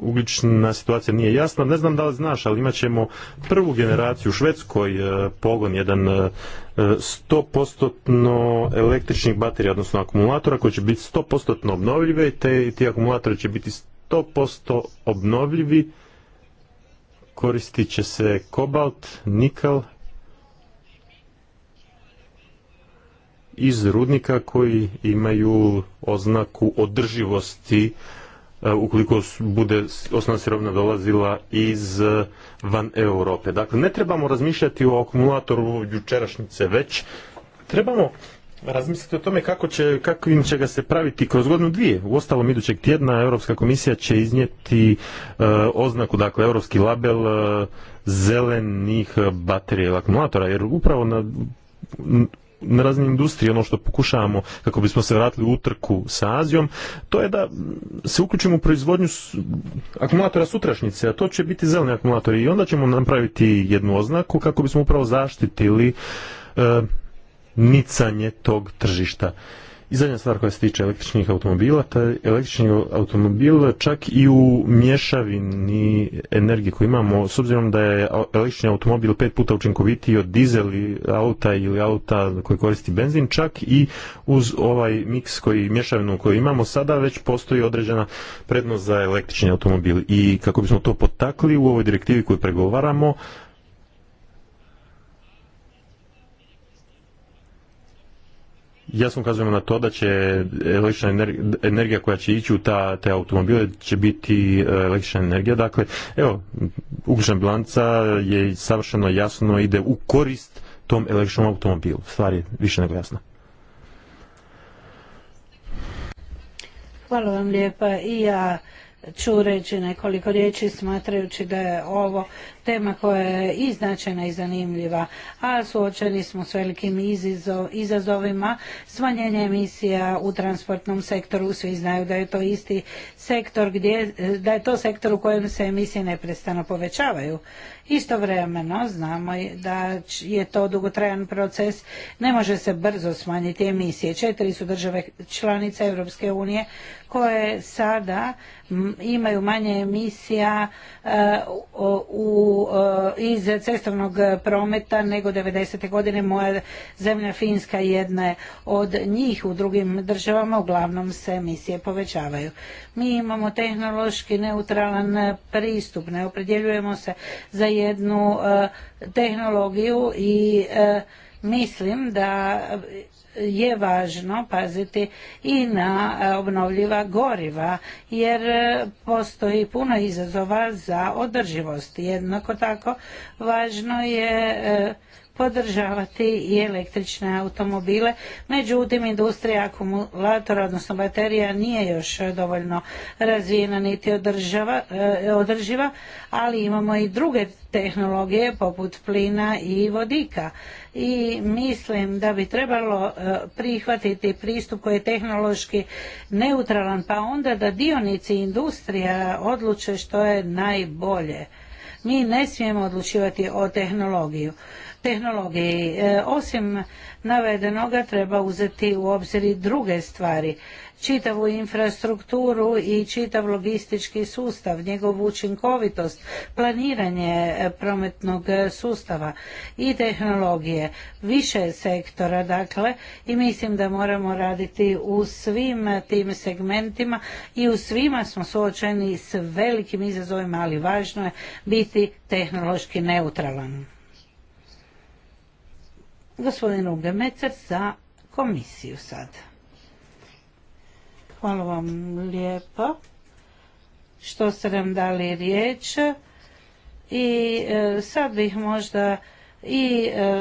ugljična situacija nije jasna. Ne znam da li znaš, ali imat ćemo prvu generaciju u Švedskoj eh, pogon, jedan 100% eh, električnih baterija, odnosno akumulatora, koji će biti 100% obnovljive i te, ti akumulatori će biti 100% obnovljivi, koristit će se kobalt, nikal iz rudnika koji imaju oznaku održivosti e, ukoliko bude osnovna sirovina dolazila iz e, van Europe. Dakle, ne trebamo razmišljati o akumulatoru jučerašnjice, već trebamo razmislite o tome kako će, kakvim će ga se praviti kroz godinu dvije. U ostalom idućeg tjedna Europska komisija će iznijeti e, oznaku, dakle, europski label e, zelenih baterija ili akumulatora, jer upravo na na razini industrije, ono što pokušavamo kako bismo se vratili u utrku sa Azijom, to je da se uključimo u proizvodnju akumulatora sutrašnjice, a to će biti zeleni akumulatori i onda ćemo napraviti jednu oznaku kako bismo upravo zaštitili e, micanje tog tržišta. I zadnja stvar koja se tiče električnih automobila, taj električni automobil čak i u mješavini energije koju imamo, s obzirom da je električni automobil pet puta učinkovitiji od dizel auta ili auta koji koristi benzin, čak i uz ovaj miks koji mješavinu koju imamo sada već postoji određena prednost za električni automobil. I kako bismo to potakli u ovoj direktivi koju pregovaramo, jasno ukazujemo na to da će električna energija koja će ići u ta, te automobile će biti e, električna energija. Dakle, evo, ugljična bilanca je savršeno jasno ide u korist tom električnom automobilu. Stvar je više nego jasna. Hvala vam lijepa i ja ću reći nekoliko riječi smatrajući da je ovo tema koja je i značajna i zanimljiva, a suočeni smo s velikim izazovima smanjenja emisija u transportnom sektoru. Svi znaju da je to isti sektor gdje, da je to sektor u kojem se emisije neprestano povećavaju. Istovremeno znamo da je to dugotrajan proces, ne može se brzo smanjiti emisije. Četiri su države članice Europske unije koje sada imaju manje emisija e, u Eh, iz cestovnog prometa nego 90. godine. Moja zemlja Finska je jedna od njih u drugim državama, uglavnom se emisije povećavaju. Mi imamo tehnološki neutralan pristup, ne opredjeljujemo se za jednu eh, tehnologiju i eh, mislim da je važno paziti i na e, obnovljiva goriva jer e, postoji puno izazova za održivost. Jednako tako važno je e, podržavati i električne automobile. Međutim, industrija akumulatora, odnosno baterija, nije još dovoljno razvijena niti e, održiva, ali imamo i druge tehnologije poput plina i vodika. I mislim da bi trebalo e, prihvatiti pristup koji je tehnološki neutralan, pa onda da dionici industrija odluče što je najbolje. Mi ne smijemo odlučivati o tehnologiju tehnologiji. E, osim navedenoga treba uzeti u obzir i druge stvari, čitavu infrastrukturu i čitav logistički sustav, njegovu učinkovitost, planiranje e, prometnog e, sustava i tehnologije, više sektora dakle i mislim da moramo raditi u svim tim segmentima i u svima smo suočeni s velikim izazovima, ali važno je biti tehnološki neutralan. Gospodin Uge za komisiju sad. Hvala vam lijepo što ste nam dali riječ i e, sad bih možda i e,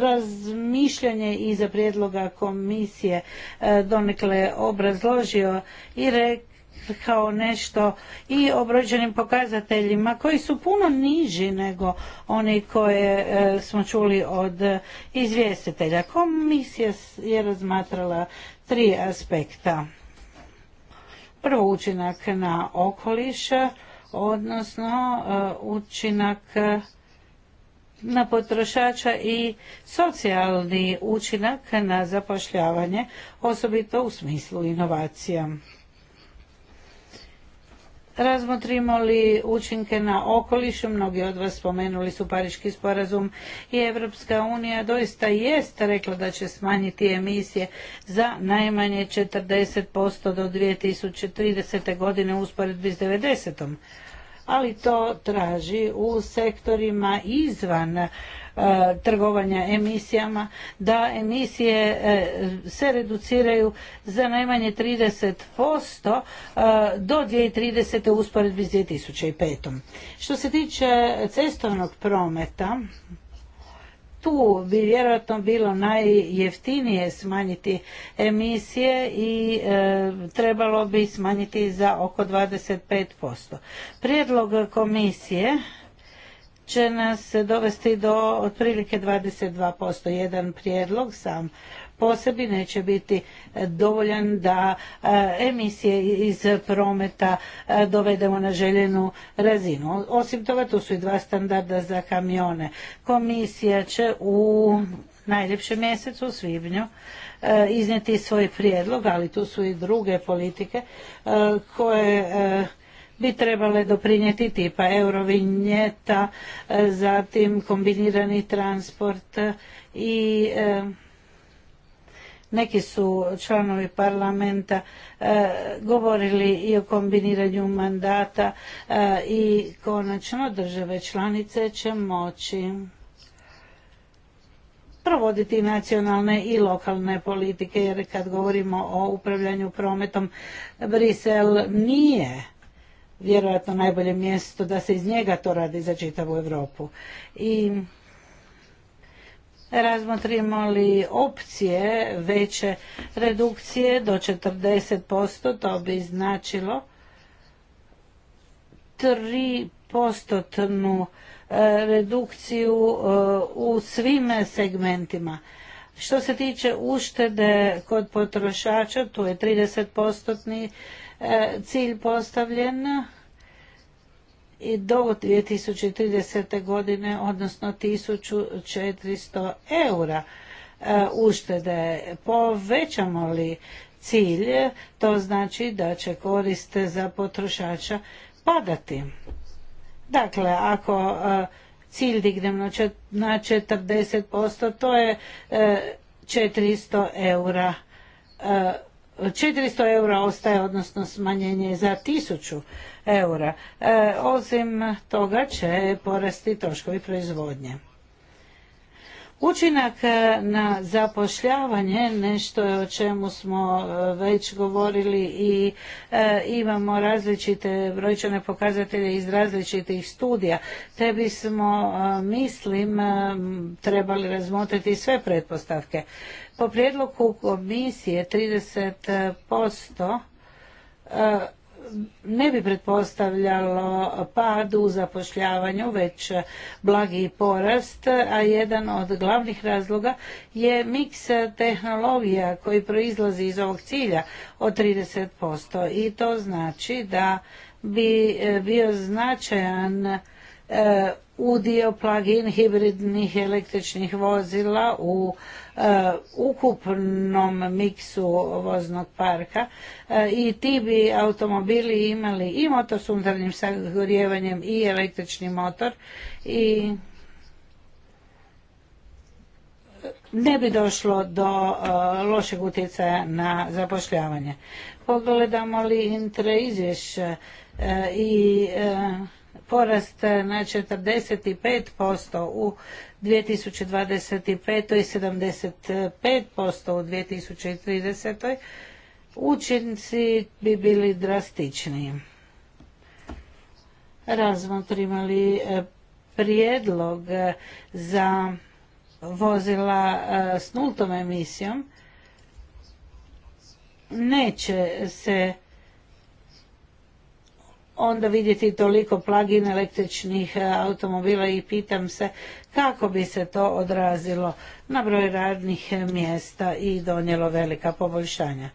razmišljanje iza prijedloga komisije e, donekle obrazložio i rekao kao nešto i obrođenim pokazateljima koji su puno niži nego oni koje e, smo čuli od izvjestitelja. Komisija je razmatrala tri aspekta. Prvo učinak na okoliš, odnosno e, učinak na potrošača i socijalni učinak na zapošljavanje, osobito u smislu inovacija. Razmotrimo li učinke na okoliš, mnogi od vas spomenuli su Pariški sporazum i Evropska unija doista jest rekla da će smanjiti emisije za najmanje 40% do 2030. godine u usporedbi s 90. Ali to traži u sektorima izvan E, trgovanja emisijama da emisije e, se reduciraju za najmanje 30% e, do 2030. u usporedbi s 2005. Što se tiče cestovnog prometa, tu bi vjerojatno bilo najjeftinije smanjiti emisije i trebalo bi smanjiti za oko 25%. Prijedlog komisije će nas dovesti do otprilike 22%. Jedan prijedlog sam po sebi neće biti dovoljan da e, emisije iz prometa e, dovedemo na željenu razinu. Osim toga, tu su i dva standarda za kamione. Komisija će u najljepšem mjesecu, u svibnju, e, iznijeti svoj prijedlog, ali tu su i druge politike koje bi trebale doprinijeti tipa eurovinjeta, e, zatim kombinirani transport i e, neki su članovi parlamenta e, govorili i o kombiniranju mandata i konačno države članice će moći provoditi nacionalne i lokalne politike jer kad govorimo o upravljanju prometom Brisel nije vjerojatno najbolje mjesto da se iz njega to radi za čitavu Europu. I razmotrimo li opcije veće redukcije do 40%, to bi značilo 3% e, redukciju e, u svim segmentima. Što se tiče uštede kod potrošača, tu je 30% e, cilj postavljen do 2030. godine, odnosno 1400 eura e, uštede. Povećamo li cilj, to znači da će koriste za potrošača padati. Dakle, ako e, cilj dignemo na 40%, to je 400 e, eura 400 eura ostaje, odnosno smanjenje za 1000 eura. E, osim toga će porasti troškovi proizvodnje. Učinak e, na zapošljavanje, nešto je o čemu smo e, već govorili i e, imamo različite brojčane pokazatelje iz različitih studija, te bismo, mislim, trebali razmotriti sve pretpostavke. Po prijedlogu komisije 30% ne bi pretpostavljalo pad u zapošljavanju, već blagi porast, a jedan od glavnih razloga je miks tehnologija koji proizlazi iz ovog cilja od 30%. I to znači da bi e, bio značajan e, udio plug-in hibridnih električnih vozila u E, ukupnom miksu voznog parka e, i ti bi automobili imali i motor s unutarnjim sagorijevanjem i električni motor i ne bi došlo do e, lošeg utjecaja na zapošljavanje. Pogledamo li intra izvješća i porast na 45% u 2025. i 75% u 2030. učinci bi bili drastičniji. li e, prijedlog e, za vozila e, s nultom emisijom neće se onda vidjeti toliko plug električnih e, automobila i pitam se kako bi se to odrazilo na broj radnih e, mjesta i donijelo velika poboljšanja.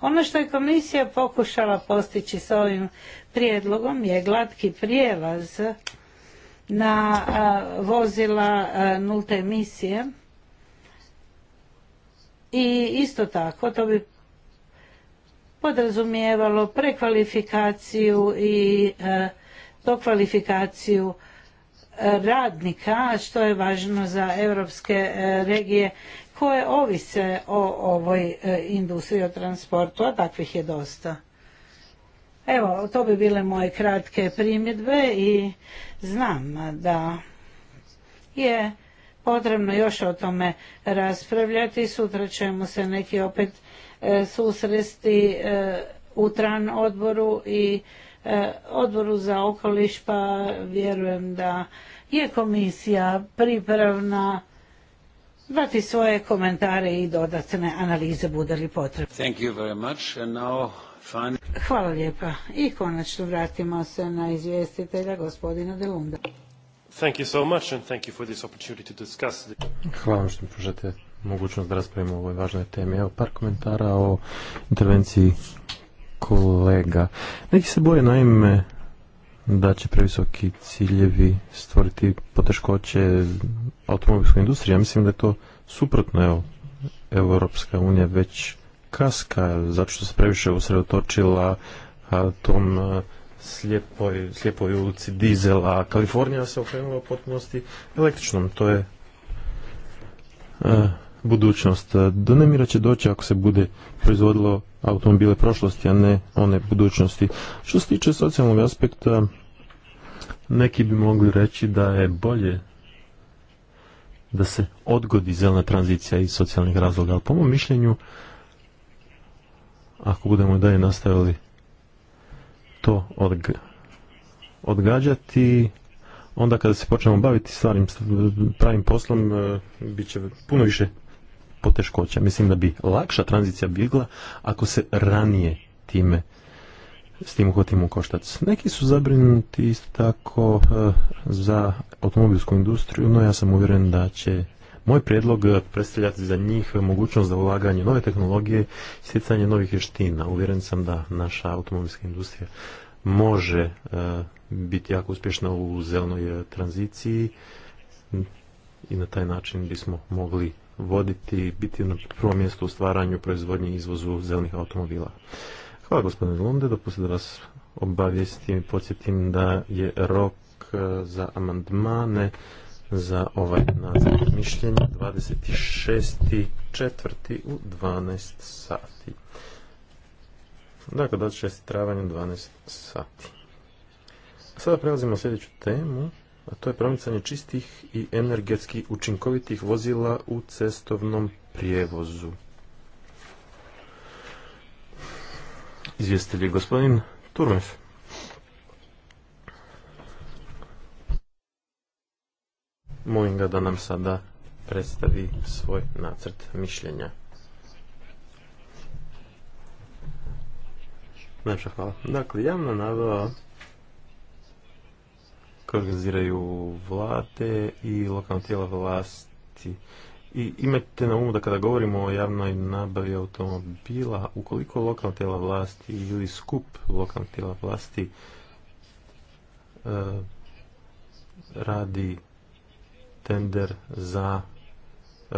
Ono što je komisija pokušala postići s ovim prijedlogom je glatki prijelaz na e, vozila nulte emisije i isto tako to bi podrazumijevalo prekvalifikaciju i e, dokvalifikaciju e, radnika, što je važno za europske e, regije koje ovise o ovoj industriji, o transportu, a takvih je dosta. Evo, to bi bile moje kratke primjedbe i znam da je potrebno još o tome raspravljati. Sutra ćemo se neki opet E, susresti e, u tran odboru i e, odboru za okoliš pa vjerujem da je komisija pripravna dati svoje komentare i dodatne analize bude li potrebno. Thank you very much. And now, finally... Hvala lijepa. I konačno vratimo se na izvjestitelja gospodina Delunda. Thank you so much and thank you for this opportunity to discuss. Hvala što mi pružate mogućnost da raspravimo o ovoj važnoj temi. Evo par komentara o intervenciji kolega. Neki se boje naime da će previsoki ciljevi stvoriti poteškoće automobilskoj industriji. Ja mislim da je to suprotno. Evo, Europska unija već kaska zato što se previše usredotočila tom slijepoj, ulici dizela. Kalifornija se okrenula u potpunosti električnom. To je budućnost. Do nemira će doći ako se bude proizvodilo automobile prošlosti, a ne one budućnosti. Što se tiče socijalnog aspekta, neki bi mogli reći da je bolje da se odgodi zelena tranzicija iz socijalnih razloga, ali po mom mišljenju, ako budemo dalje nastavili to odgađati, onda kada se počnemo baviti stvarim pravim poslom, eh, bit će puno više poteškoća. Mislim da bi lakša tranzicija bila ako se ranije time s tim uhvatimo u koštac. Neki su zabrinuti isto tako eh, za automobilsku industriju, no ja sam uvjeren da će moj prijedlog eh, predstavljati za njih mogućnost za ulaganje nove tehnologije i stjecanje novih vještina. Uvjeren sam da naša automobilska industrija može eh, biti jako uspješna u zelenoj tranziciji i na taj način bismo mogli voditi, biti na prvom mjestu u stvaranju proizvodnje i izvozu zelenih automobila. Hvala gospodine Lunde, dopustite da vas obavijestim i podsjetim da je rok e, za amandmane za ovaj nacrt mišljenja 26. četvrti u 12 sati. Dakle, 26. travanja 12 sati. Sada prelazimo na sljedeću temu a to je promicanje čistih i energetski učinkovitih vozila u cestovnom prijevozu. Izvjestitelj gospodin Turmes. Molim ga da nam sada predstavi svoj nacrt mišljenja. Najpša hvala. Dakle, javna nabava koje organiziraju vlade i lokalna tijela vlasti. I imajte na umu da kada govorimo o javnoj nabavi automobila, ukoliko lokalna tijela vlasti ili skup lokalnih tijela vlasti e, radi tender za e,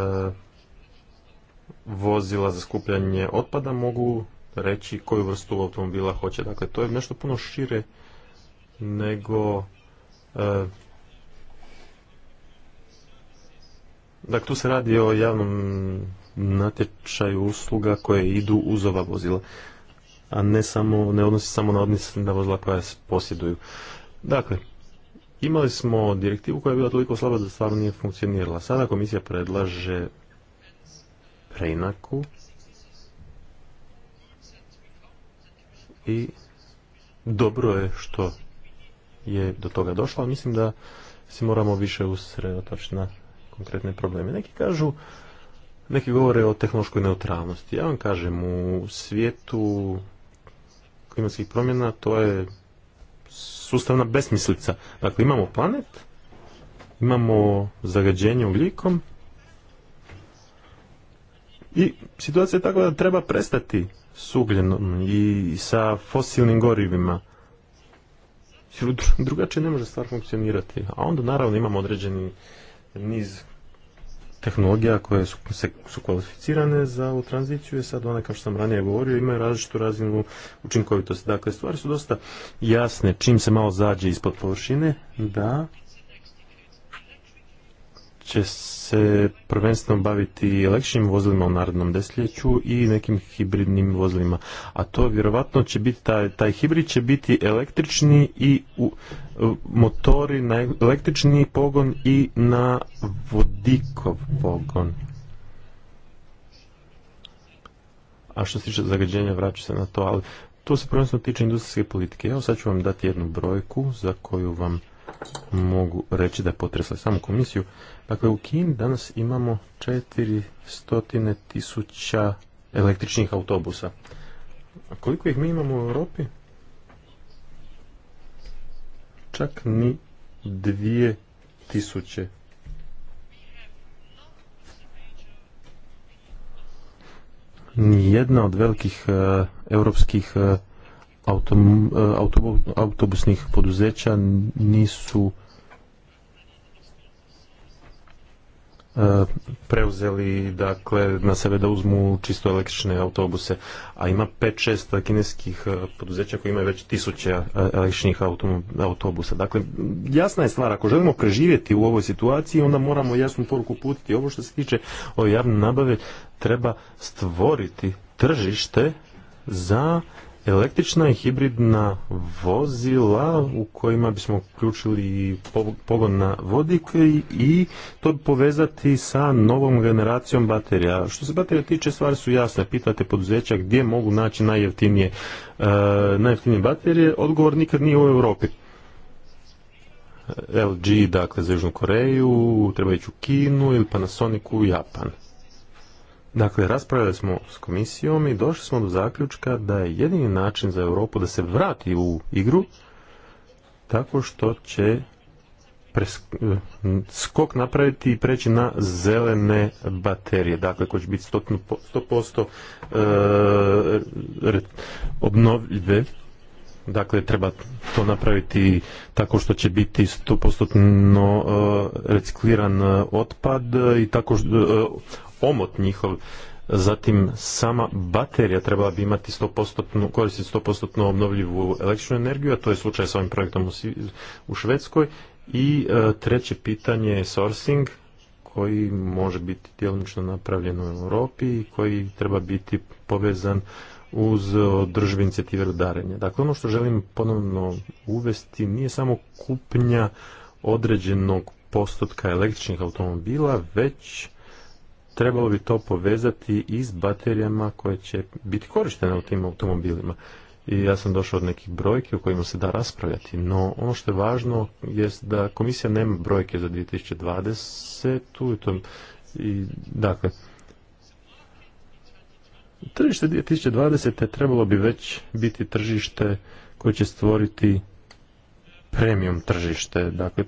vozila za skupljanje otpada, mogu reći koju vrstu automobila hoće. Dakle, to je nešto puno šire nego Dakle, tu se radi o javnom natječaju usluga koje idu uz ova vozila, a ne samo, ne odnosi samo na odnose na vozila koja se posjeduju. Dakle, imali smo direktivu koja je bila toliko slaba da stvarno nije funkcionirala. Sada komisija predlaže preinaku i dobro je što je do toga došlo, ali mislim da se moramo više usredotočiti na konkretne probleme. Neki kažu, neki govore o tehnološkoj neutralnosti. Ja vam kažem, u svijetu klimatskih promjena to je sustavna besmislica. Dakle, imamo planet, imamo zagađenje ugljikom i situacija je takva da treba prestati s ugljenom i sa fosilnim gorivima. Jer [LAUGHS] drugačije ne može stvar funkcionirati. A onda naravno imamo određeni niz tehnologija koje su, se, su kvalificirane za ovu tranziciju i sad one, kao što sam ranije govorio, imaju različitu razinu učinkovitosti. Dakle, stvari su dosta jasne. Čim se malo zađe ispod površine, da, će se prvenstveno baviti električnim vozilima u narednom desetljeću i nekim hibridnim vozilima. A to vjerovatno će biti, taj, taj hibrid će biti električni i u, motori na električni pogon i na vodikov pogon. A što se tiče zagađenja, vraću se na to, ali to se prvenstveno tiče industrijske politike. Evo sad ću vam dati jednu brojku za koju vam mogu reći da je potresla samu komisiju. Dakle, u Kini danas imamo 400.000 tisuća električnih autobusa. A koliko ih mi imamo u Europi? Čak ni dvije tisuće. Nijedna od velikih eh, europskih eh, E, autobusnih poduzeća nisu e, preuzeli dakle na sebe da uzmu čisto električne autobuse, a ima 5-6 kineskih e, poduzeća koji imaju već tisuća električnih autobusa. Dakle, jasna je stvar, ako želimo preživjeti u ovoj situaciji, onda moramo jasnu poruku putiti. Ovo što se tiče o javne nabave, treba stvoriti tržište za električna i hibridna vozila u kojima bismo uključili i pogon na vodik i to povezati sa novom generacijom baterija. Što se baterija tiče, stvari su jasne. Pitate poduzeća gdje mogu naći najjeftinije, e, najjeftinije baterije. Odgovor nikad nije u Europi. LG, dakle, za Južnu Koreju, treba ići u Kinu ili Panasonic u Japan. Dakle, raspravljali smo s komisijom i došli smo do zaključka da je jedini način za Europu da se vrati u igru tako što će skok napraviti i preći na zelene baterije, dakle koji će biti 100%, e, obnovljive dakle treba to napraviti tako što će biti 100% e, recikliran e, otpad i tako što, omot njihov, zatim sama baterija trebala bi imati 100%, koristiti 100% obnovljivu električnu energiju, a to je slučaj s ovim projektom u, Švedskoj. I e, treće pitanje je sourcing, koji može biti djelomično napravljen u Europi i koji treba biti povezan uz održive inicijative rudarenja. Dakle, ono što želim ponovno uvesti nije samo kupnja određenog postotka električnih automobila, već trebalo bi to povezati i s baterijama koje će biti korištene u tim automobilima. I ja sam došao od nekih brojki o kojima se da raspravljati, no ono što je važno jest da komisija nema brojke za 2020. I to, i, dakle, tržište 2020. trebalo bi već biti tržište koje će stvoriti premium tržište. Dakle,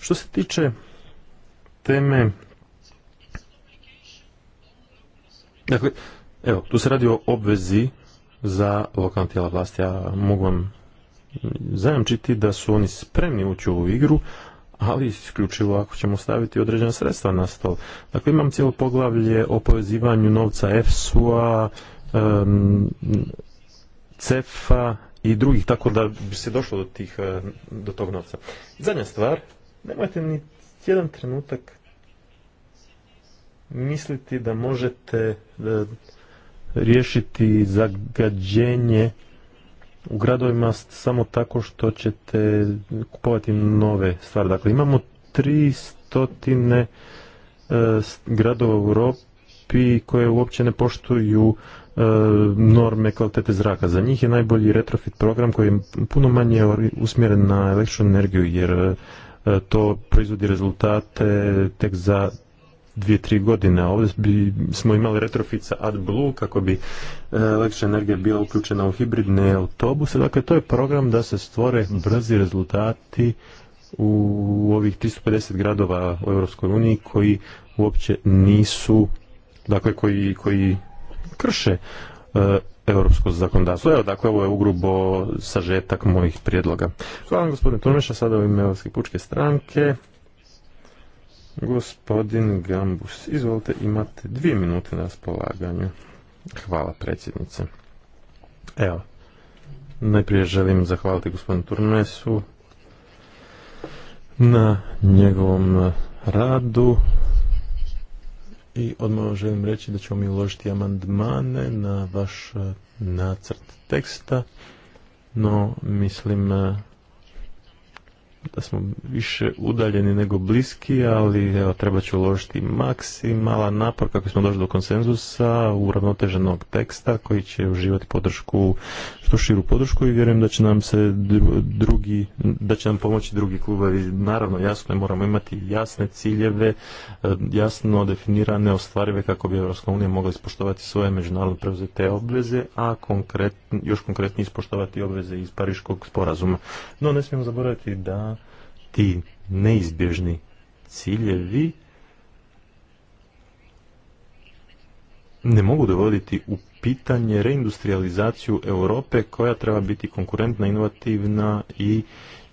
što se tiče teme Dakle, evo, tu se radi o obvezi za lokalna tijela vlasti. Ja mogu vam zajamčiti da su oni spremni ući u ovu igru, ali isključivo ako ćemo staviti određena sredstva na stol. Dakle, imam cijelo poglavlje o povezivanju novca EFSU-a, CEF-a i drugih, tako da bi se došlo do, tih, eh, do tog novca. Zadnja stvar, nemojte ni jedan trenutak misliti da možete e, riješiti zagađenje u gradovima samo tako što ćete kupovati nove stvari. Dakle, imamo tri e, gradova u Europi koje uopće ne poštuju e, norme kvalitete zraka. Za njih je najbolji retrofit program koji je puno manje usmjeren na električnu energiju jer to proizvodi rezultate tek za dvije, tri godine. Ovdje bi, smo imali retrofica ad AdBlue kako bi e, električna energija bila uključena u hibridne autobuse. Dakle, to je program da se stvore brzi rezultati u ovih 350 gradova u Europskoj uniji koji uopće nisu, dakle koji, koji krše e, europsko zakonodavstvo. Evo, dakle, ovo je ugrubo sažetak mojih prijedloga. Hvala vam, gospodine Turmeša, sada u ime Europske pučke stranke. Gospodin Gambus, izvolite, imate dvije minute na raspolaganju. Hvala predsjednice. Evo, najprije želim zahvaliti gospodinu Turnesu na njegovom radu i odmah želim reći da ćemo mi uložiti amandmane na vaš nacrt teksta, no mislim da smo više udaljeni nego bliski, ali evo, treba ću uložiti maksimalan napor kako smo došli do konsenzusa uravnoteženog teksta koji će uživati podršku što širu podršku i vjerujem da će nam se drugi, da će nam pomoći drugi klubovi. Naravno, jasno je, moramo imati jasne ciljeve, e, jasno definirane, ostvarive kako bi EU mogla ispoštovati svoje međunarodno preuzete obveze, a još konkretnije ispoštovati obveze iz Pariškog sporazuma. No, ne smijemo zaboraviti da ti neizbježni ciljevi ne mogu dovoditi u pitanje reindustrializaciju Europe koja treba biti konkurentna, inovativna i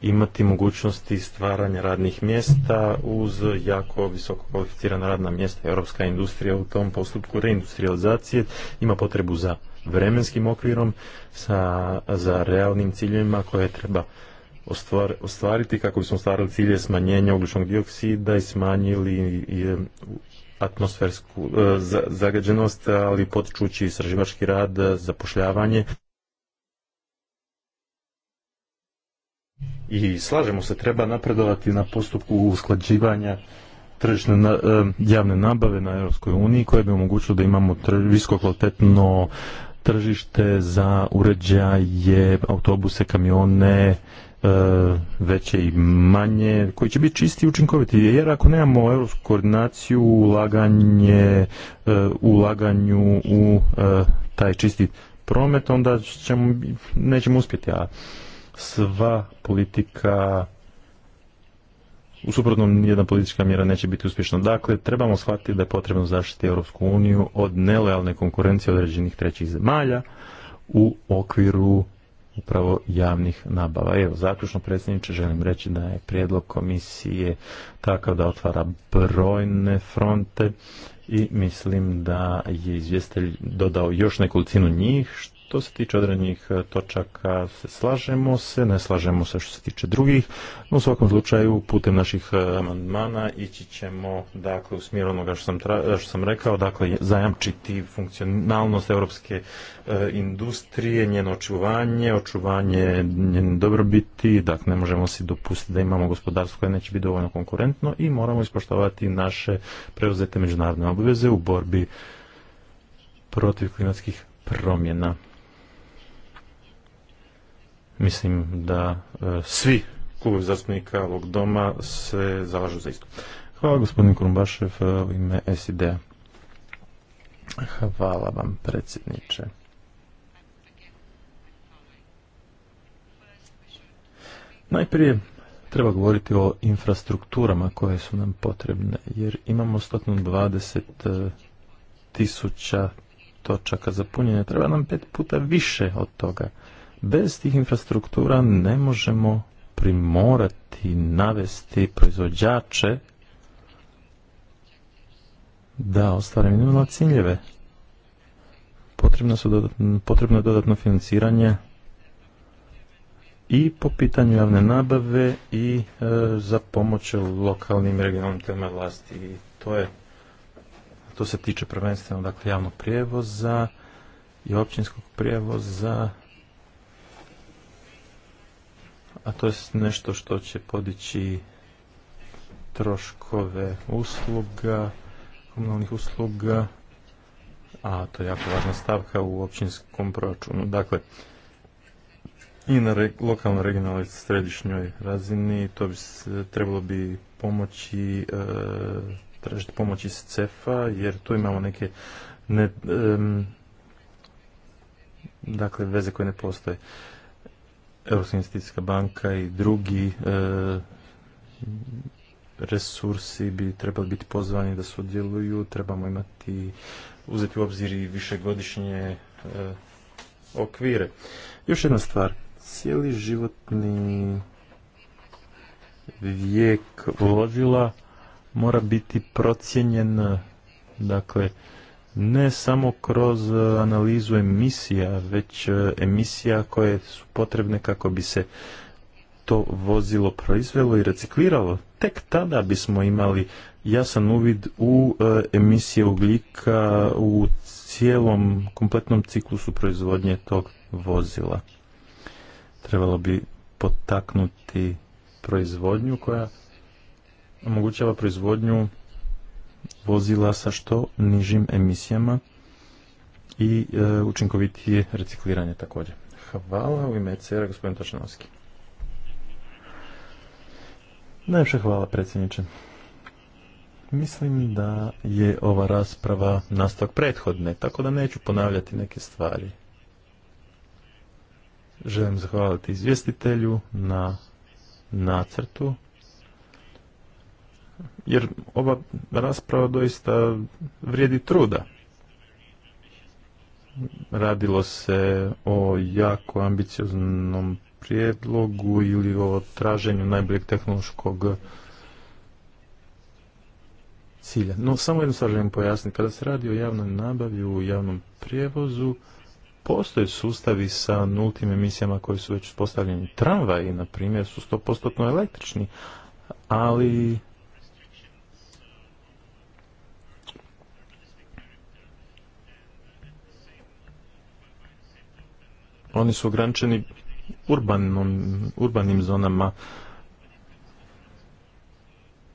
imati mogućnosti stvaranja radnih mjesta uz jako visoko kvalificirana radna mjesta. Europska industrija u tom postupku reindustrializacije ima potrebu za vremenskim okvirom, sa, za realnim ciljevima koje treba ostvariti kako bismo ostvarili cilje smanjenja ugljičnog dioksida i smanjili atmosfersku e, zagađenost, ali potičući istraživački rad, zapošljavanje. I slažemo se, treba napredovati na postupku usklađivanja tržišne e, javne nabave na Europskoj uniji koje bi omogućilo da imamo visokokvalitetno tržište za uređaje, autobuse, kamione, E, veće i manje, koji će biti čisti i učinkoviti. Jer ako nemamo europsku koordinaciju, ulaganje, e, ulaganju u e, taj čisti promet, onda ćemo, nećemo uspjeti. A sva politika u suprotnom jedna politička mjera neće biti uspješna. Dakle, trebamo shvatiti da je potrebno zaštiti Europsku uniju od nelojalne konkurencije određenih trećih zemalja u okviru upravo javnih nabava. Evo, zaključno predsjedniče želim reći da je prijedlog komisije takav da otvara brojne fronte i mislim da je izvjestelj dodao još nekolicinu njih, što što se tiče određenih e, točaka se slažemo se, ne slažemo se što se tiče drugih. No, u svakom slučaju putem naših e, amandmana ići ćemo dakle u smjeru onoga što sam, tra... što sam rekao, dakle zajamčiti funkcionalnost europske e, industrije, njeno očuvanje, očuvanje njene dobrobiti, dakle ne možemo si dopustiti da imamo gospodarstvo koje neće biti dovoljno konkurentno i moramo ispoštovati naše preuzete međunarodne obveze u borbi protiv klimatskih promjena. Mislim da e, svi klubi zastupnika ovog doma se zalažu za isto. Hvala gospodin Kurumbašev e, u ime sid Hvala vam predsjedniče. Najprije treba govoriti o infrastrukturama koje su nam potrebne, jer imamo 120 e, tisuća točaka za punjenje. Treba nam pet puta više od toga. Bez tih infrastruktura ne možemo primorati, navesti proizvođače da ostvare minimalne ciljeve. Potrebno, su dodatno, potrebno je dodatno financiranje i po pitanju javne nabave i e, za pomoć lokalnim i regionalnim vlasti. I to, je, to se tiče prvenstveno dakle, javnog prijevoza i općinskog prijevoza a to je nešto što će podići troškove usluga, komunalnih usluga, a to je jako važna stavka u općinskom proračunu. Dakle, i na lokalnoj, regionalnoj središnjoj razini to bi se, trebalo bi pomoći e, tražiti pomoć iz CEFA jer tu imamo neke ne, dakle veze koje ne postoje. Europska investicijska banka i drugi e, resursi bi trebali biti pozvani da sudjeluju, trebamo imati, uzeti u obzir i višegodišnje e, okvire. Još jedna stvar, cijeli životni vijek vozila mora biti procijenjen, dakle, ne samo kroz e, analizu emisija, već e, emisija koje su potrebne kako bi se to vozilo proizvelo i recikliralo. Tek tada bismo imali jasan uvid u e, emisije ugljika u cijelom kompletnom ciklusu proizvodnje tog vozila. Trebalo bi potaknuti proizvodnju koja omogućava proizvodnju vozila sa što nižim emisijama i e, učinkovitije recikliranje također. Hvala u ime ecr gospodin Točanovski. Najviše hvala predsjedniče. Mislim da je ova rasprava nastavak prethodne, tako da neću ponavljati neke stvari. Želim zahvaliti izvjestitelju na nacrtu jer ova rasprava doista vrijedi truda. Radilo se o jako ambicioznom prijedlogu ili o traženju najboljeg tehnološkog cilja. No, samo jednu stvar želim pojasniti. Kada se radi o javnoj nabavi u javnom prijevozu, postoje sustavi sa nultim emisijama koji su već uspostavljeni. Tramvaji, na primjer, su 100% električni, ali oni su ograničeni urbanom, urbanim zonama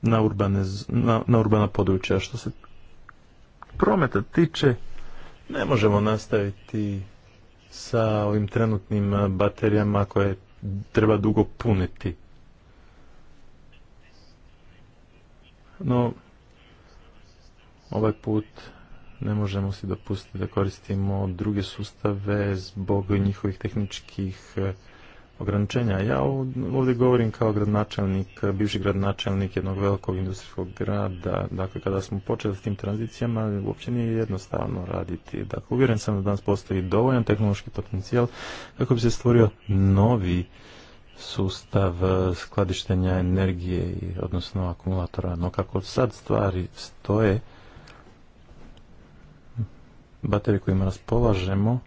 na, urbane, na, na urbana područja. Što se prometa tiče, ne možemo nastaviti sa ovim trenutnim baterijama koje treba dugo puniti. No, ovaj put ne možemo si dopustiti da koristimo druge sustave zbog njihovih tehničkih e, ograničenja. Ja ovdje govorim kao gradnačelnik, bivši gradnačelnik jednog velikog industrijskog grada. Dakle, kada smo počeli s tim tranzicijama, uopće nije jednostavno raditi. Dakle, uvjeren sam da danas postoji dovoljan tehnološki potencijal kako bi se stvorio novi sustav e, skladištenja energije, odnosno akumulatora. No kako sad stvari stoje, baterije kojima raspolažemo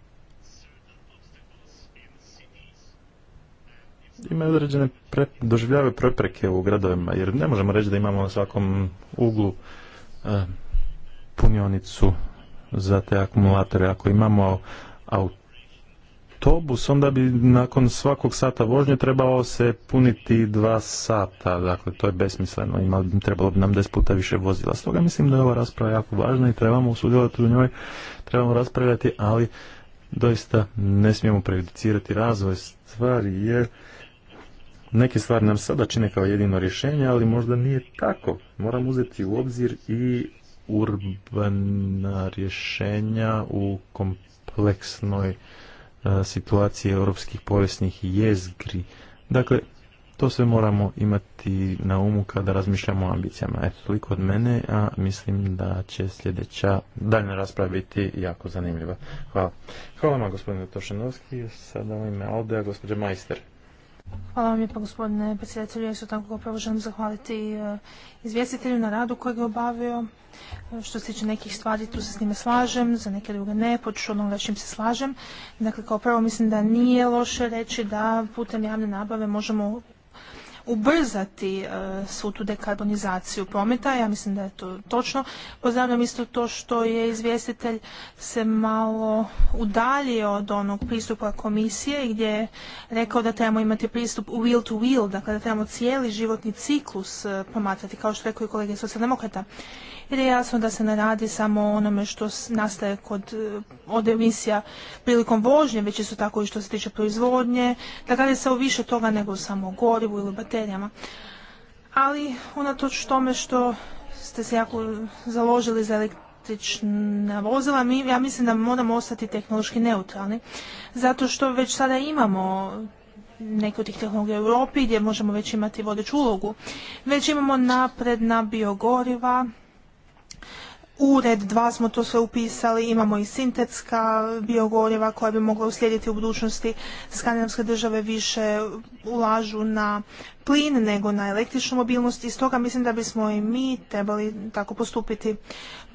imaju određene doživljavaju doživljave prepreke u gradovima, jer ne možemo reći da imamo na svakom uglu e, punionicu za te akumulatore. Ako imamo auto autobus, onda bi nakon svakog sata vožnje trebalo se puniti dva sata. Dakle, to je besmisleno. Imali, trebalo bi nam deset puta više vozila. Stoga mislim da je ova rasprava jako važna i trebamo sudjelovati u njoj, trebamo raspravljati, ali doista ne smijemo prejudicirati razvoj stvari, jer neke stvari nam sada čine kao jedino rješenje, ali možda nije tako. Moramo uzeti u obzir i urbana rješenja u kompleksnoj situacije europskih povijesnih jezgri. Dakle, to sve moramo imati na umu kada razmišljamo o ambicijama. Eto, toliko od mene, a mislim da će sljedeća daljna rasprava biti jako zanimljiva. Hvala. Hvala vam, gospodine Tošenovski. Sada u ime Aldeja, gospođa Majster. Hvala vam lijepo gospodine predsjedatelju. isto tako upravo želim zahvaliti e, izvjestitelju na radu kojeg je obavio. E, što se tiče nekih stvari, tu se s njime slažem, za neke druge ne, počuću da čim se slažem. Dakle, kao prvo mislim da nije loše reći da putem javne nabave možemo ubrzati e, svu tu dekarbonizaciju prometa. Ja mislim da je to točno. Pozdravljam isto to što je izvjestitelj se malo udaljio od onog pristupa komisije gdje je rekao da trebamo imati pristup u wheel to wheel, dakle da trebamo cijeli životni ciklus e, promatrati, kao što rekao i kolege socijaldemokrata jer je jasno da se ne radi samo o onome što nastaje kod, e, od emisija prilikom vožnje, već isto tako i što se tiče proizvodnje, da radi se o više toga nego samo gorivu ili baterijama. Ali unatoč tome što ste se jako založili za električna vozila, mi, ja mislim da moramo ostati tehnološki neutralni, zato što već sada imamo neke od tih tehnologija u Europi gdje možemo već imati vodeću ulogu. Već imamo napredna biogoriva u red dva smo to sve upisali, imamo i sintetska biogoriva koja bi mogla uslijediti u budućnosti. Skandinavske države više ulažu na plin nego na električnu mobilnost i stoga mislim da bismo i mi trebali tako postupiti.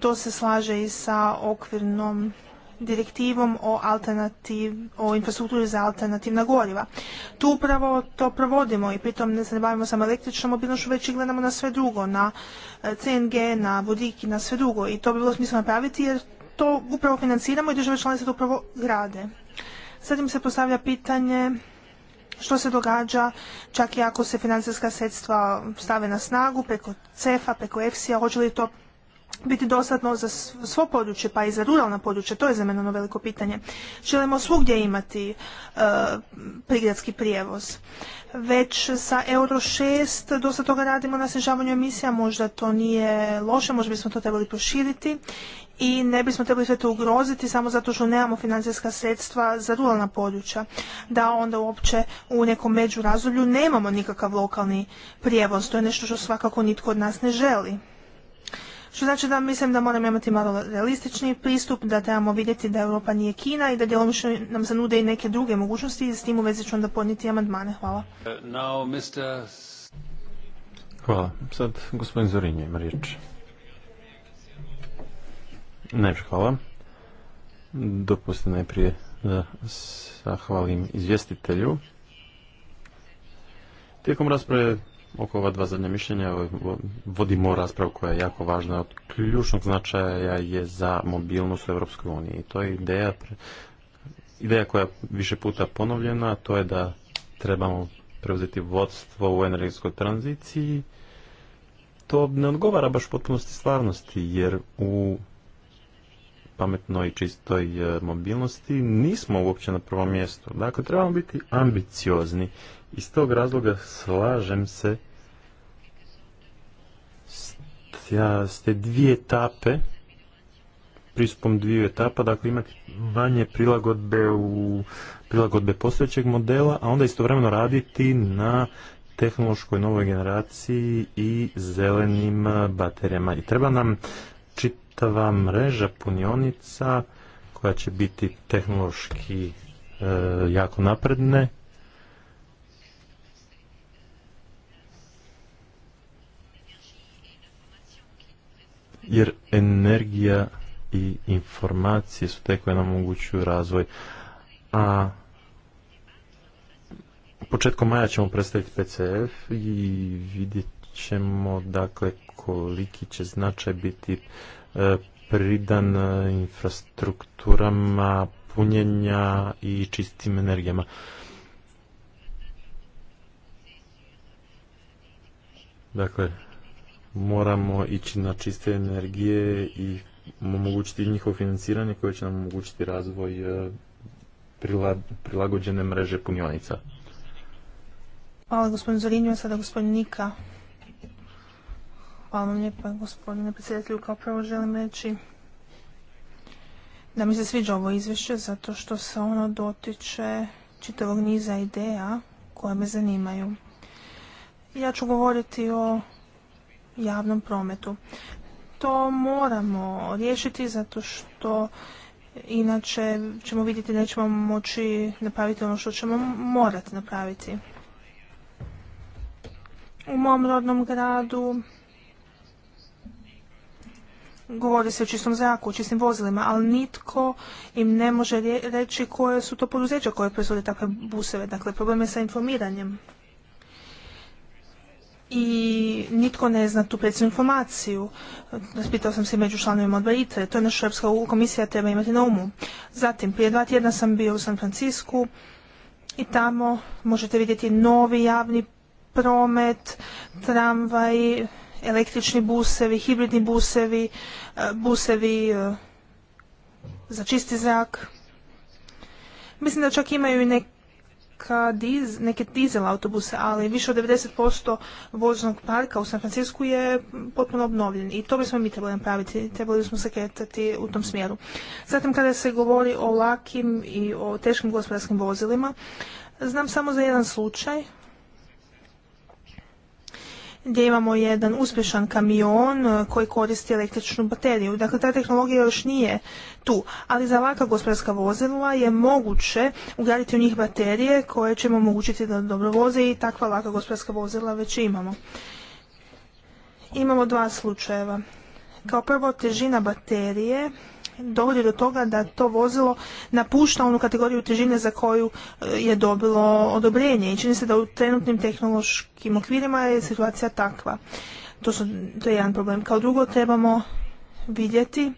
To se slaže i sa okvirnom direktivom o, alternativ, o infrastrukturi za alternativna goriva. Tu upravo to provodimo i pritom ne se ne bavimo samo električnom mobilnošću, već i gledamo na sve drugo, na e, CNG, na vodik i na sve drugo. I to bi bilo smislo napraviti jer to upravo financiramo i države članice to upravo grade. im se postavlja pitanje što se događa čak i ako se financijska sredstva stave na snagu preko CEFA, preko EFSI-a, hoće li to biti dostatno za svo područje, pa i za ruralna područja, to je za mene ono veliko pitanje. Želimo svugdje imati e, prigradski prijevoz. Već sa Euro 6 dosta toga radimo na snižavanju emisija, možda to nije loše, možda bismo to trebali proširiti i ne bismo trebali sve to ugroziti samo zato što nemamo financijska sredstva za ruralna područja, da onda uopće u nekom međurazdoblju nemamo nikakav lokalni prijevoz. To je nešto što svakako nitko od nas ne želi. Što znači da mislim da moramo imati malo realistični pristup, da trebamo vidjeti da Europa nije Kina i da djelomično nam se nude i neke druge mogućnosti i s tim u vezi ću onda podnijeti amandmane. Hvala. Hvala. Sad gospodin Zorinje ima riječ. Najprej hvala. Dopustite najprije da zahvalim izvjestitelju. Tijekom rasprave oko ova dva zadnja mišljenja vodimo raspravu koja je jako važna. Od ključnog značaja je za mobilnost u Europskoj uniji. to je ideja, ideja koja je više puta ponovljena, to je da trebamo preuzeti vodstvo u energetskoj tranziciji. To ne odgovara baš potpunosti stvarnosti, jer u pametnoj i čistoj e, mobilnosti nismo uopće na prvom mjestu. Dakle, trebamo biti ambiciozni iz tog razloga slažem se s te dvije etape, pristupom dviju etapa, dakle imati manje prilagodbe u prilagodbe postojećeg modela, a onda istovremeno raditi na tehnološkoj novoj generaciji i zelenim baterijama. I treba nam čitava mreža punionica koja će biti tehnološki e, jako napredne jer energija i informacije su te koje nam omogućuju razvoj. A početkom maja ćemo predstaviti PCF i vidjet ćemo dakle koliki će značaj biti e, pridan e, infrastrukturama punjenja i čistim energijama. Dakle, moramo ići na čiste energije i omogućiti njihovo financiranje koje će nam omogućiti razvoj e, prilagođene mreže punionica. Hvala gospodin Zorinju, sada gospodin Nika. Hvala vam lijepa gospodine predsjedatelju. Kao prvo želim reći da mi se sviđa ovo izvješće zato što se ono dotiče čitavog niza ideja koje me zanimaju. Ja ću govoriti o javnom prometu. To moramo riješiti zato što inače ćemo vidjeti da moći napraviti ono što ćemo morati napraviti. U mom rodnom gradu govori se o čistom zraku, o čistim vozilima, ali nitko im ne može reći koje su to poduzeća koje proizvode takve buseve. Dakle, problem je sa informiranjem i nitko ne zna tu predsjednu informaciju. Raspitao sam se među članovima odbora to je naša Europska komisija treba imati na umu. Zatim, prije dva tjedna sam bio u San Francisku i tamo možete vidjeti novi javni promet, tramvaj, električni busevi, hibridni busevi, e, busevi e, za čisti zrak. Mislim da čak imaju i neke kad diz, neke dizel autobuse, ali više od 90% voznog parka u San Francisku je potpuno obnovljen i to bismo mi trebali napraviti, trebali bismo se kretati u tom smjeru. Zatim kada se govori o lakim i o teškim gospodarskim vozilima, znam samo za jedan slučaj gdje imamo jedan uspješan kamion e, koji koristi električnu bateriju. Dakle, ta tehnologija još nije tu, ali za laka gospodarska vozila je moguće ugraditi u njih baterije koje ćemo omogućiti da dobro voze i takva laka gospodarska vozila već imamo. Imamo dva slučajeva. Kao prvo, težina baterije dovodi do toga da to vozilo napušta onu kategoriju težine za koju e, je dobilo odobrenje. I čini se da u trenutnim tehnološkim okvirima je situacija takva. To, je jedan problem. Kao drugo trebamo vidjeti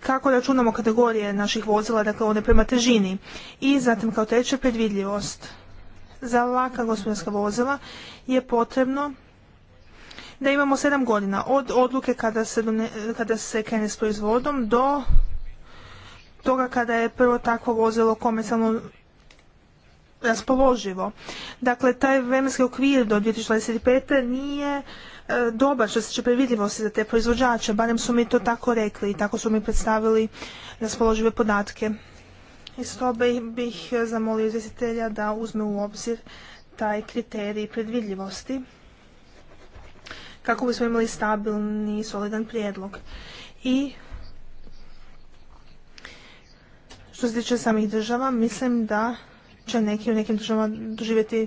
kako računamo kategorije naših vozila, dakle one prema težini. I zatim kao treće predvidljivost. Za laka gospodarska vozila je potrebno da imamo sedam godina od odluke kada se, krene s proizvodom do toga kada je prvo takvo vozilo komercijalno raspoloživo. Dakle, taj vremenski okvir do 2025. nije e, dobar što se tiče previdljivosti za te proizvođače, barem su mi to tako rekli i tako su mi predstavili raspoložive podatke. I stoga bih zamolio izvjestitelja da uzme u obzir taj kriterij predvidljivosti kako bismo imali stabilni, i solidan prijedlog. I što se tiče samih država, mislim da će neki u nekim državama doživjeti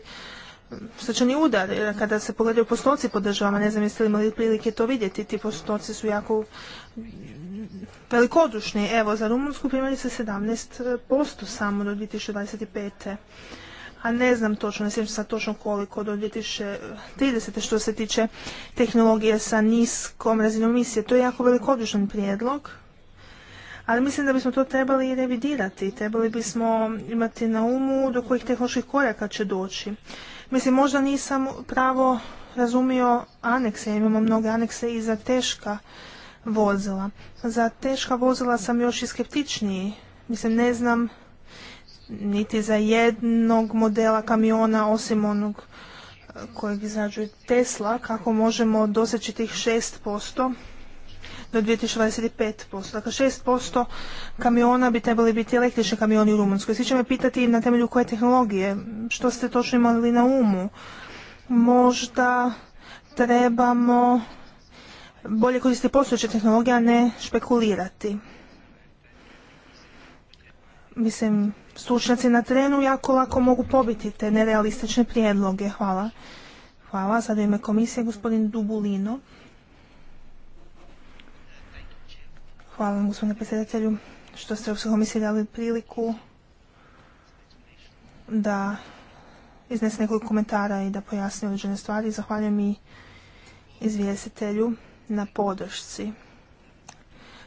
srčani udar, jer kada se pogledaju postoci po državama, ne znam jeste li imali prilike to vidjeti, ti postoci su jako velikodušni. Evo, za Rumunsku primjeri se 17% samo do 2025 a ne znam točno, ne sjećam sad točno koliko do 2030. što se tiče tehnologije sa niskom razinom emisije. To je jako velikodušan prijedlog, ali mislim da bismo to trebali i revidirati. Trebali bismo imati na umu do kojih tehnoloških koraka će doći. Mislim, možda nisam pravo razumio anekse, imamo mnoge anekse i za teška vozila. Za teška vozila sam još i skeptičniji. Mislim, ne znam niti za jednog modela kamiona osim onog e, kojeg izrađuje Tesla, kako možemo doseći tih 6% do 2025%. Dakle, 6% kamiona bi trebali biti električni kamioni u Rumunskoj. Svi će me pitati na temelju koje tehnologije, što ste točno imali na umu. Možda trebamo bolje koristiti postojeće tehnologije, a ne špekulirati. Mislim, stručnjaci na terenu jako lako mogu pobiti te nerealistične prijedloge. Hvala. Hvala. Sada ime komisije gospodin Dubulino. Hvala vam gospodine predsjedatelju što ste u komisiji dali priliku da iznese nekoliko komentara i da pojasni određene stvari. Zahvaljujem i izvjestitelju na podršci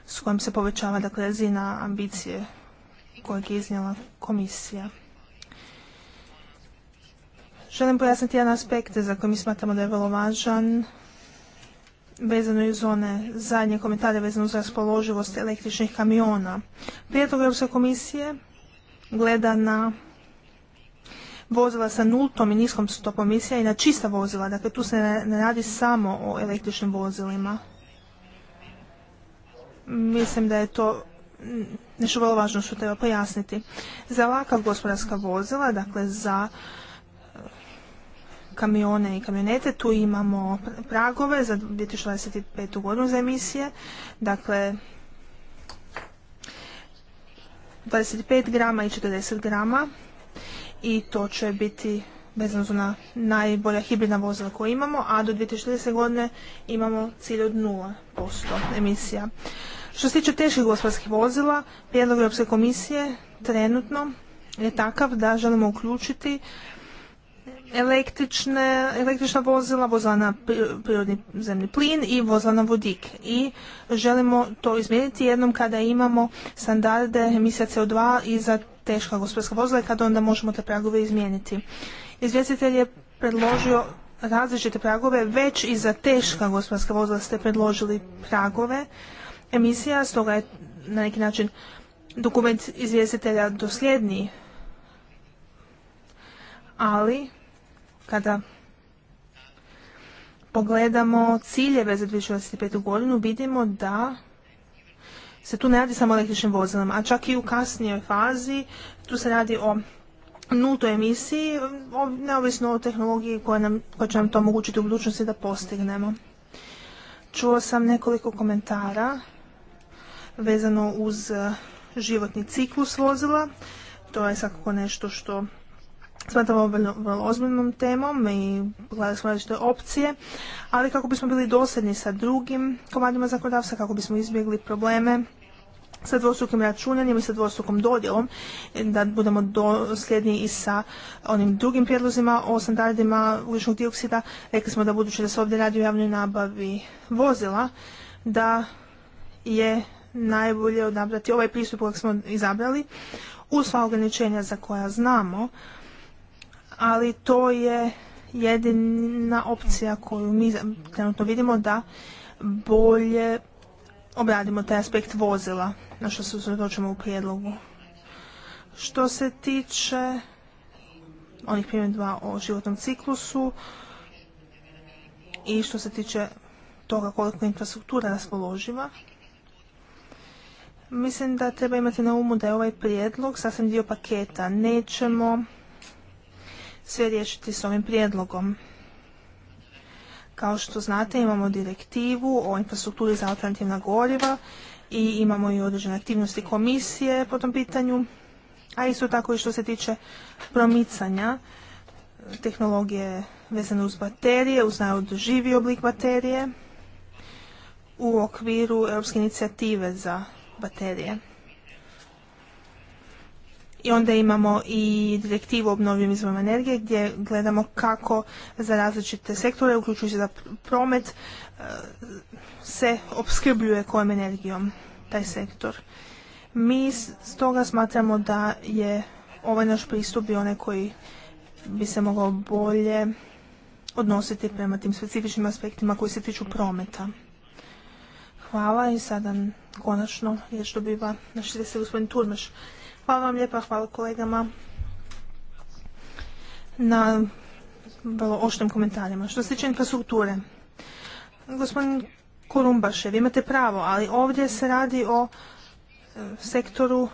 s kojom se povećava dakle, razina ambicije kojeg je iznijela komisija. Želim pojasniti jedan aspekt za koji mi smatramo da je vrlo važan vezano iz one zadnje komentare vezano za raspoloživost električnih kamiona. Prijedlog Europske komisije gleda na vozila sa nultom i niskom stopom misija i na čista vozila. Dakle, tu se ne radi samo o električnim vozilima. Mislim da je to nešto vrlo važno što treba pojasniti. Za ovakav gospodarska vozila, dakle za e, kamione i kamionete, tu imamo pragove za 2025. godinu za emisije, dakle 25 grama i 40 grama i to će biti vezano najbolja hibridna vozila koju imamo, a do 2040. godine imamo cilj od 0% emisija. Što se tiče teških gospodarskih vozila, prijedlog Europske komisije trenutno je takav da želimo uključiti električne, električna vozila, vozila na prirodni zemlji plin i vozila na vodik. I želimo to izmijeniti jednom kada imamo standarde emisija CO2 i za teška gospodarska vozila i kada onda možemo te pragove izmijeniti. Izvjestitelj je predložio različite pragove, već i za teška gospodarska vozila ste predložili pragove emisija, stoga je na neki način dokument izvjestitelja dosljedniji. Ali, kada pogledamo ciljeve za 2025. godinu, vidimo da se tu ne radi samo o električnim vozilama, a čak i u kasnijoj fazi tu se radi o nultoj emisiji, neovisno o tehnologiji koja, nam, koja će nam to omogućiti u budućnosti da postignemo. Čuo sam nekoliko komentara vezano uz e, životni ciklus vozila. To je svakako nešto što smatramo vrlo ozbiljnom temom i gledali smo različite opcije, ali kako bismo bili dosljedni sa drugim komadima zakonodavstva, kako bismo izbjegli probleme sa dvostrukim računanjem i sa dvostrukom dodjelom, da budemo dosljedni i sa onim drugim prijedlozima o standardima ugljičnog dioksida. Rekli smo da budući da se ovdje radi o javnoj nabavi vozila, da je najbolje odabrati ovaj pristup kojeg smo izabrali uz sva ograničenja za koja znamo, ali to je jedina opcija koju mi trenutno vidimo da bolje obradimo taj aspekt vozila na što se usredočimo u prijedlogu. Što se tiče onih primjedba o životnom ciklusu i što se tiče toga koliko infrastruktura raspoloživa, Mislim da treba imati na umu da je ovaj prijedlog sasvim dio paketa. Nećemo sve riješiti s ovim prijedlogom. Kao što znate imamo direktivu o infrastrukturi za alternativna goriva i imamo i određene aktivnosti komisije po tom pitanju, a isto tako i što se tiče promicanja tehnologije vezane uz baterije, uz najodrživiji oblik baterije u okviru Europske inicijative za baterije. I onda imamo i direktivu o obnovljivim izvorima energije gdje gledamo kako za različite sektore, uključujući za promet, e, se opskrbljuje kojom energijom taj sektor. Mi stoga smatramo da je ovaj naš pristup i onaj koji bi se mogao bolje odnositi prema tim specifičnim aspektima koji se tiču prometa. Hvala i sada konačno riječ dobiva naš se gospodin Turmeš. Hvala vam lijepa, hvala kolegama na vrlo oštrim komentarima. Što se tiče infrastrukture, gospodin vi imate pravo, ali ovdje se radi o e, sektoru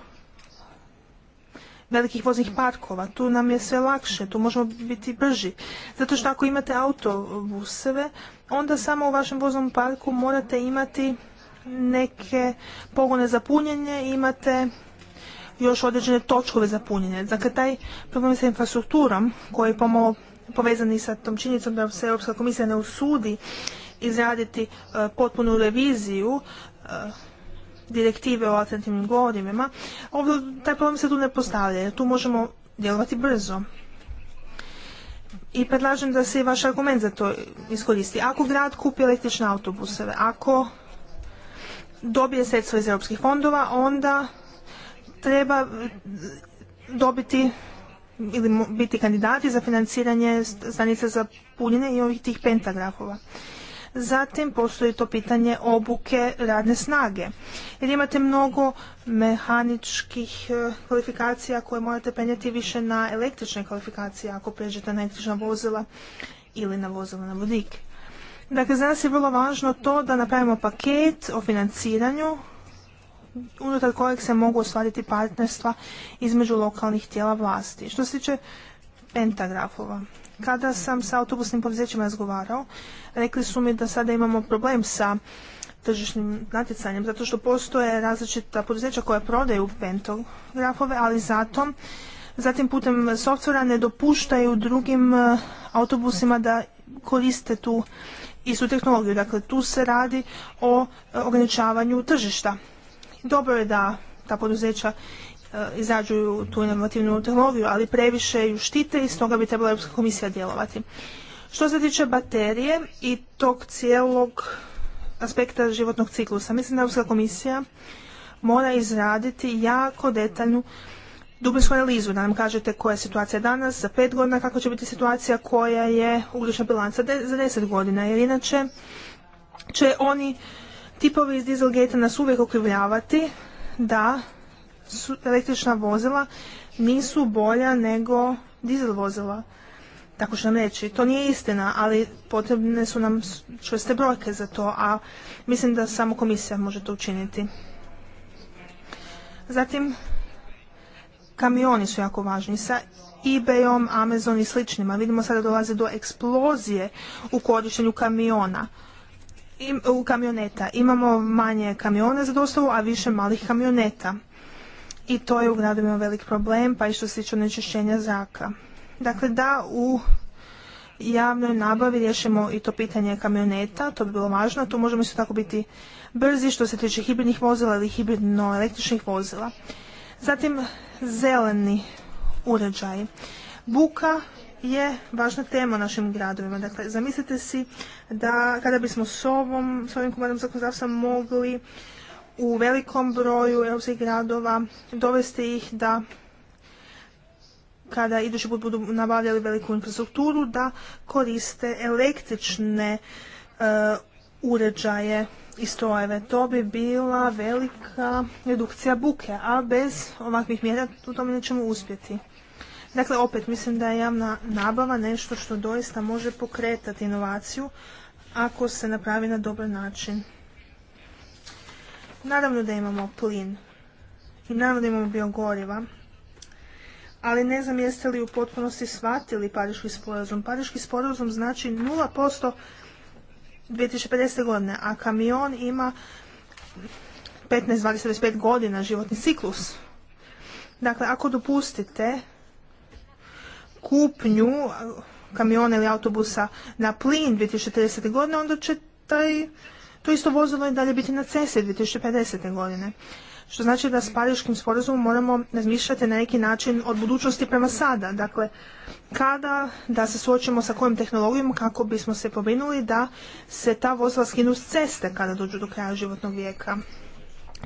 velikih voznih parkova. Tu nam je sve lakše, tu možemo biti brži. Zato što ako imate autobuseve, onda samo u vašem voznom parku morate imati neke pogone za punjenje imate još određene točkove za punjenje. Dakle, taj problem sa infrastrukturom koji je pomalo sa tom činjenicom da se Europska komisija ne usudi izraditi e, potpunu reviziju e, direktive o alternativnim gorivima, taj problem se tu ne postavlja jer tu možemo djelovati brzo. I predlažem da se i vaš argument za to iskoristi. Ako grad kupi električne autobuse, ako dobije sredstvo iz europskih fondova, onda treba eh, dobiti ili biti kandidati za financiranje stanica za punjenje i ovih tih pentagrafova. Zatim postoji to pitanje obuke radne snage. Jer imate mnogo mehaničkih eh, kvalifikacija koje morate prenijeti više na električne kvalifikacije ako pređete na električna vozila ili na vozila na vodike. Dakle, za nas je vrlo važno to da napravimo paket o financiranju unutar kojeg se mogu ostvariti partnerstva između lokalnih tijela vlasti. Što se tiče pentagrafova, kada sam sa autobusnim poduzećima razgovarao, rekli su mi da sada imamo problem sa tržišnim natjecanjem, zato što postoje različita poduzeća koja prodaju pentografove, ali zato zatim putem softvera ne dopuštaju drugim eh, autobusima da koriste tu su tehnologiju. Dakle, tu se radi o e, ograničavanju tržišta. Dobro je da ta poduzeća e, izrađuju tu inovativnu tehnologiju, ali previše ju štite i stoga bi trebala Europska komisija djelovati. Što se tiče baterije i tog cijelog aspekta životnog ciklusa, mislim da Europska komisija mora izraditi jako detaljnu dubinsku analizu, da nam kažete koja je situacija danas, za pet godina, kako će biti situacija koja je ugljična bilanca za deset godina, jer inače će oni tipovi iz Dieselgate nas uvijek okrivljavati da električna vozila nisu bolja nego dizel vozila. Tako što nam reći, to nije istina, ali potrebne su nam čvrste brojke za to, a mislim da samo komisija može to učiniti. Zatim, Kamioni su jako važni sa eBayom, Amazon i sličnima. Vidimo sada dolaze do eksplozije u korištenju kamiona. u kamioneta. Imamo manje kamione za dostavu, a više malih kamioneta. I to je u gradovima velik problem, pa i što se tiče onečišćenja zraka. Dakle, da u javnoj nabavi rješimo i to pitanje kamioneta, to bi bilo važno, tu možemo isto tako biti brzi što se tiče hibridnih vozila ili hibridno električnih vozila. Zatim zeleni uređaj. Buka je važna tema u našim gradovima. Dakle, zamislite si da kada bismo s ovom, s ovim komadom zakonodavstva mogli u velikom broju europskih gradova dovesti ih da kada idući put budu nabavljali veliku infrastrukturu da koriste električne e, uređaje i strojeve. To bi bila velika redukcija buke, a bez ovakvih mjera u tome nećemo uspjeti. Dakle, opet mislim da je javna nabava nešto što doista može pokretati inovaciju ako se napravi na dobar način. Naravno da imamo plin i naravno da imamo biogoriva, ali ne znam jeste li u potpunosti shvatili Pariški sporazum. Pariški sporazum znači 0% 2050. godine, a kamion ima 15, 25 godina životni ciklus. Dakle, ako dopustite kupnju kamiona ili autobusa na plin 2030. godine, onda će taj, to isto vozilo i dalje biti na cesti 2050. godine. Što znači da s Pariškim sporazumom moramo razmišljati na neki način od budućnosti prema sada. Dakle, kada da se suočimo sa kojim tehnologijom kako bismo se pobrinuli da se ta vozila skinu s ceste kada dođu do kraja životnog vijeka.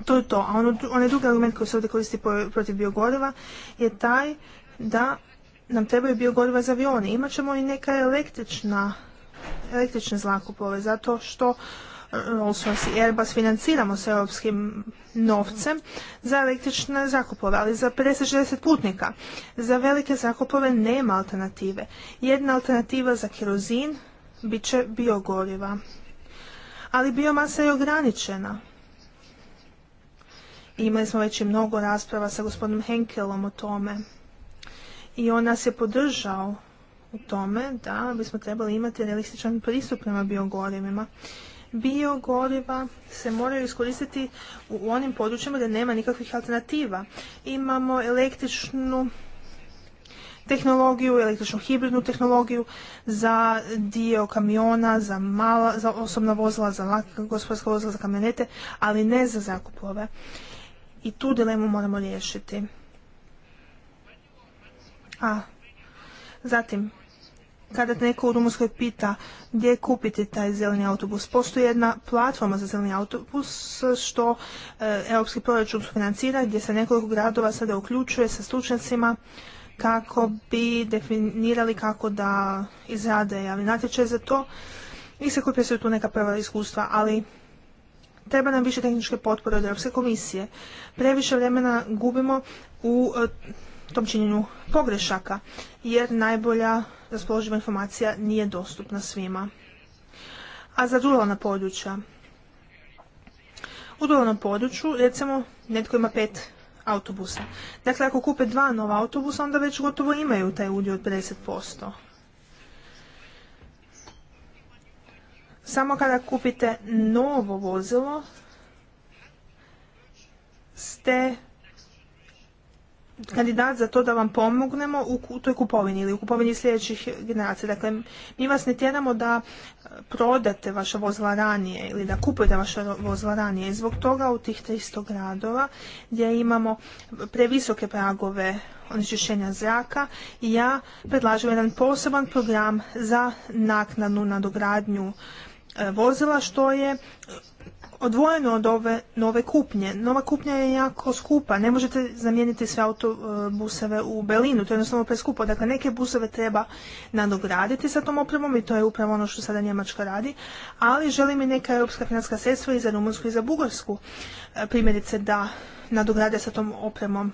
To je to. A ono, onaj drugi argument koji se ovdje koristi protiv biogoriva je taj da nam trebaju biogoriva za avione. Imaćemo i neka električna električne zlakoplove, zato što Rolls-Royce eh, i Airbus financiramo s europskim novcem za električne zakupove. ali za 50-60 putnika. Za velike zakupove nema alternative. Jedna alternativa za kerozin bit će biogoriva. Ali biomasa je ograničena. Imali smo već i mnogo rasprava sa gospodinom Henkelom o tome. I on nas je podržao u tome da bismo trebali imati realističan pristup prema biogorivima biogoriva se moraju iskoristiti u onim područjima gdje nema nikakvih alternativa. Imamo električnu tehnologiju, električnu hibridnu tehnologiju za dio kamiona, za, mala, za osobna vozila, za laka gospodarska vozila, za kamionete, ali ne za zakupove. I tu dilemu moramo riješiti. A, zatim, kada te neko u Rumunskoj pita gdje kupiti taj zeleni autobus, postoji jedna platforma za zeleni autobus što e, europski proračun financira gdje se nekoliko gradova sada uključuje sa stručnjacima kako bi definirali kako da izrade javni natječaj za to i se kupio se tu neka prva iskustva, ali treba nam više tehničke potpore od Europske komisije. Previše vremena gubimo u e, tom činjenju pogrešaka, jer najbolja raspoloživa informacija nije dostupna svima. A za ruralna područja? U ruralnom području, recimo, netko ima pet autobusa. Dakle, ako kupe dva nova autobusa, onda već gotovo imaju taj udio od 50%. Samo kada kupite novo vozilo, ste kandidat za to da vam pomognemo u toj kupovini ili u kupovini sljedećih generacija. Dakle, mi vas ne tjeramo da e, prodate vaša vozila ranije ili da kupujete vaša vozila ranije. I zbog toga u tih 300 gradova gdje imamo previsoke pragove onečišćenja zraka, ja predlažem jedan poseban program za naknadnu nadogradnju e, vozila što je odvojeno od ove nove kupnje. Nova kupnja je jako skupa, ne možete zamijeniti sve autobuseve e, u Berlinu, to je jednostavno preskupo. Dakle, neke busove treba nadograditi sa tom opremom i to je upravo ono što sada Njemačka radi, ali želim i neka europska finanska sredstva i za Rumunsku i za Bugarsku e, primjerice da nadograde sa tom opremom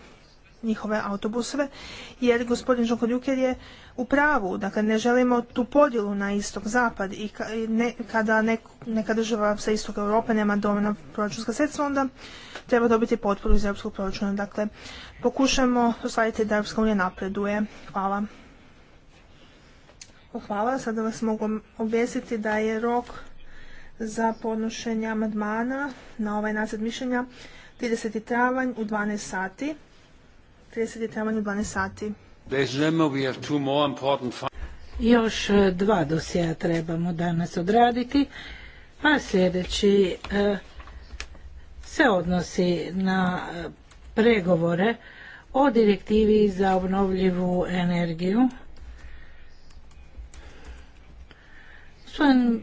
njihove autobuse. jer gospodin Žoko Juker je u pravu, dakle ne želimo tu podjelu na istok-zapad i kada neka država sa istog Europe nema dovoljna proračunska sredstva, onda treba dobiti potporu iz europskog proračuna. Dakle, pokušajmo ostvariti da Europska unija napreduje. Hvala. Hvala, sada vas mogu objesiti da je rok za podnošenje amandmana na ovaj nacrt mišljenja 30. travanj u 12 sati. 30. 12 sati. Još e, dva dosija trebamo danas odraditi, pa sljedeći e, se odnosi na e, pregovore o direktivi za obnovljivu energiju. Gospodin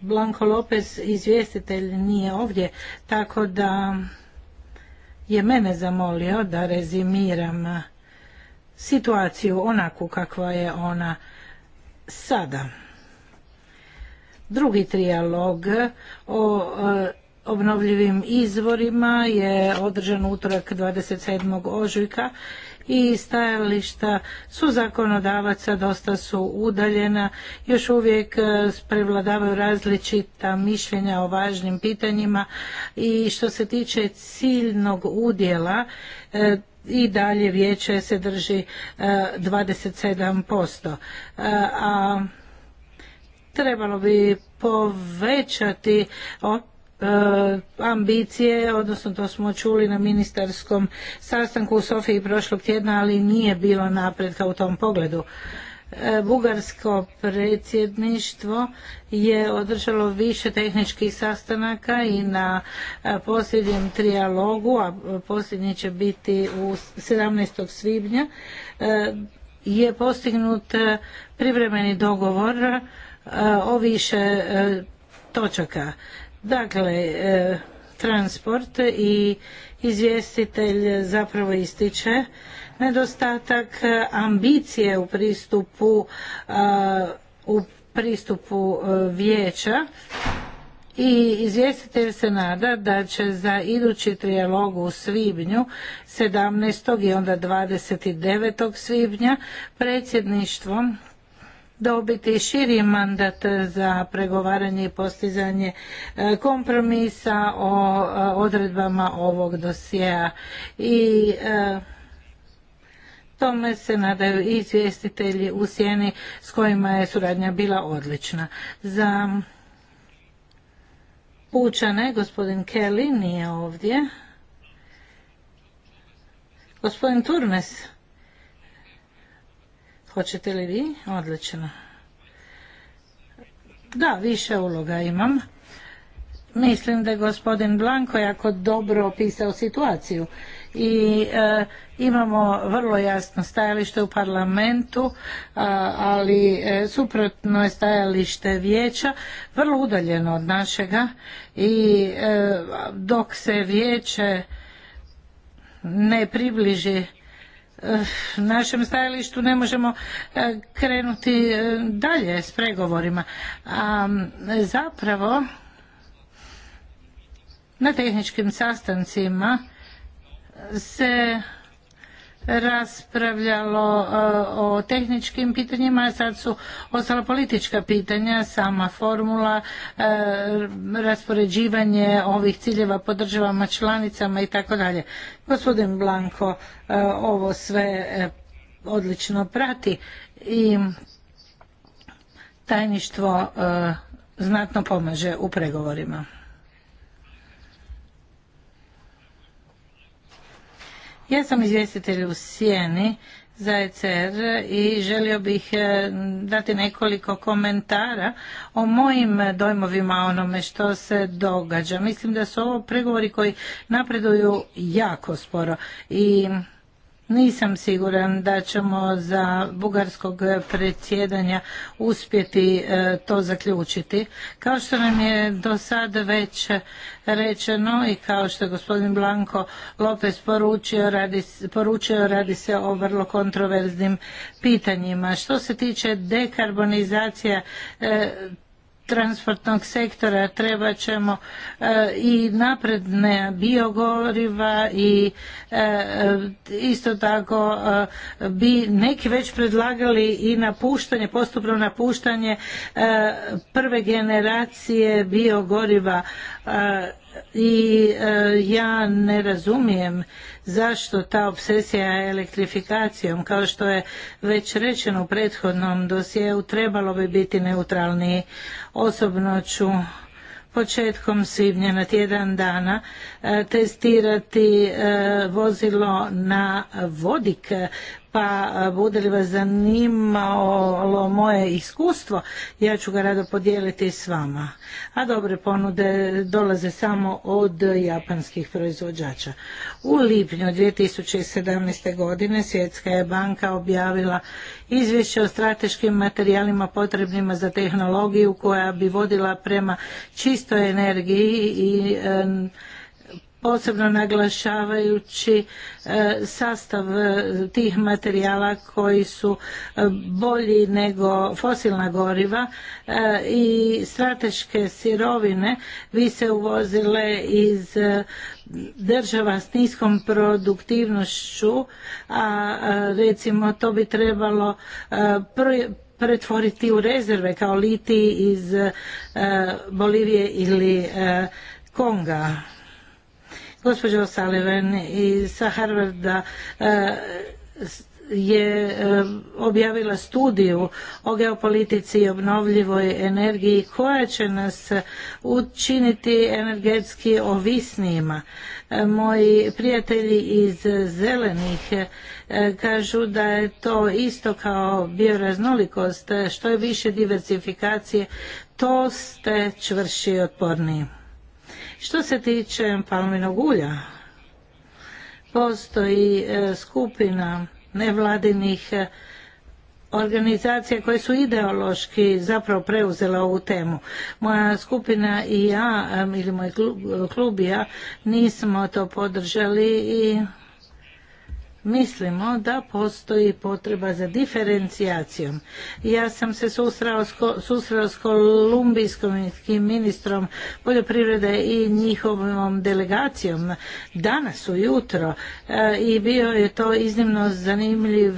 Blanko Lopez, izvjestitelj, nije ovdje, tako da je mene zamolio da rezimiram situaciju onako kakva je ona sada. Drugi trijalog o e, obnovljivim izvorima je održan utorak 27. ožujka i stajališta su zakonodavaca dosta su udaljena, još uvijek e, prevladavaju različita mišljenja o važnim pitanjima i što se tiče ciljnog udjela e, i dalje vijeće se drži 27%. E, a trebalo bi povećati Eh, ambicije, odnosno to smo čuli na ministarskom sastanku u Sofiji prošlog tjedna, ali nije bilo napretka u tom pogledu. Eh, bugarsko predsjedništvo je održalo više tehničkih sastanaka i na eh, posljednjem trijalogu, a posljednji će biti u 17. svibnja, je postignut privremeni dogovor o više točaka. Dakle, e, transport i izvjestitelj zapravo ističe nedostatak ambicije u pristupu u pristupu e, vijeća i izvjestitelj se nada da će za idući trijalog u svibnju 17. i onda 29. svibnja predsjedništvom dobiti širi mandat za pregovaranje i postizanje e, kompromisa o e, odredbama ovog dosjea i e, tome se nadaju i izvjestitelji u sjeni s kojima je suradnja bila odlična. Za pučane gospodin Kelly nije ovdje. Gospodin Turnes Hoćete li vi? Odlično. Da, više uloga imam. Mislim da je gospodin Blanko jako dobro opisao situaciju i e, imamo vrlo jasno stajalište u parlamentu, ali e, suprotno je stajalište vijeća vrlo udaljeno od našega i e, dok se vijeće ne približi Eh, našem stajalištu ne možemo eh, krenuti eh, dalje s pregovorima. A zapravo na tehničkim sastancima se raspravljalo e, o tehničkim pitanjima, a sad su ostala politička pitanja, sama formula, e, raspoređivanje ovih ciljeva po državama, članicama i tako dalje. Gospodin Blanko e, ovo sve odlično prati i tajništvo znatno pomaže u pregovorima. Ja sam izvjestitelj u Sijeni za ECR i želio bih e, dati nekoliko komentara o mojim dojmovima onome što se događa. Mislim da su ovo pregovori koji napreduju jako sporo i nisam siguran da ćemo za bugarskog predsjedanja uspjeti e, to zaključiti. Kao što nam je do sada već rečeno i kao što je gospodin Blanko Lopez poručio radi, poručio, radi se o vrlo kontroverznim pitanjima. Što se tiče dekarbonizacija, e, transportnog sektora treba ćemo e, i napredne biogoriva i e, e, isto tako bi neki već predlagali i napuštanje, postupno napuštanje prve generacije biogoriva i ja ne razumijem zašto ta obsesija elektrifikacijom kao što je već rečeno u prethodnom dosjeu trebalo bi biti neutralniji osobno ću početkom svibnja na tjedan dana e, testirati e, vozilo na vodik pa bude li vas zanimalo moje iskustvo, ja ću ga rado podijeliti s vama. A dobre ponude dolaze samo od japanskih proizvođača. U lipnju 2017. godine Svjetska je banka objavila izvješće o strateškim materijalima potrebnima za tehnologiju koja bi vodila prema čistoj energiji i e, posebno naglašavajući e, sastav e, tih materijala koji su e, bolji nego fosilna goriva i strateške sirovine bi se uvozile iz država s niskom produktivnošću a recimo to bi trebalo pretvoriti u rezerve kao liti iz Bolivije ili Konga. Gospođa Sullivan i sa Harvarda e, je e, objavila studiju o geopolitici i obnovljivoj energiji koja će nas učiniti energetski ovisnijima. E, moji prijatelji iz zelenih kažu da je to isto kao bioraznolikost, što je više diversifikacije, to ste čvrši i otporniji. Što se tiče palminog ulja, postoji e, skupina nevladinih e, organizacija koje su ideološki zapravo preuzela ovu temu. Moja skupina i ja, e, ili moj klub i ja, nismo to podržali i mislimo da postoji potreba za diferencijacijom. Ja sam se susrao s, susreo kolumbijskim ministrom poljoprivrede i njihovom delegacijom danas ujutro e, i bio je to iznimno zanimljiv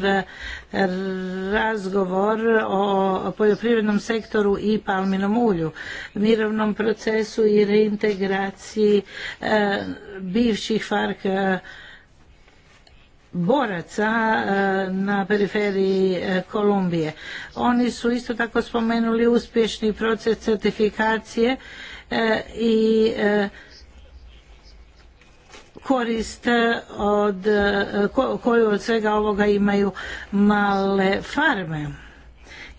razgovor o poljoprivrednom sektoru i palminom ulju, mirovnom procesu i reintegraciji e, bivših Farka boraca e, na periferiji e, Kolumbije. Oni su isto tako spomenuli uspješni proces certifikacije e, i korist od, koju od svega ovoga imaju male farme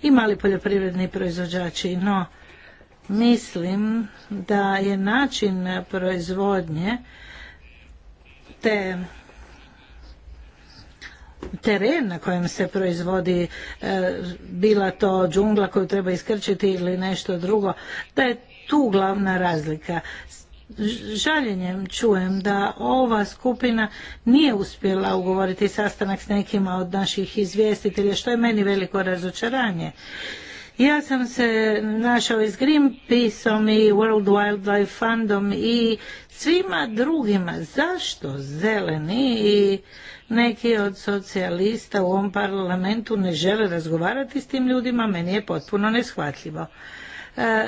i mali poljoprivredni proizvođači. No, mislim da je način proizvodnje te teren na kojem se proizvodi e, bila to džungla koju treba iskrčiti ili nešto drugo da je tu glavna razlika žaljenjem čujem da ova skupina nije uspjela ugovoriti sastanak s nekima od naših izvjestitelja što je meni veliko razočaranje ja sam se našao i s Greenpeaceom i World Wildlife Fundom i svima drugima zašto zeleni i neki od socijalista u ovom parlamentu ne žele razgovarati s tim ljudima, meni je potpuno neshvatljivo. E,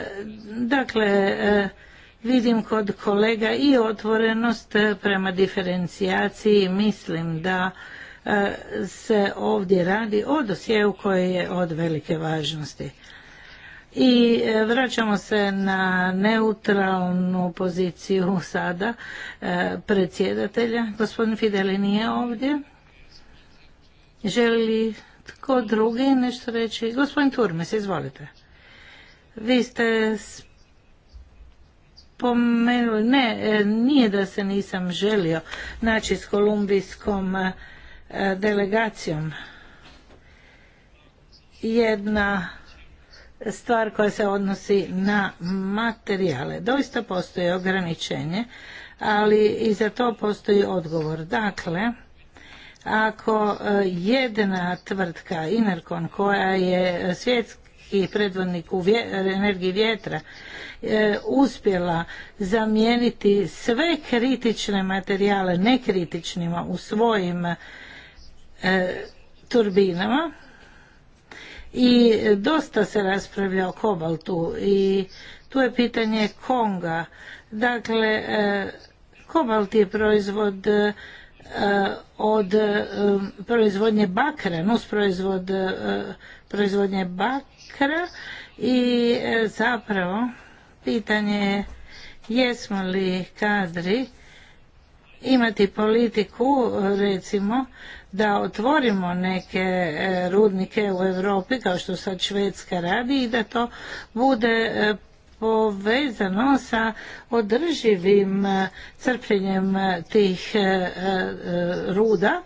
dakle, e, vidim kod kolega i otvorenost prema diferencijaciji, mislim da e, se ovdje radi o dosjeu koji je od velike važnosti i e, vraćamo se na neutralnu poziciju sada e, predsjedatelja. Gospodin Fideli nije ovdje. Želi li tko drugi nešto reći? Gospodin Turmes, izvolite. Vi ste spomenuli, ne, e, nije da se nisam želio naći s kolumbijskom delegacijom. Jedna stvar koja se odnosi na materijale. Doista postoje ograničenje, ali i za to postoji odgovor. Dakle, ako e, jedna tvrtka, Inerkon, koja je svjetski predvodnik u energiji vjetra, e, uspjela zamijeniti sve kritične materijale nekritičnima u svojim e, turbinama, i dosta se raspravlja o kobaltu i tu je pitanje Konga. Dakle, e, kobalt je proizvod e, od e, proizvodnje bakra, nus proizvod proizvodnje bakra i zapravo pitanje je jesmo li kadri imati politiku recimo da otvorimo neke e, rudnike u Europi kao što sad Švedska radi i da to bude e, povezano sa održivim e, crpljenjem tih ruda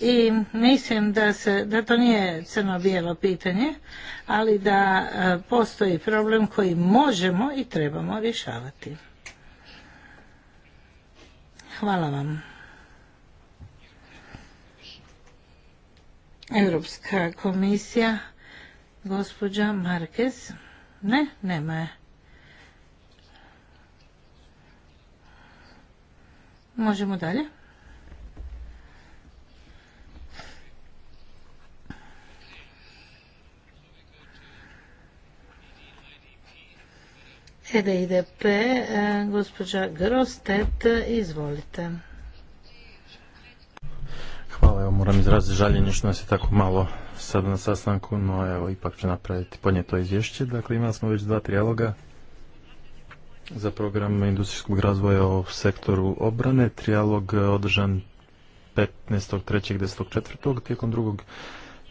i mislim da, se, da to nije crno-bijelo pitanje, ali da postoji problem koji možemo i trebamo rješavati. Hvala vam. Europska komisija, gospođa Marquez. Ne, nema je. Možemo dalje. EDIDP, e, gospođa Grostet, izvolite. Hvala, evo moram izraziti žaljenje što nas je tako malo sad na sastanku, no evo ipak ću napraviti to izvješće. Dakle, imali smo već dva trijaloga za program industrijskog razvoja u sektoru obrane. Trijalog eh, održan 15.3.10.4. tijekom drugog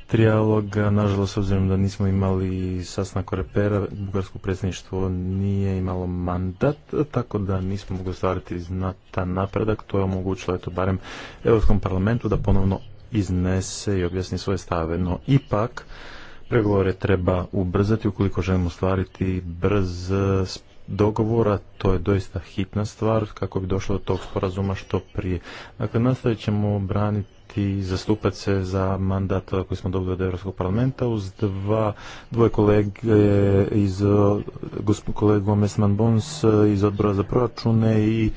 Trijalog Nažalost, obzirom da nismo imali sastanak repera, bugarsko predsjedništvo nije imalo mandat, tako da nismo mogli ostvariti znatan napredak. To je omogućilo, eto, barem Europskom parlamentu da ponovno iznese i objasni svoje stave. No, ipak, pregovore treba ubrzati ukoliko želimo stvariti brz dogovora, to je doista hitna stvar kako bi došlo do tog sporazuma što prije. Dakle, nastavit ćemo braniti biti, zastupat se za mandat koji smo dobili od Europskog parlamenta uz dva, dvoje kolege iz kolegu Mesman Bons iz odbora za proračune i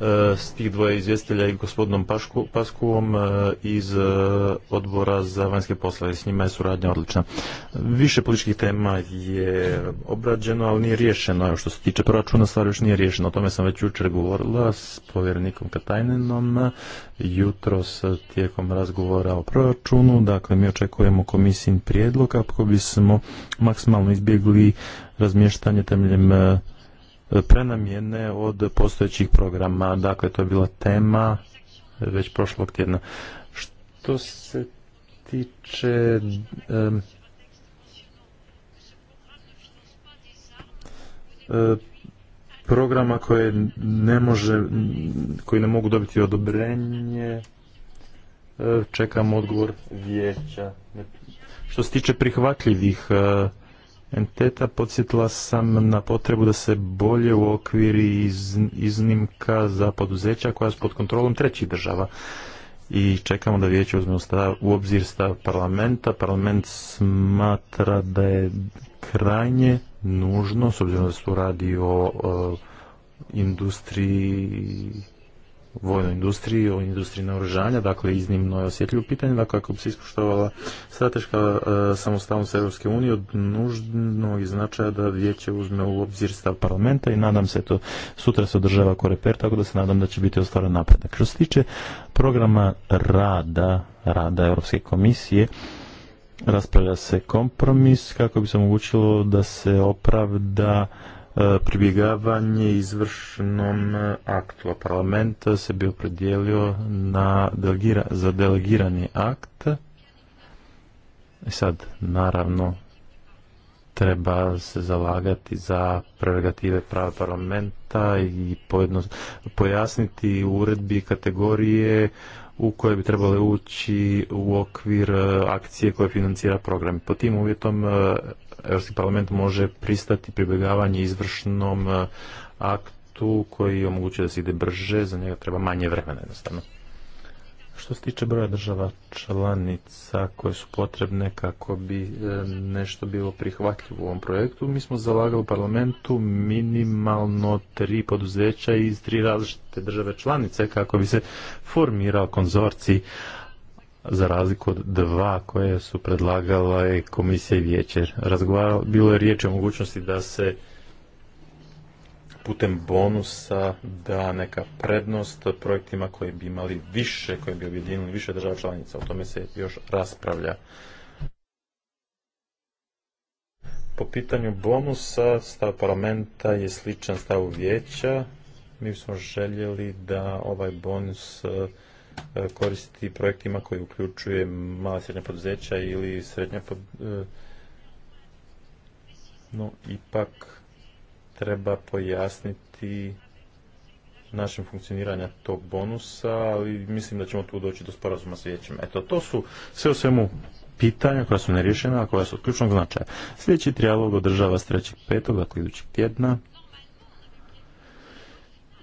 E, s tih dvoje izvjestitelja i gospodinom Pašku, Paskuvom e, iz e, odbora za vanjske poslove. S njima je suradnja odlična. Više političkih tema je obrađeno, ali nije riješeno. što se tiče proračuna, stvar još nije riješeno. O tome sam već jučer govorila s povjerenikom Katajnenom jutro tijekom razgovora o proračunu. Dakle, mi očekujemo komisijin prijedlog kako bismo maksimalno izbjegli razmještanje temeljem prenamjene od postojećih programa. Dakle, to je bila tema već prošlog tjedna. Što se tiče programa koje ne može, koji ne mogu dobiti odobrenje, čekam odgovor vijeća. Što se tiče prihvatljivih Enteta podsjetila sam na potrebu da se bolje u okviri iznimka za poduzeća koja su pod kontrolom trećih država i čekamo da vijeće uzme u obzir stav parlamenta. Parlament smatra da je krajnje nužno, s obzirom da se radi o, o industriji vojnoj industriji, o industriji naoružanja, dakle iznimno je osjetljivo pitanje, dakle kako bi se ispoštovala strateška e, samostalnost Europske unije od nužno i značaja da vijeće uzme u obzir stav parlamenta i nadam se to sutra se održava koreper, tako da se nadam da će biti ostvaren napredak. Što se tiče programa rada, rada Europske komisije, raspravlja se kompromis kako bi se omogućilo da se opravda pribjegavanje izvršnom aktu, Parlamenta se bi opredijelio na delegira, za delegirani akt. I sad, naravno, treba se zalagati za prerogative prava parlamenta i pojasniti uredbi kategorije u koje bi trebale ući u okvir e, akcije koje financira program. Po tim uvjetom e, Europski parlament može pristati pribjegavanje izvršnom e, aktu koji omogućuje da se ide brže, za njega treba manje vremena jednostavno. Što se tiče broja država članica koje su potrebne kako bi e, nešto bilo prihvatljivo u ovom projektu, mi smo zalagali u parlamentu minimalno tri poduzeća iz tri različite države članice kako bi se formirao konzorcij za razliku od dva koje su predlagala komisije komisija i vijeće. Razgovaralo, bilo je riječ o mogućnosti da se putem bonusa da neka prednost projektima koji bi imali više, koji bi objedinili više država članica. O tome se još raspravlja. Po pitanju bonusa stav parlamenta je sličan stavu vijeća. Mi smo željeli da ovaj bonus e, koristi projektima koji uključuje mala srednja poduzeća ili srednja e, No, ipak treba pojasniti način funkcioniranja tog bonusa, ali mislim da ćemo tu doći do sporazuma s vijećima. Eto, to su sve u svemu pitanja koja su nerješena, a koja su od ključnog značaja. Sljedeći trijalog održava s 3.5. dakle idućeg tjedna.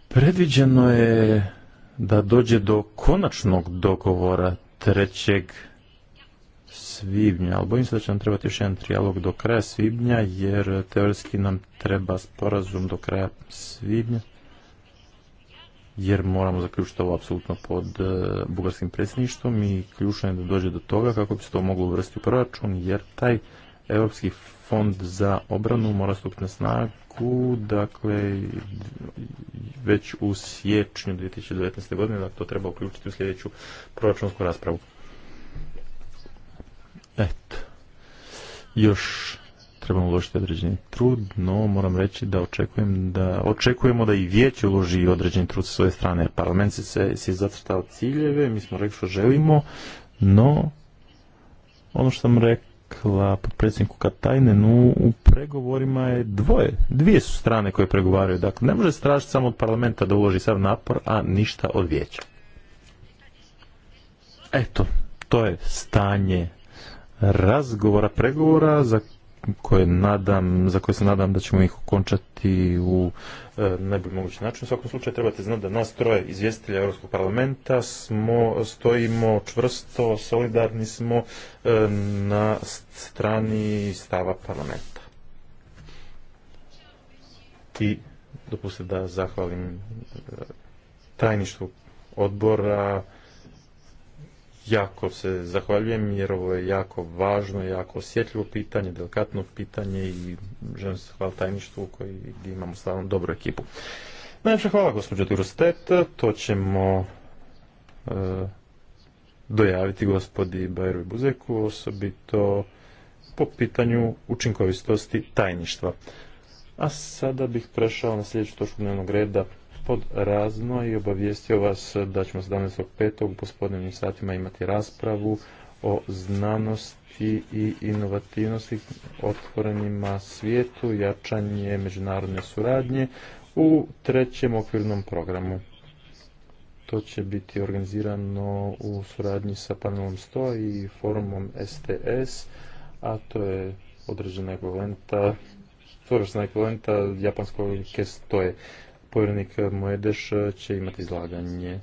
Predviđeno je da dođe do konačnog dogovora trećeg svibnja, ali bojim se da će nam trebati još jedan trijalog do kraja svibnja, jer teoretski nam treba sporazum do kraja svibnja, jer moramo zaključiti ovo apsolutno pod e, bugarskim predsjedništvom i ključno je da dođe do toga kako bi se to moglo uvrstiti u proračun, jer taj Europski fond za obranu mora stupiti na snagu, dakle, već u siječnju 2019. godine, dakle, to treba uključiti u sljedeću proračunsku raspravu. Eto, još trebamo uložiti određeni trud, no moram reći da očekujem da očekujemo da i vijeće uloži određeni trud sa svoje strane. Parlament se se je zacrtao ciljeve, mi smo rekli što želimo, no ono što sam rekla Katajne, no u pregovorima je dvoje, dvije su strane koje pregovaraju. Dakle, ne može stražiti samo od parlamenta da uloži sav napor, a ništa od vijeća. Eto, to je stanje razgovora, pregovora za koje nadam, za koje se nadam da ćemo ih okončati u e, najbolji mogući način. U svakom slučaju trebate znati da nas troje izvjestitelja Europskog parlamenta smo, stojimo čvrsto, solidarni smo e, na strani stava parlamenta. I dopustite da zahvalim e, tajništvu odbora, jako se zahvaljujem jer ovo je jako važno, jako osjetljivo pitanje, delikatno pitanje i želim se hvala tajništvu koji, imamo stvarno dobru ekipu. Najljepše hvala gospođo Durostet, to ćemo eh, dojaviti gospodi Bajeru Buzeku, osobito po pitanju učinkovitosti tajništva. A sada bih prešao na sljedeću točku dnevnog reda, pod razno i obavijestio vas da ćemo 17.5. u gospodinim satima imati raspravu o znanosti i inovativnosti otvorenima svijetu, jačanje međunarodne suradnje u trećem okvirnom programu. To će biti organizirano u suradnji sa panelom STO i forumom STS, a to je određena ekvivalenta, svojevrsna ekvivalenta japanskog kestoje povjerenik Mojedeš e, će imati izlaganje.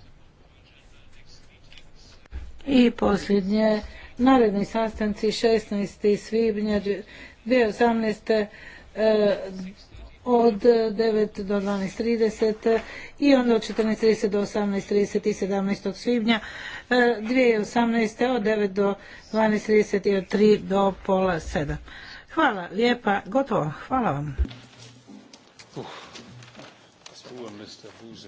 I posljednje, naredni sastanci 16. svibnja 2018. E, od 9 do 12.30 i onda od 14.30 do 18.30 i 17. svibnja 2018. E, od 9 do 12.30 i od 3 do pola 7. Hvala lijepa, gotovo, hvala vam. Mr. Buzek.